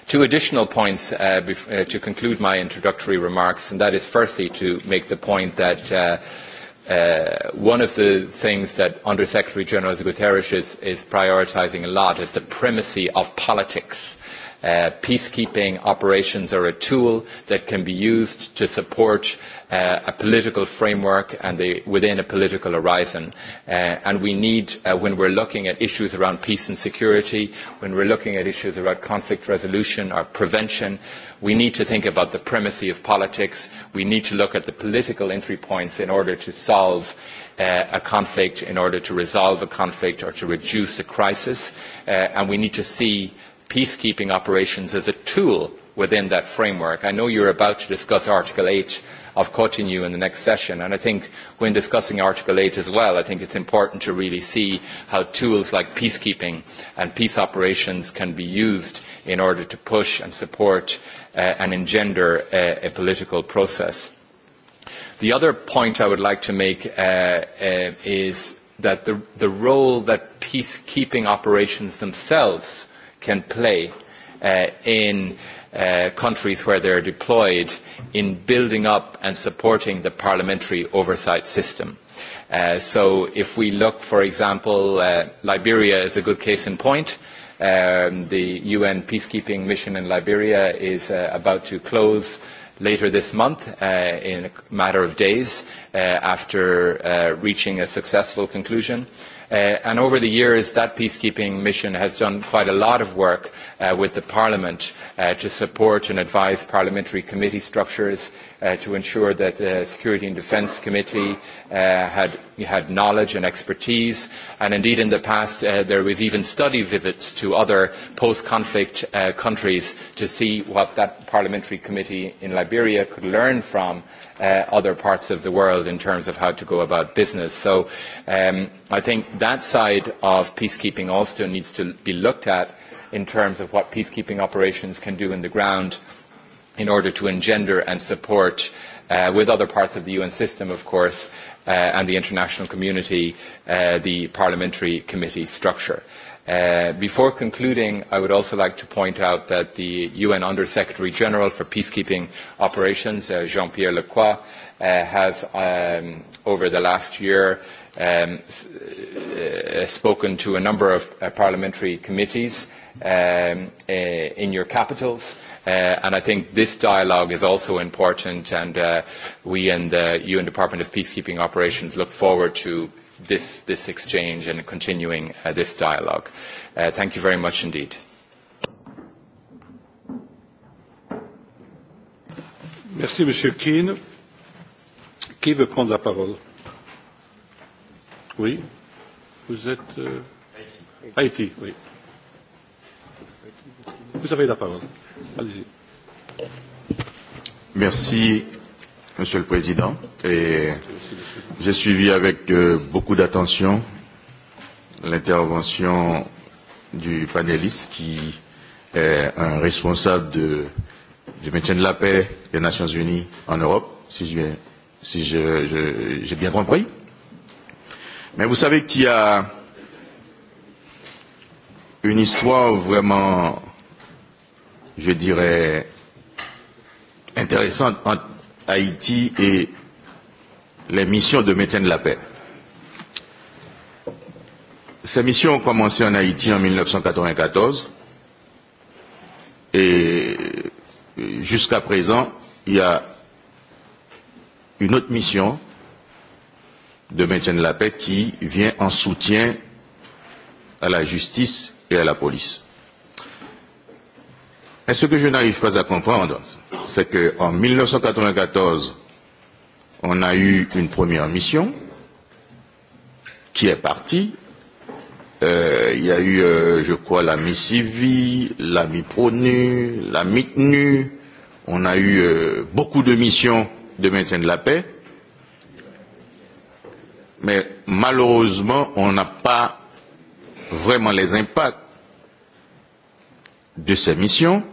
Two additional points to conclude my introductory remarks, and that is firstly to make the point that one of the things that Under Secretary General Guterres is prioritising a lot is the primacy of politics peacekeeping operations are a tool that can be used to support a political framework and within a political horizon. And we need, when we're looking at issues around peace and security, when we're looking at issues around conflict resolution or prevention, we need to think about the primacy of politics. We need to look at the political entry points in order to solve a conflict, in order to resolve a conflict or to reduce a crisis. And we need to see peacekeeping operations as a tool within that framework. I know you're about to discuss Article 8 of Cotonou in the next session, and I think when discussing Article 8 as well, I think it's important to really see how tools like peacekeeping and peace operations can be used in order to push and support and engender a political process. The other point I would like to make is that the role that peacekeeping operations themselves can play in countries where they are deployed in building up and supporting the parliamentary oversight system. So if we look, for example, Liberia is a good case in point. The UN peacekeeping mission in Liberia is about to close later this month in a matter of days after reaching a successful conclusion. And over the years, that peacekeeping mission has done quite a lot of work with the Parliament to support and advise parliamentary committee structures to ensure that the Security and Defence Committee had knowledge and expertise. And indeed, in the past, there was even study visits to other post-conflict countries to see what that parliamentary committee in Liberia could learn from other parts of the world in terms of how to go about business. So I think that side of peacekeeping also needs to be looked at in terms of what peacekeeping operations can do in the ground in order to engender and support with other parts of the UN system, of course, and the international community, the parliamentary committee structure. Before concluding, I would also like to point out that the UN Under-Secretary General for Peacekeeping Operations, Jean-Pierre Lacroix, has, over the last year, spoken to a number of parliamentary committees in your capitals and I think this dialogue is also important and we and the UN Department of Peacekeeping Operations look forward to this this exchange and continuing this dialogue. Thank you very much indeed. Merci Monsieur Keane. Qui veut prendre la parole Oui. Vous êtes Haïti, oui. Vous avez la parole. Allez-y. Merci, Monsieur le Président. Et j'ai suivi avec beaucoup d'attention l'intervention du panéliste qui est un responsable de, du maintien de la paix des Nations Unies en Europe, si j'ai si je, je, bien compris. Mais vous savez qu'il y a une histoire vraiment, je dirais, intéressante entre Haïti et les missions de maintien de la paix. Ces missions ont commencé en Haïti en 1994 et jusqu'à présent, il y a une autre mission de maintien de la paix qui vient en soutien à la justice et à la police. Et ce que je n'arrive pas à comprendre, c'est qu'en 1994, on a eu une première mission qui est partie. Il y a eu, je crois, la missivie, la PRONU, la MITNU. On a eu beaucoup de missions de maintien de la paix mais malheureusement, on n'a pas vraiment les impacts de ces missions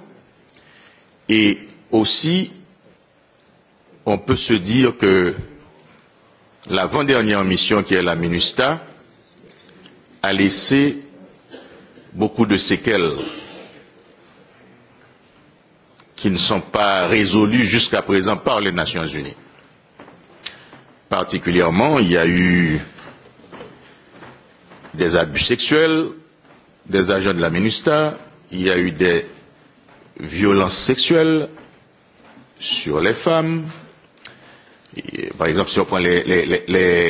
et aussi on peut se dire que l'avant-dernière mission qui est la MINUSTA a laissé beaucoup de séquelles qui ne sont pas résolues jusqu'à présent par les Nations Unies particulièrement, il y a eu des abus sexuels des agents de la MINUSTA, il y a eu des violences sexuelles sur les femmes. Par exemple, si on prend les,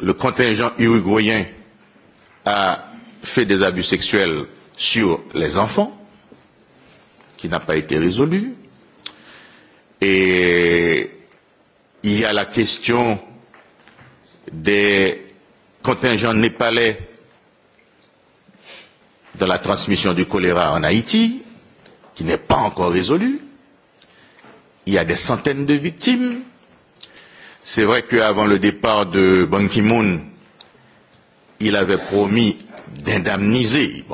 le contingent uruguayen a fait des abus sexuels sur les enfants, qui n'a pas été résolu. Et Il y a la question des contingents népalais dans la transmission du choléra en Haïti, qui n'est pas encore résolue. Il y a des centaines de victimes. C'est vrai qu'avant le départ de Ban Ki-moon, il avait promis d'indemniser.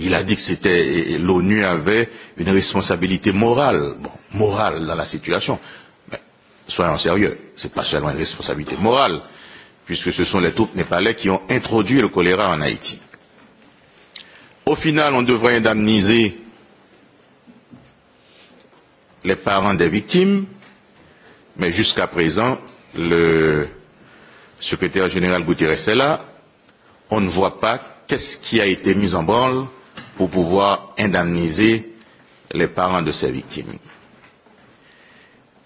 Il a dit que l'ONU avait une responsabilité morale, morale dans la situation soyons sérieux, ce n'est pas seulement une responsabilité morale, puisque ce sont les troupes népalais qui ont introduit le choléra en Haïti. Au final, on devrait indemniser les parents des victimes, mais jusqu'à présent, le secrétaire général Guterres est là, on ne voit pas qu'est-ce qui a été mis en branle pour pouvoir indemniser les parents de ces victimes.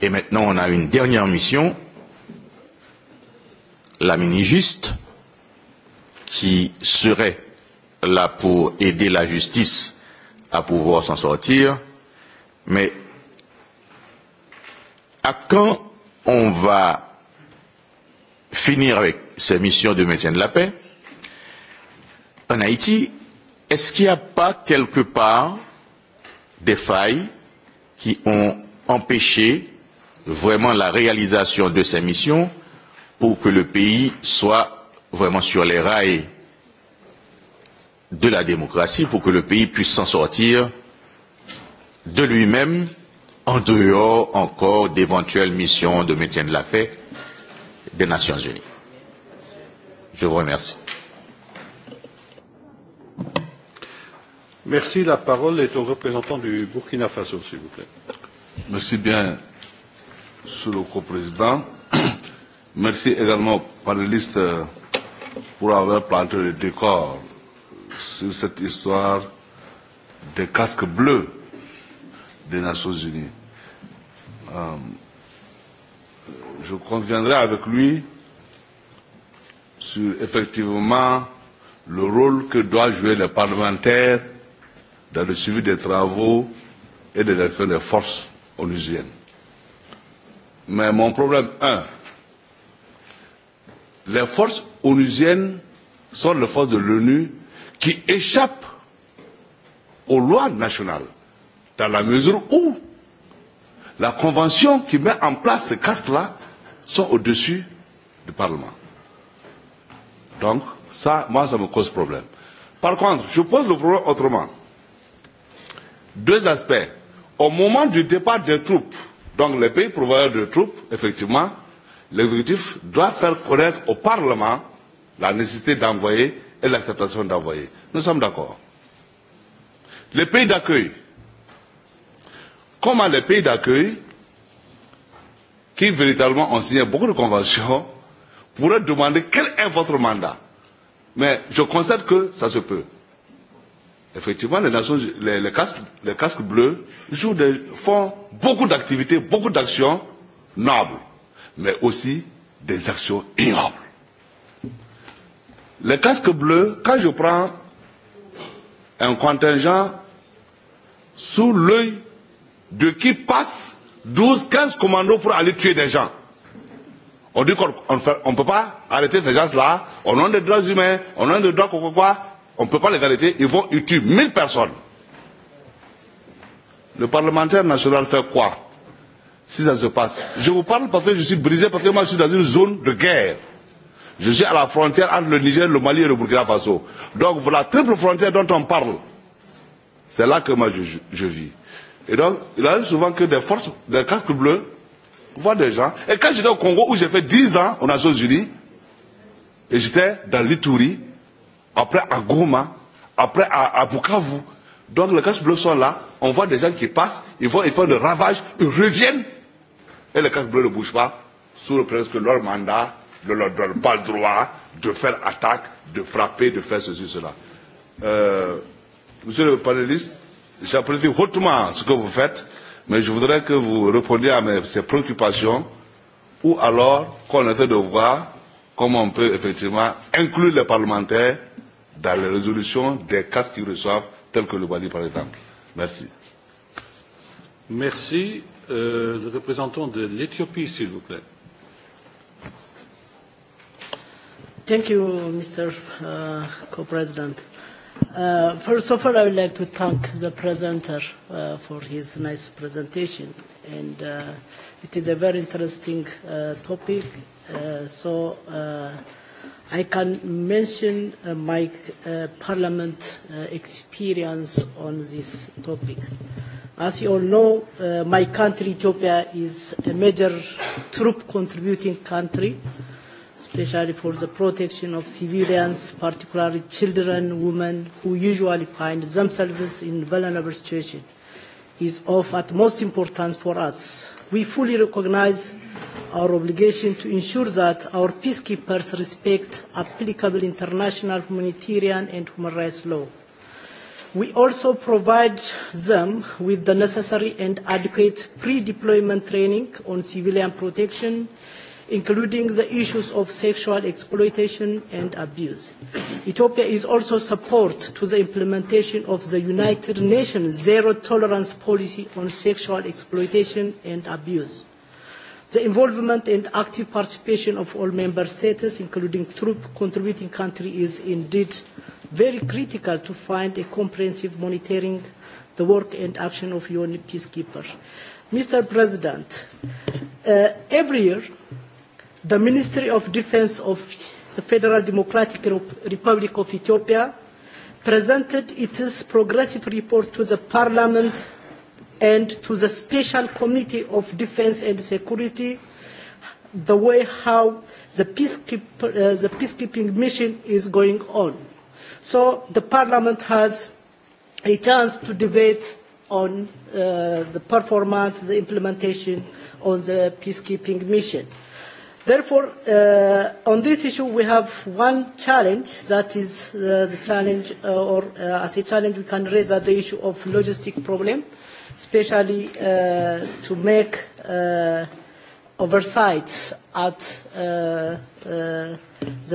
Et maintenant, on a une dernière mission, la Mini Juste, qui serait là pour aider la justice à pouvoir s'en sortir. Mais à quand on va finir avec ces missions de maintien de la paix en Haïti Est-ce qu'il n'y a pas quelque part des failles qui ont empêché vraiment la réalisation de ces missions pour que le pays soit vraiment sur les rails de la démocratie, pour que le pays puisse s'en sortir de lui-même, en dehors encore d'éventuelles missions de maintien de la paix des Nations Unies. Je vous remercie. Merci. La parole est au représentant du Burkina Faso, s'il vous plaît. Merci bien, Monsieur le co Merci également aux panélistes pour avoir planté le décor sur cette histoire des casques bleus des Nations Unies. Je conviendrai avec lui sur effectivement le rôle que doivent jouer les parlementaires dans le suivi des travaux et de l'action des forces onusiennes. Mais mon problème, un, les forces onusiennes sont les forces de l'ONU qui échappent aux lois nationales, dans la mesure où la convention qui met en place ces castes-là sont au-dessus du Parlement. Donc, ça, moi, ça me cause problème. Par contre, je pose le problème autrement. Deux aspects. Au moment du départ des troupes, Donc les pays pourvoyeurs de troupes, effectivement, l'exécutif doit faire connaître au Parlement la nécessité d'envoyer et l'acceptation d'envoyer. Nous sommes d'accord. Les pays d'accueil. Comment les pays d'accueil, qui véritablement ont signé beaucoup de conventions, pourraient demander quel est votre mandat Mais je constate que ça se peut effectivement, les, nations, les, casques, les casques bleus jouent des, font beaucoup d'activités, beaucoup d'actions nobles, mais aussi des actions ignobles. Les casques bleus, quand je prends un contingent sous l'œil de qui passe 12, 15 commandos pour aller tuer des gens. On dit qu'on ne peut pas arrêter ces gens-là, au nom des droits humains, au nom des droits quoi, quoi, On ne peut pas les arrêter, ils vont, ils tuent 1000 personnes. Le parlementaire national fait quoi si ça se passe Je vous parle parce que je suis brisé, parce que moi je suis dans une zone de guerre. Je suis à la frontière entre le Niger, le Mali et le Burkina Faso. Donc voilà, triple frontière dont on parle. C'est là que moi je, je vis. Et donc, il arrive souvent que des forces, des casques bleus, voient des gens. Et quand j'étais au Congo, où j'ai fait 10 ans aux Nations Unies, et j'étais dans l'Itourie, après à Goma, après à, à Bukavu. Donc les Casques bleus sont là, on voit des gens qui passent, ils vont, ils font des ravages, ils reviennent. Et les casques bleus ne bougent pas, sous le prétexte que leur mandat ne leur donne pas le droit de faire attaque, de frapper, de faire ceci, cela. Euh, monsieur le panéliste, j'apprécie hautement ce que vous faites, mais je voudrais que vous répondiez à mes, ces préoccupations, ou alors qu'on essaie de voir comment on peut effectivement inclure les parlementaires dans les résolutions des cas qu'ils reçoivent, tels que le Mali par exemple. Merci. Merci. le représentant de l'Éthiopie, s'il vous plaît. Thank you, Mr. Co-President. First of all, I would like to thank the presenter for his nice presentation. And it is a very interesting topic. So I can mention my Parliament experience on this topic. As you all know, my country, Ethiopia, is a major troop contributing country, especially for the protection of civilians, particularly children, women, who usually find themselves in vulnerable situations, is of utmost importance for us. We fully recognize our obligation to ensure that our peacekeepers respect applicable international humanitarian and human rights law. We also provide them with the necessary and adequate pre-deployment training on civilian protection, including the issues of sexual exploitation and abuse. Ethiopia is also support to the implementation of the United Nations Zero Tolerance Policy on Sexual Exploitation and Abuse. The involvement and active participation of all member states, including troop contributing countries, is indeed very critical to find a comprehensive monitoring of the work and action of UN peacekeepers. Mr. President, every year, the Ministry of Defence of the Federal Democratic Republic of Ethiopia presented its progressive report to the Parliament and to the Special Committee of Defense and Security the way how the peacekeeping mission is going on. So the Parliament has a chance to debate on the performance, the implementation of the peacekeeping mission. Therefore, on this issue we have one challenge that is the challenge or as a challenge we can raise the issue of logistic problem especially to make oversights at the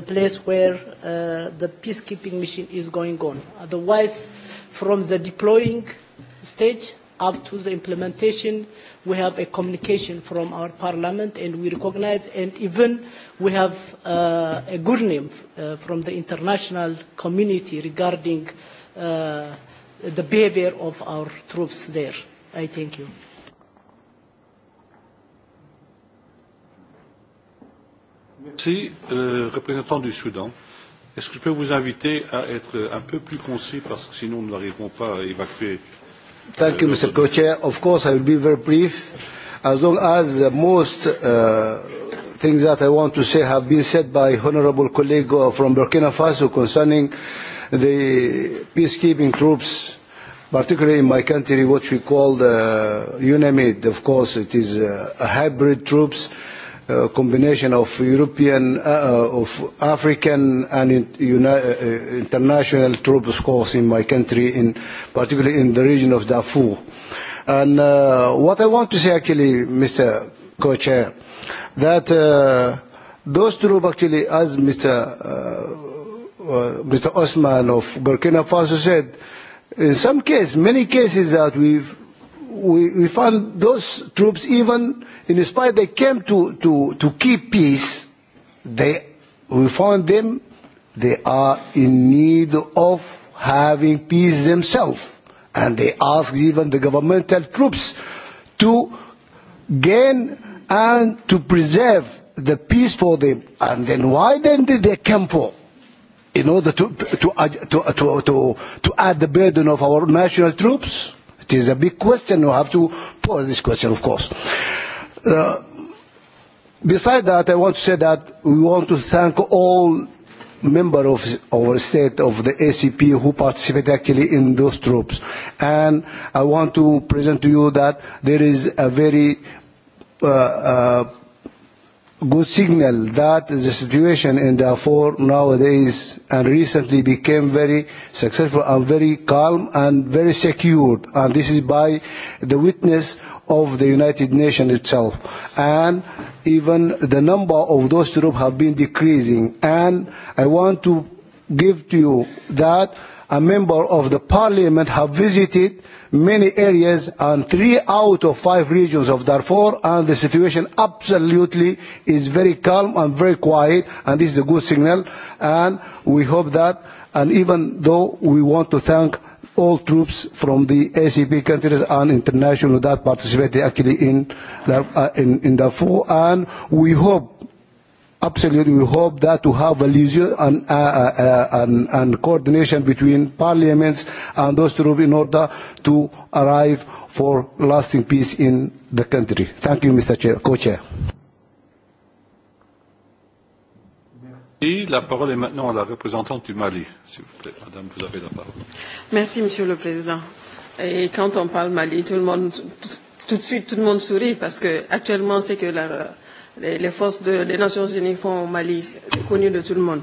place where the peacekeeping mission is going on. Otherwise, from the deploying stage up to the implementation, we have a communication from our parliament and we recognize and even we have a good name from the international community regarding the behavior of our troops there. I thank you. Merci, euh, représentant du Soudan. Est-ce que je peux vous inviter à être un peu plus concis parce que sinon nous n'arriverons pas à évacuer. Thank you, Mr. Co-Chair. Of course, I will be very brief. As long as most uh, things that I want to say have been said by honorable colleague from Burkina Faso concerning the peacekeeping troops particularly in my country, what we call the UNAMID. Of course, it is a hybrid troops, a combination of European, of African and international troops, of course, in my country, in particularly in the region of Darfur. And what I want to say, actually, Mr. Co-Chair, that those troops, actually, as Mr. Osman of Burkina Faso said, In some cases, many cases that we've, we, we found those troops even in spite they came to, to, to keep peace, they, we found them, they are in need of having peace themselves. And they ask even the governmental troops to gain and to preserve the peace for them. And then why then did they come for? in order to to to to to add the burden of our national troops? It is a big question. We have to pose this question, of course. Besides that, I want to say that we want to thank all members of our state of the ACP who participated actually in those troops. And I want to present to you that there is a very good signal that the situation in Darfur nowadays and recently became very successful and very calm and very secure, And this is by the witness of the United Nations itself. And even the number of those troops have been decreasing. And I want to give to you that a member of the parliament have visited many areas and three out of five regions of Darfur and the situation absolutely is very calm and very quiet and this is a good signal and we hope that and even though we want to thank all troops from the ACP countries and international that participated actually in Darfur and we hope absolutely we hope that to have a liaison and, uh, uh, and, and coordination between parliaments and those two in order to arrive for lasting peace in the country. Thank you, Mr. Chair, Co-Chair. La parole est maintenant à la représentante du Mali, s'il vous plaît. Madame, vous avez la parole. Merci, Monsieur le Président. Et quand on parle Mali, tout le monde, tout de suite, tout le monde sourit parce que actuellement, c'est que la, les forces des Nations Unies font au Mali. C'est connu de tout le monde.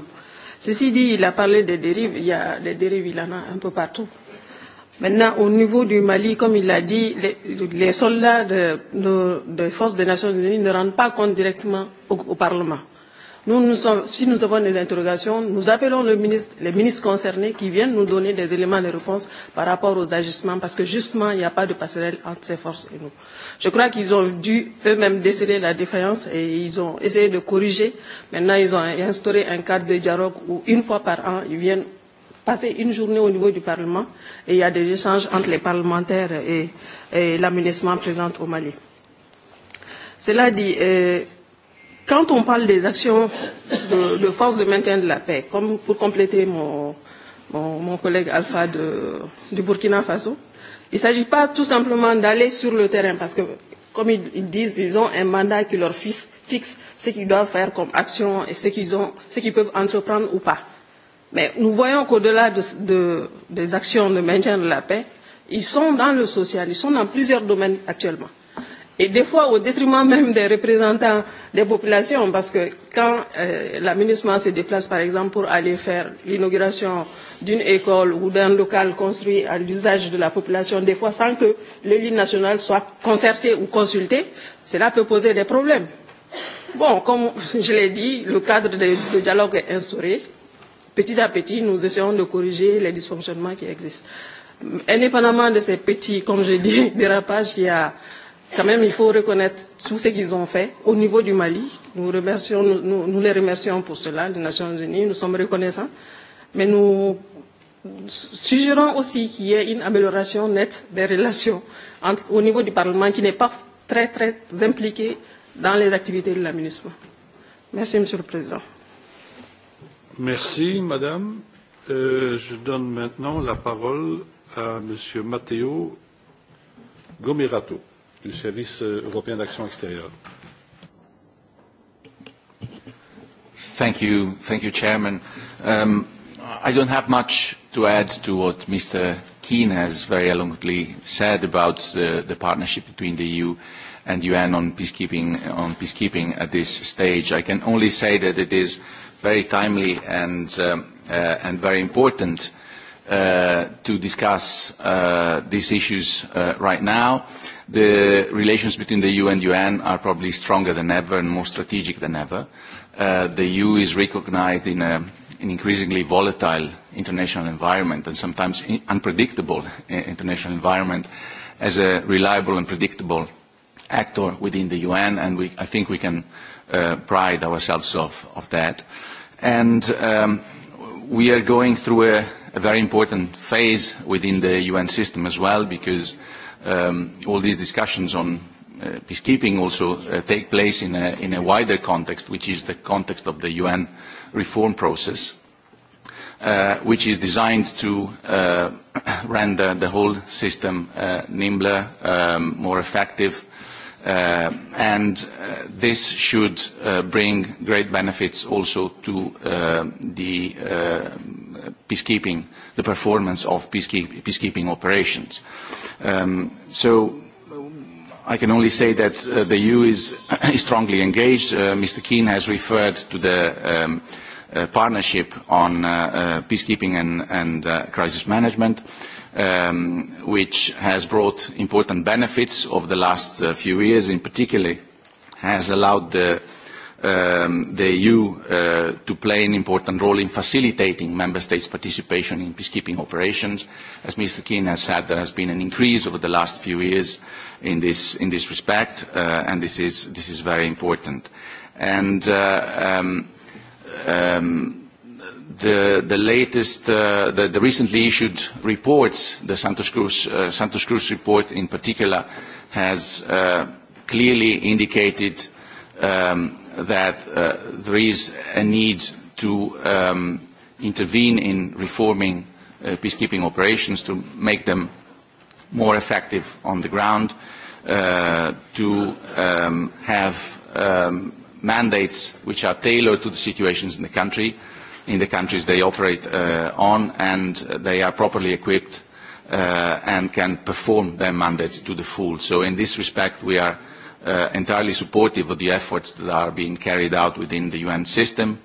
Ceci dit, il a parlé des dérives. Il y a des dérives, il en a un peu partout. Maintenant, au niveau du Mali, comme il l'a dit, les soldats des forces des Nations Unies ne rendent pas compte directement au Parlement. Nous, si nous avons des interrogations, nous appelons les ministres concernés qui viennent nous donner des éléments de réponse par rapport aux agissements, parce que justement, il n'y a pas de passerelle entre ces forces et nous. Je crois qu'ils ont dû eux-mêmes déceler la défaillance et ils ont essayé de corriger. Maintenant, ils ont instauré un cadre de dialogue où une fois par an, ils viennent passer une journée au niveau du Parlement et il y a des échanges entre les parlementaires et, et l'aménagement présent au Mali. Cela dit, quand on parle des actions de, force de maintien de la paix, comme pour compléter mon, mon, mon collègue Alpha de, du Burkina Faso, Il ne s'agit pas tout simplement d'aller sur le terrain, parce que, comme ils disent, ils ont un mandat qui leur fixe ce qu'ils doivent faire comme action et ce qu'ils peuvent entreprendre ou pas. Mais nous voyons qu'au-delà des actions de maintien de la paix, ils sont dans le social, ils sont dans plusieurs domaines actuellement et des fois au détriment même des représentants des populations, parce que quand la se déplace, par exemple, pour aller faire l'inauguration d'une école ou d'un local construit à l'usage de la population, des fois sans que le lit national soit concerté ou consulté, cela peut poser des problèmes. Bon, comme je l'ai dit, le cadre de dialogue est instauré. Petit à petit, nous essayons de corriger les dysfonctionnements qui existent. Indépendamment de ces petits, comme je dis, dérapages, il y a quand même, il faut reconnaître tout ce qu'ils ont fait au niveau du Mali. Nous, remercions, nous, les remercions pour cela, les Nations Unies, nous sommes reconnaissants. Mais nous suggérons aussi qu'il y ait une amélioration nette des relations entre, au niveau du Parlement qui n'est pas très, très impliqué dans les activités de la Merci, Monsieur le Président. Merci, Madame. Euh, je donne maintenant la parole à Monsieur Matteo Gomerato du service européen d'action extérieure. Thank you, thank you, Chairman. Um, I don't have much to add to what Mr. Keane has very eloquently said about the, the partnership between the EU and UN on peacekeeping, on peacekeeping at this stage. I can only say that it is very timely and, um, uh, and very important to discuss these issues right now. The relations between the EU and UN are probably stronger than ever and more strategic than ever. The EU is recognized in an increasingly volatile international environment and sometimes unpredictable international environment as a reliable and predictable actor within the UN, and I think we can pride ourselves of that. And we are going through a a very important phase within the UN system as well, because all these discussions on peacekeeping also take place in a in a wider context, which is the context of the UN reform process, which is designed to render the whole system nimbler, more effective and this should bring great benefits also to the peacekeeping, the performance of peacekeeping operations. So I can only say that the EU is strongly engaged. Mr. Keane has referred to the partnership on peacekeeping and crisis management which has brought important benefits over the last few years, in particular has allowed the EU to play an important role in facilitating member states' participation in peacekeeping operations. As Mr. Keane has said, there has been an increase over the last few years in this respect, and this is very important. And the latest, the recently issued reports, the Santos Cruz report in particular, has clearly indicated that there is a need to intervene in reforming peacekeeping operations to make them more effective on the ground, to have mandates which are tailored to the situations in the country in the countries they operate on and they are properly equipped and can perform their mandates to the full. So in this respect we are entirely supportive of the efforts that are being carried out within the UN system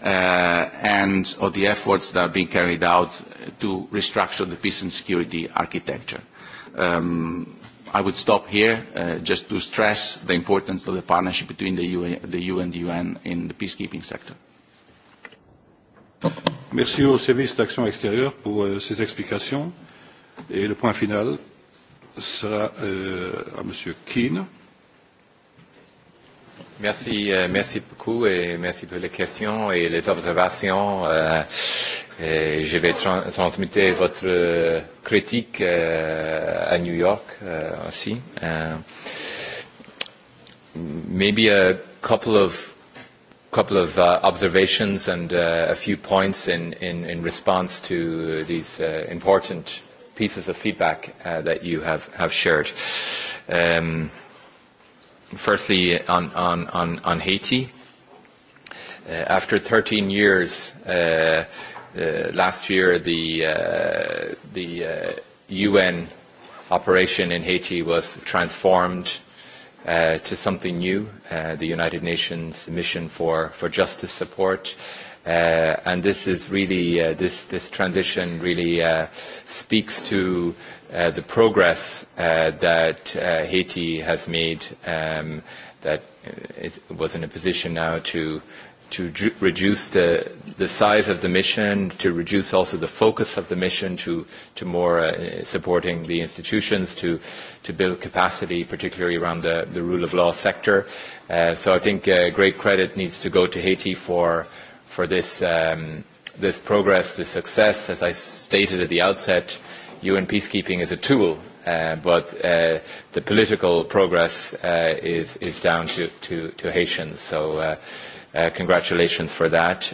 and of the efforts that are being carried out to restructure the peace and security architecture. I would stop here just to stress the importance of the partnership between the UN and the UN in the peacekeeping sector. Merci au service d'action extérieure pour ces explications. Et le point final sera à M. Keane. Merci, merci beaucoup et merci pour les questions et les observations. Et je vais transmettre votre critique à New York aussi. Maybe a couple of couple of observations and a few points in in response to these important pieces of feedback that you have have shared. Firstly, on on on on Haiti. After 13 years, last year the the UN operation in Haiti was transformed to something new, the United Nations Mission for for Justice Support, and this is really this this transition really speaks to the progress that Haiti has made, that it was in a position now to to reduce the the size of the mission, to reduce also the focus of the mission to to more supporting the institutions, to to build capacity, particularly around the the rule of law sector. So I think great credit needs to go to Haiti for for this this progress, this success. As I stated at the outset, UN peacekeeping is a tool, but the political progress is is down to to Haitians. So Congratulations for that.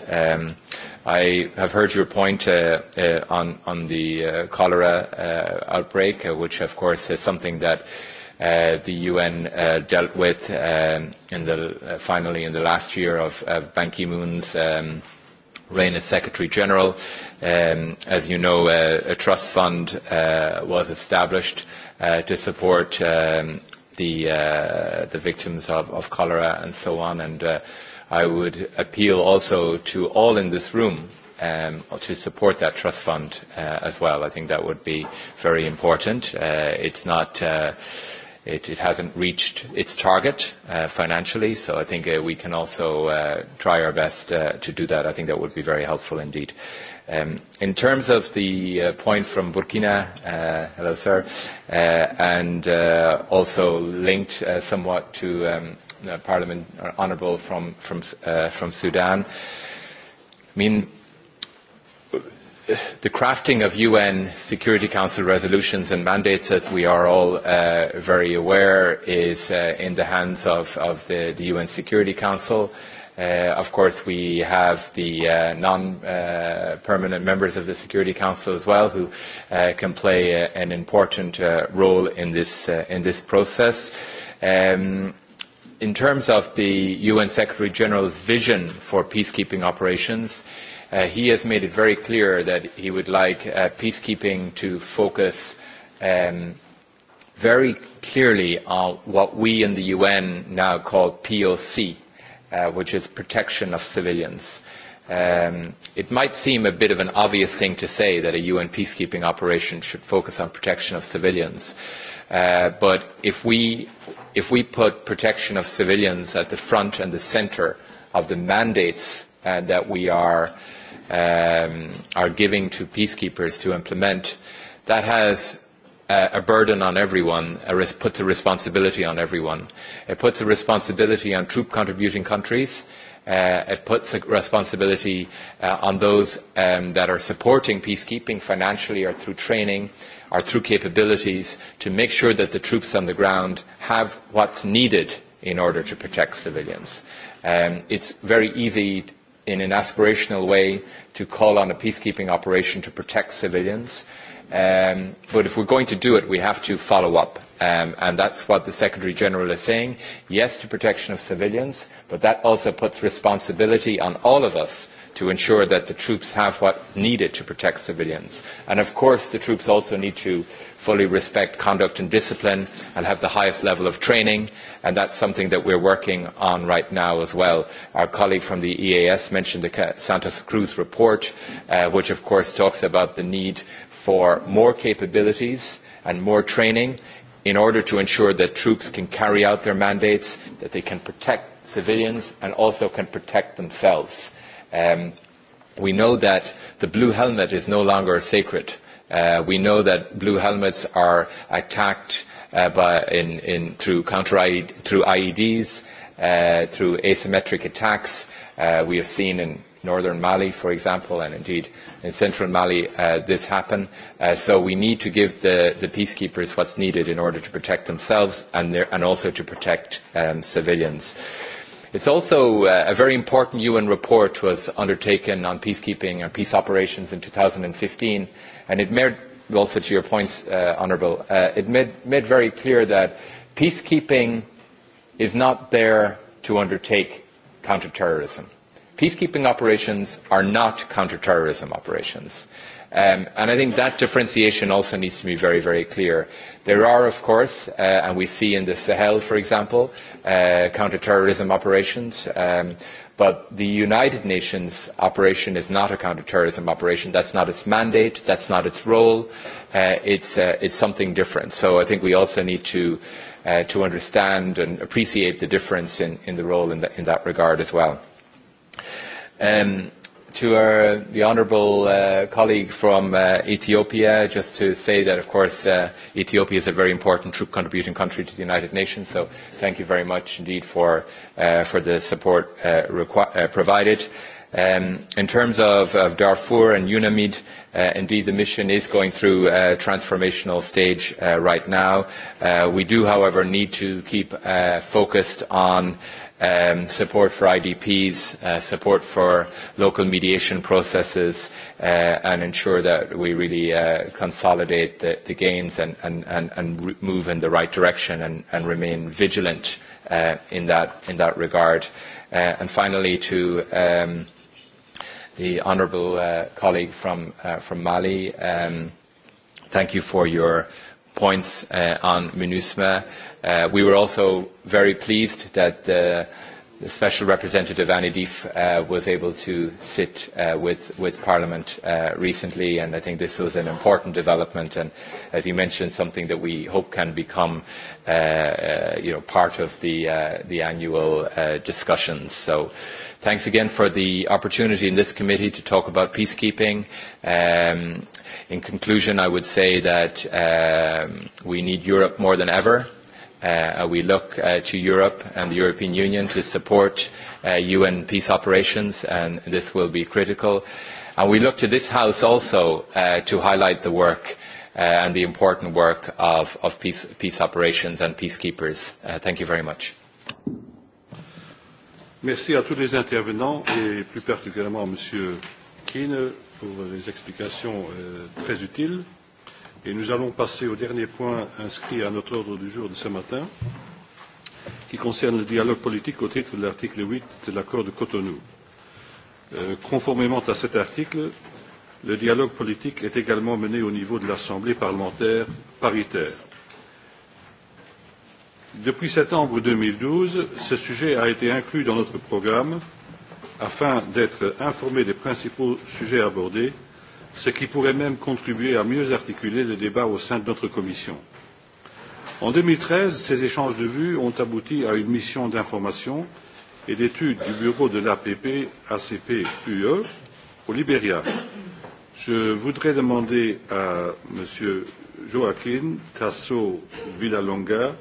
I have heard your point on the cholera outbreak, which of course is something that the UN dealt with finally in the last year of Ban Ki-moon's reign as Secretary General. As you know, a trust fund was established to support the victims of cholera and so on. I would appeal also to all in this room to support that trust fund as well. I think that would be very important. It's not it hasn't reached its target financially, so I think we can also try our best to do that. I think that would be very helpful indeed. In terms of the point from Burkina, hello sir, and also linked somewhat to Parliament Honourable from from Sudan, I mean, the crafting of UN Security Council resolutions and mandates, as we are all very aware, is in the hands of the UN Security Council Of course, we have the non-permanent members of the Security Council as well, who can play an important role in this process. In terms of the UN Secretary General's vision for peacekeeping operations, he has made it very clear that he would like peacekeeping to focus very clearly on what we in the UN now call POC which is protection of civilians. It might seem a bit of an obvious thing to say that a UN peacekeeping operation should focus on protection of civilians, but if we put protection of civilians at the front and the centre of the mandates that we are giving to peacekeepers to implement, that has a burden on everyone, puts a responsibility on everyone. It puts a responsibility on troop contributing countries. It puts a responsibility on those that are supporting peacekeeping financially or through training or through capabilities to make sure that the troops on the ground have what's needed in order to protect civilians. It's very easy in an aspirational way to call on a peacekeeping operation to protect civilians. But if we're going to do it, we have to follow up. And that's what the Secretary General is saying. Yes to protection of civilians, but that also puts responsibility on all of us to ensure that the troops have what is needed to protect civilians. And of course, the troops also need to fully respect conduct and discipline and have the highest level of training. And that's something that we're working on right now as well. Our colleague from the EAS mentioned the Santos Cruz report, which of course talks about the need for more capabilities and more training in order to ensure that troops can carry out their mandates, that they can protect civilians and also can protect themselves. We know that the blue helmet is no longer sacred. We know that blue helmets are attacked through IEDs, through asymmetric attacks. We have seen in northern Mali, for example, and indeed in central Mali, this happened. So we need to give the peacekeepers what's needed in order to protect themselves and also to protect civilians. It's also a very important UN report was undertaken on peacekeeping and peace operations in 2015, and it made, also to your points, Honourable, it made very clear that peacekeeping is not there to undertake counterterrorism. Peacekeeping operations are not counter terrorism operations. And I think that differentiation also needs to be very, very clear. There are, of course, and we see in the Sahel, for example, counter terrorism operations. But the United Nations operation is not a counter terrorism operation. That's not its mandate. That's not its role. It's something different. So I think we also need to understand and appreciate the difference in the role in that regard as well. To our the honourable colleague from Ethiopia, just to say that, of course, Ethiopia is a very important troop contributing country to the United Nations. So, thank you very much indeed for for the support provided. In terms of Darfur and UNAMID, indeed the mission is going through a transformational stage right now. We do, however, need to keep focused on support for IDPs, support for local mediation processes, and ensure that we really consolidate the gains and move in the right direction and remain vigilant in that regard. And finally, to the honourable colleague from Mali, thank you for your points on MINUSMA. We were also very pleased that the Special Representative Annie was able to sit with Parliament recently, and I think this was an important development, and as you mentioned, something that we hope can become part of the annual discussions. So thanks again for the opportunity in this committee to talk about peacekeeping. In conclusion, I would say that we need Europe more than ever We look to Europe and the European Union to support UN peace operations, and this will be critical. And we look to this House also to highlight the work and the important work of peace operations and peacekeepers. Thank you very much. Merci à tous les intervenants et plus particulièrement M. pour les explications très utiles. Et nous allons passer au dernier point inscrit à notre ordre du jour de ce matin, qui concerne le dialogue politique au titre de l'article 8 de l'accord de Cotonou. Conformément à cet article, le dialogue politique est également mené au niveau de l'Assemblée parlementaire paritaire. Depuis septembre 2012, ce sujet a été inclus dans notre programme afin d'être informé des principaux sujets abordés ce qui pourrait même contribuer à mieux articuler le débat au sein de notre commission. En 2013, ces échanges de vues ont abouti à une mission d'information et d'études du bureau de l'APP ACP UE au Libéria. Je voudrais demander à M. Joaquin Tasso Villalonga,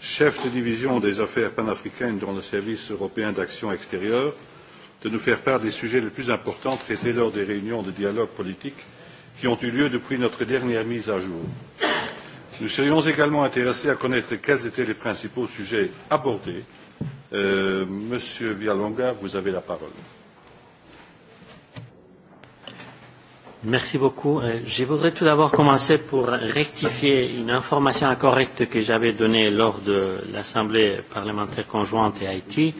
chef de division des affaires panafricaines dans le service européen d'action extérieure, de nous faire part des sujets les plus importants traités lors des réunions de dialogue politique qui ont eu lieu depuis notre dernière mise à jour. Nous serions également intéressés à connaître quels étaient les principaux sujets abordés. Monsieur Vialonga, vous avez la parole. Merci beaucoup. Je voudrais tout d'abord commencer pour rectifier une information incorrecte que j'avais donnée lors de l'Assemblée parlementaire conjointe à Haïti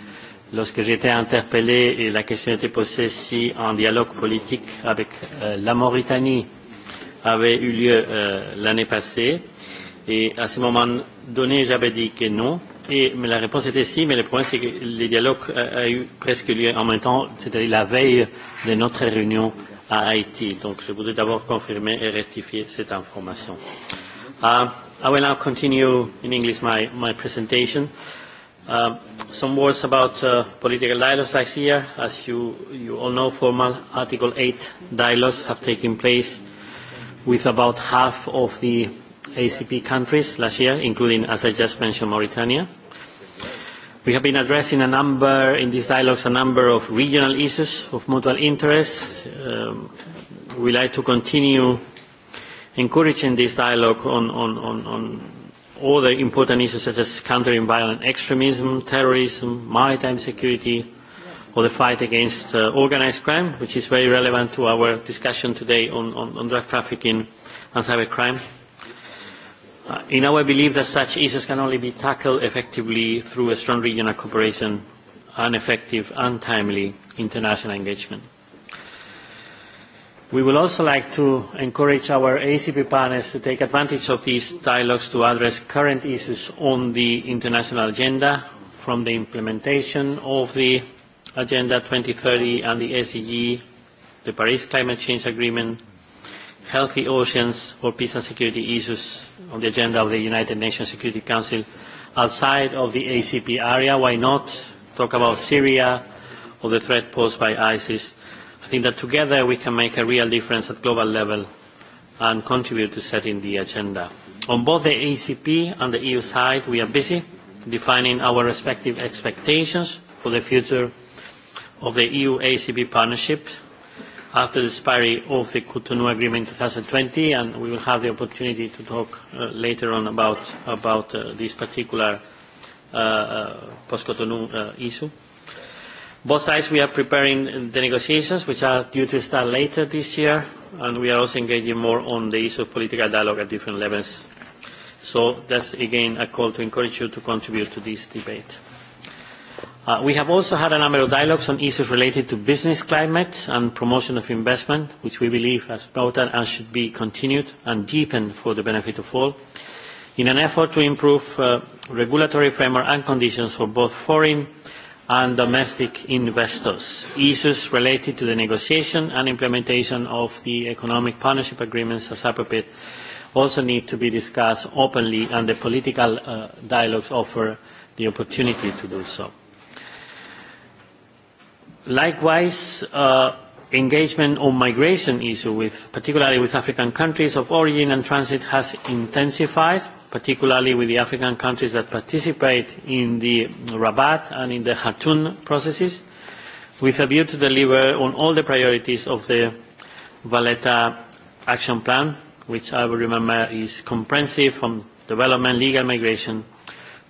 lorsque j'ai été interpellé et la question était posée si un dialogue politique avec la Mauritanie avait eu lieu l'année passée. Et à ce moment donné, j'avais dit que non. Et, mais la réponse était si, mais le problème c'est que le dialogue a, eu presque lieu en même temps, c'est-à-dire la veille de notre réunion à Haïti. Donc je voudrais d'abord confirmer et rectifier cette information. I will now continue in English my, my presentation. Some words about political dialogues last year. As you all know, formal Article 8 dialogues have taken place with about half of the ACP countries last year, including, as I just mentioned, Mauritania. We have been addressing a number, in these dialogues, a number of regional issues of mutual interest. We like to continue encouraging this dialogue on All the important issues such as countering violent extremism, terrorism, maritime security, or the fight against organised crime, which is very relevant to our discussion today on drug trafficking and cybercrime. In our belief that such issues can only be tackled effectively through a strong regional cooperation and effective and timely international engagement. We would also like to encourage our ACP partners to take advantage of these dialogues to address current issues on the international agenda, from the implementation of the Agenda 2030 and the SDG, the Paris Climate Change Agreement, healthy oceans or peace and security issues on the agenda of the United Nations Security Council outside of the ACP area. Why not talk about Syria or the threat posed by ISIS I think that together we can make a real difference at global level and contribute to setting the agenda. On both the ACP and the EU side, we are busy defining our respective expectations for the future of the EU-ACP partnership after the expiry of the Cotonou Agreement in 2020, and we will have the opportunity to talk later on about this particular post-Cotonou issue. Both sides, we are preparing the negotiations, which are due to start later this year, and we are also engaging more on the issue of political dialogue at different levels. So that's, again, a call to encourage you to contribute to this debate. We have also had a number of dialogues on issues related to business climate and promotion of investment, which we believe has important and should be continued and deepened for the benefit of all, in an effort to improve regulatory framework and conditions for both foreign and domestic investors, issues related to the negotiation and implementation of the economic partnership agreements as appropriate also need to be discussed openly and the political dialogues offer the opportunity to do so. Likewise, engagement on migration issues, particularly with African countries of origin and transit, has intensified particularly with the African countries that participate in the Rabat and in the Khartoum processes, with a view to deliver on all the priorities of the Valletta Action Plan, which I will remember is comprehensive from development, legal migration,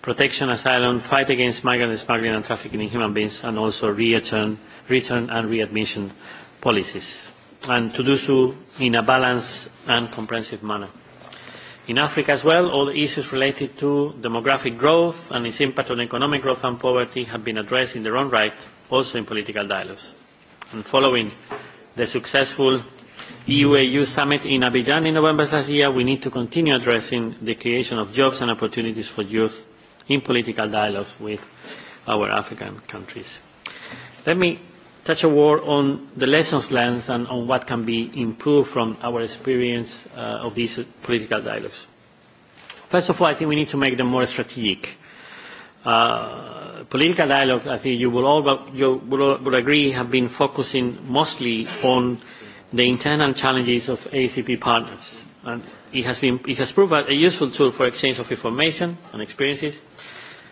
protection, asylum, fight against migrant smuggling and trafficking in human beings, and also return and readmission policies, and to do so in a balanced and comprehensive manner. In Africa as well, all the issues related to demographic growth and its impact on economic growth and poverty have been addressed in their own right, also in political dialogues. And following the successful EU-AU summit in Abidjan in November last year, we need to continue addressing the creation of jobs and opportunities for youth in political dialogues with our African countries. Let me touch a word on the lessons learned and on what can be improved from our experience of these political dialogues. First of all, I think we need to make them more strategic. Political dialogue, I think you will all you will agree, have been focusing mostly on the internal challenges of ACP partners. And it has been it has proved a useful tool for exchange of information and experiences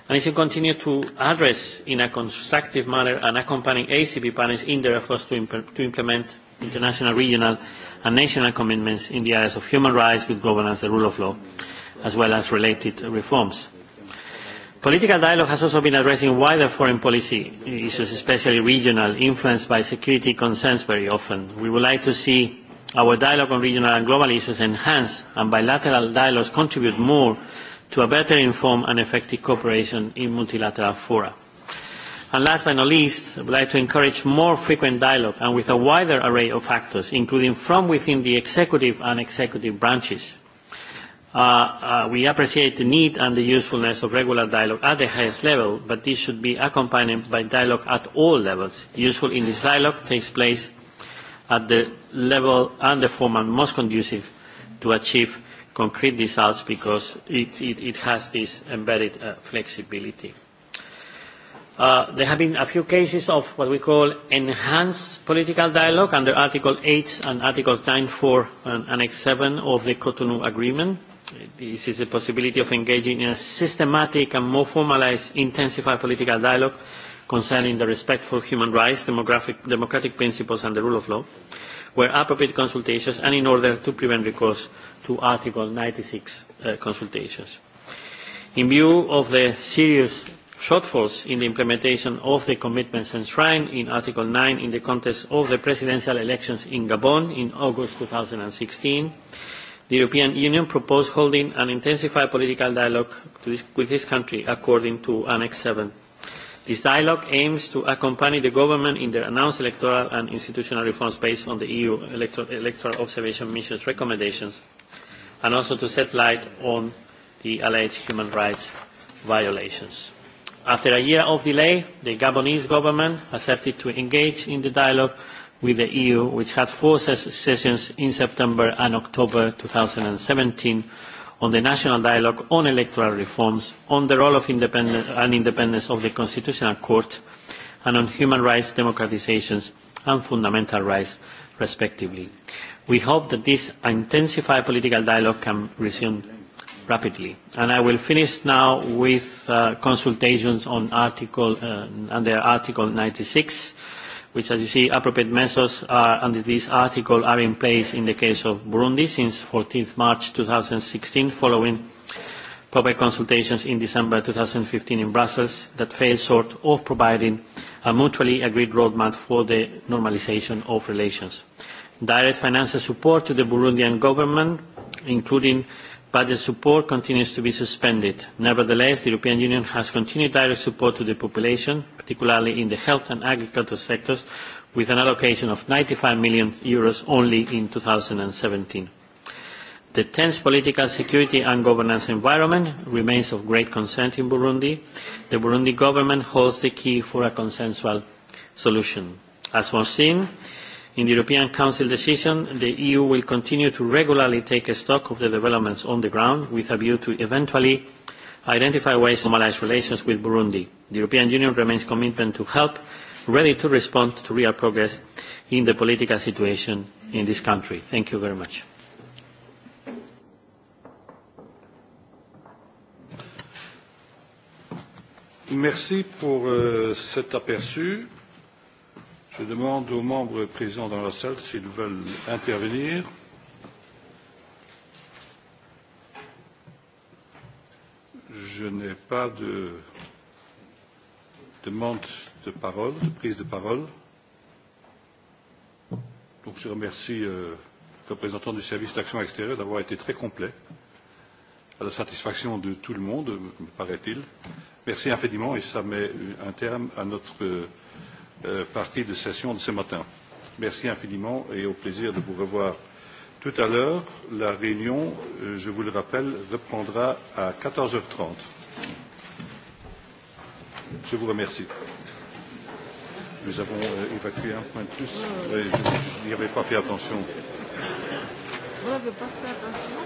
and it should continue to address in a constructive manner and accompanying ACP partners in their efforts to implement international, regional and national commitments in the areas of human rights, good governance, the rule of law, as well as related reforms. Political dialogue has also been addressing wider foreign policy issues, especially regional, influenced by security concerns very often. We would like to see our dialogue on regional and global issues enhanced and bilateral dialogues contribute more to a better informed and effective cooperation in multilateral fora. And last but not least, I would like to encourage more frequent dialogue and with a wider array of actors, including from within the executive and executive branches. We appreciate the need and the usefulness of regular dialogue at the highest level, but this should be accompanied by dialogue at all levels. Useful in this dialogue takes place at the level and the format most conducive to achieve concrete results because it, it, it has this embedded flexibility. There have been a few cases of what we call enhanced political dialogue under Article 8 and Article 9.4 and Annex 7 of the Cotonou Agreement. This is the possibility of engaging in a systematic and more formalized, intensified political dialogue concerning the respect for human rights, democratic principles and the rule of law, where appropriate consultations and in order to prevent recourse to Article 96 consultations. In view of the serious shortfalls in the implementation of the commitments enshrined in Article 9 in the context of the presidential elections in Gabon in August 2016, the European Union proposed holding an intensified political dialogue with this country according to Annex 7. This dialogue aims to accompany the government in their announced electoral and institutional reforms based on the EU electoral observation mission's recommendations and also to set light on the alleged human rights violations. After a year of delay, the Gabonese government accepted to engage in the dialogue with the EU, which had four sessions in September and October 2017 on the national dialogue on electoral reforms, on the role of independence and independence of the Constitutional Court, and on human rights, democratizations, and fundamental rights, respectively. We hope that this intensified political dialogue can resume rapidly. And I will finish now with consultations on article under Article 96, which, as you see, appropriate measures under this article are in place in the case of Burundi since 14 March 2016, following proper consultations in December 2015 in Brussels that failed short of providing a mutually agreed roadmap for the normalisation of relations. Direct financial support to the Burundian government, including budget support, continues to be suspended. Nevertheless, the European Union has continued direct support to the population, particularly in the health and agriculture sectors, with an allocation of 95 million euros only in 2017. The tense political, security and governance environment remains of great concern in Burundi. The Burundi government holds the key for a consensual solution. As foreseen, seen, In the European Council decision, the EU will continue to regularly take a stock of the developments on the ground with a view to eventually identify ways to normalise relations with Burundi. The European Union remains committed to help, ready to respond to real progress in the political situation in this country. Thank you very much. Merci pour cet aperçu Je demande aux membres présents dans la salle s'ils veulent intervenir. Je n'ai pas de demande de parole, de prise de parole. Donc je remercie le représentant du service d'action extérieure d'avoir été très complet, à la satisfaction de tout le monde, me paraît-il. Merci infiniment et ça met un terme à notre partie de session de ce matin. Merci infiniment et au plaisir de vous revoir tout à l'heure. La réunion, je vous le rappelle, reprendra à 14h30. Je vous remercie. Nous avons évacué un point de plus. Je n'y avais pas fait attention. pas fait attention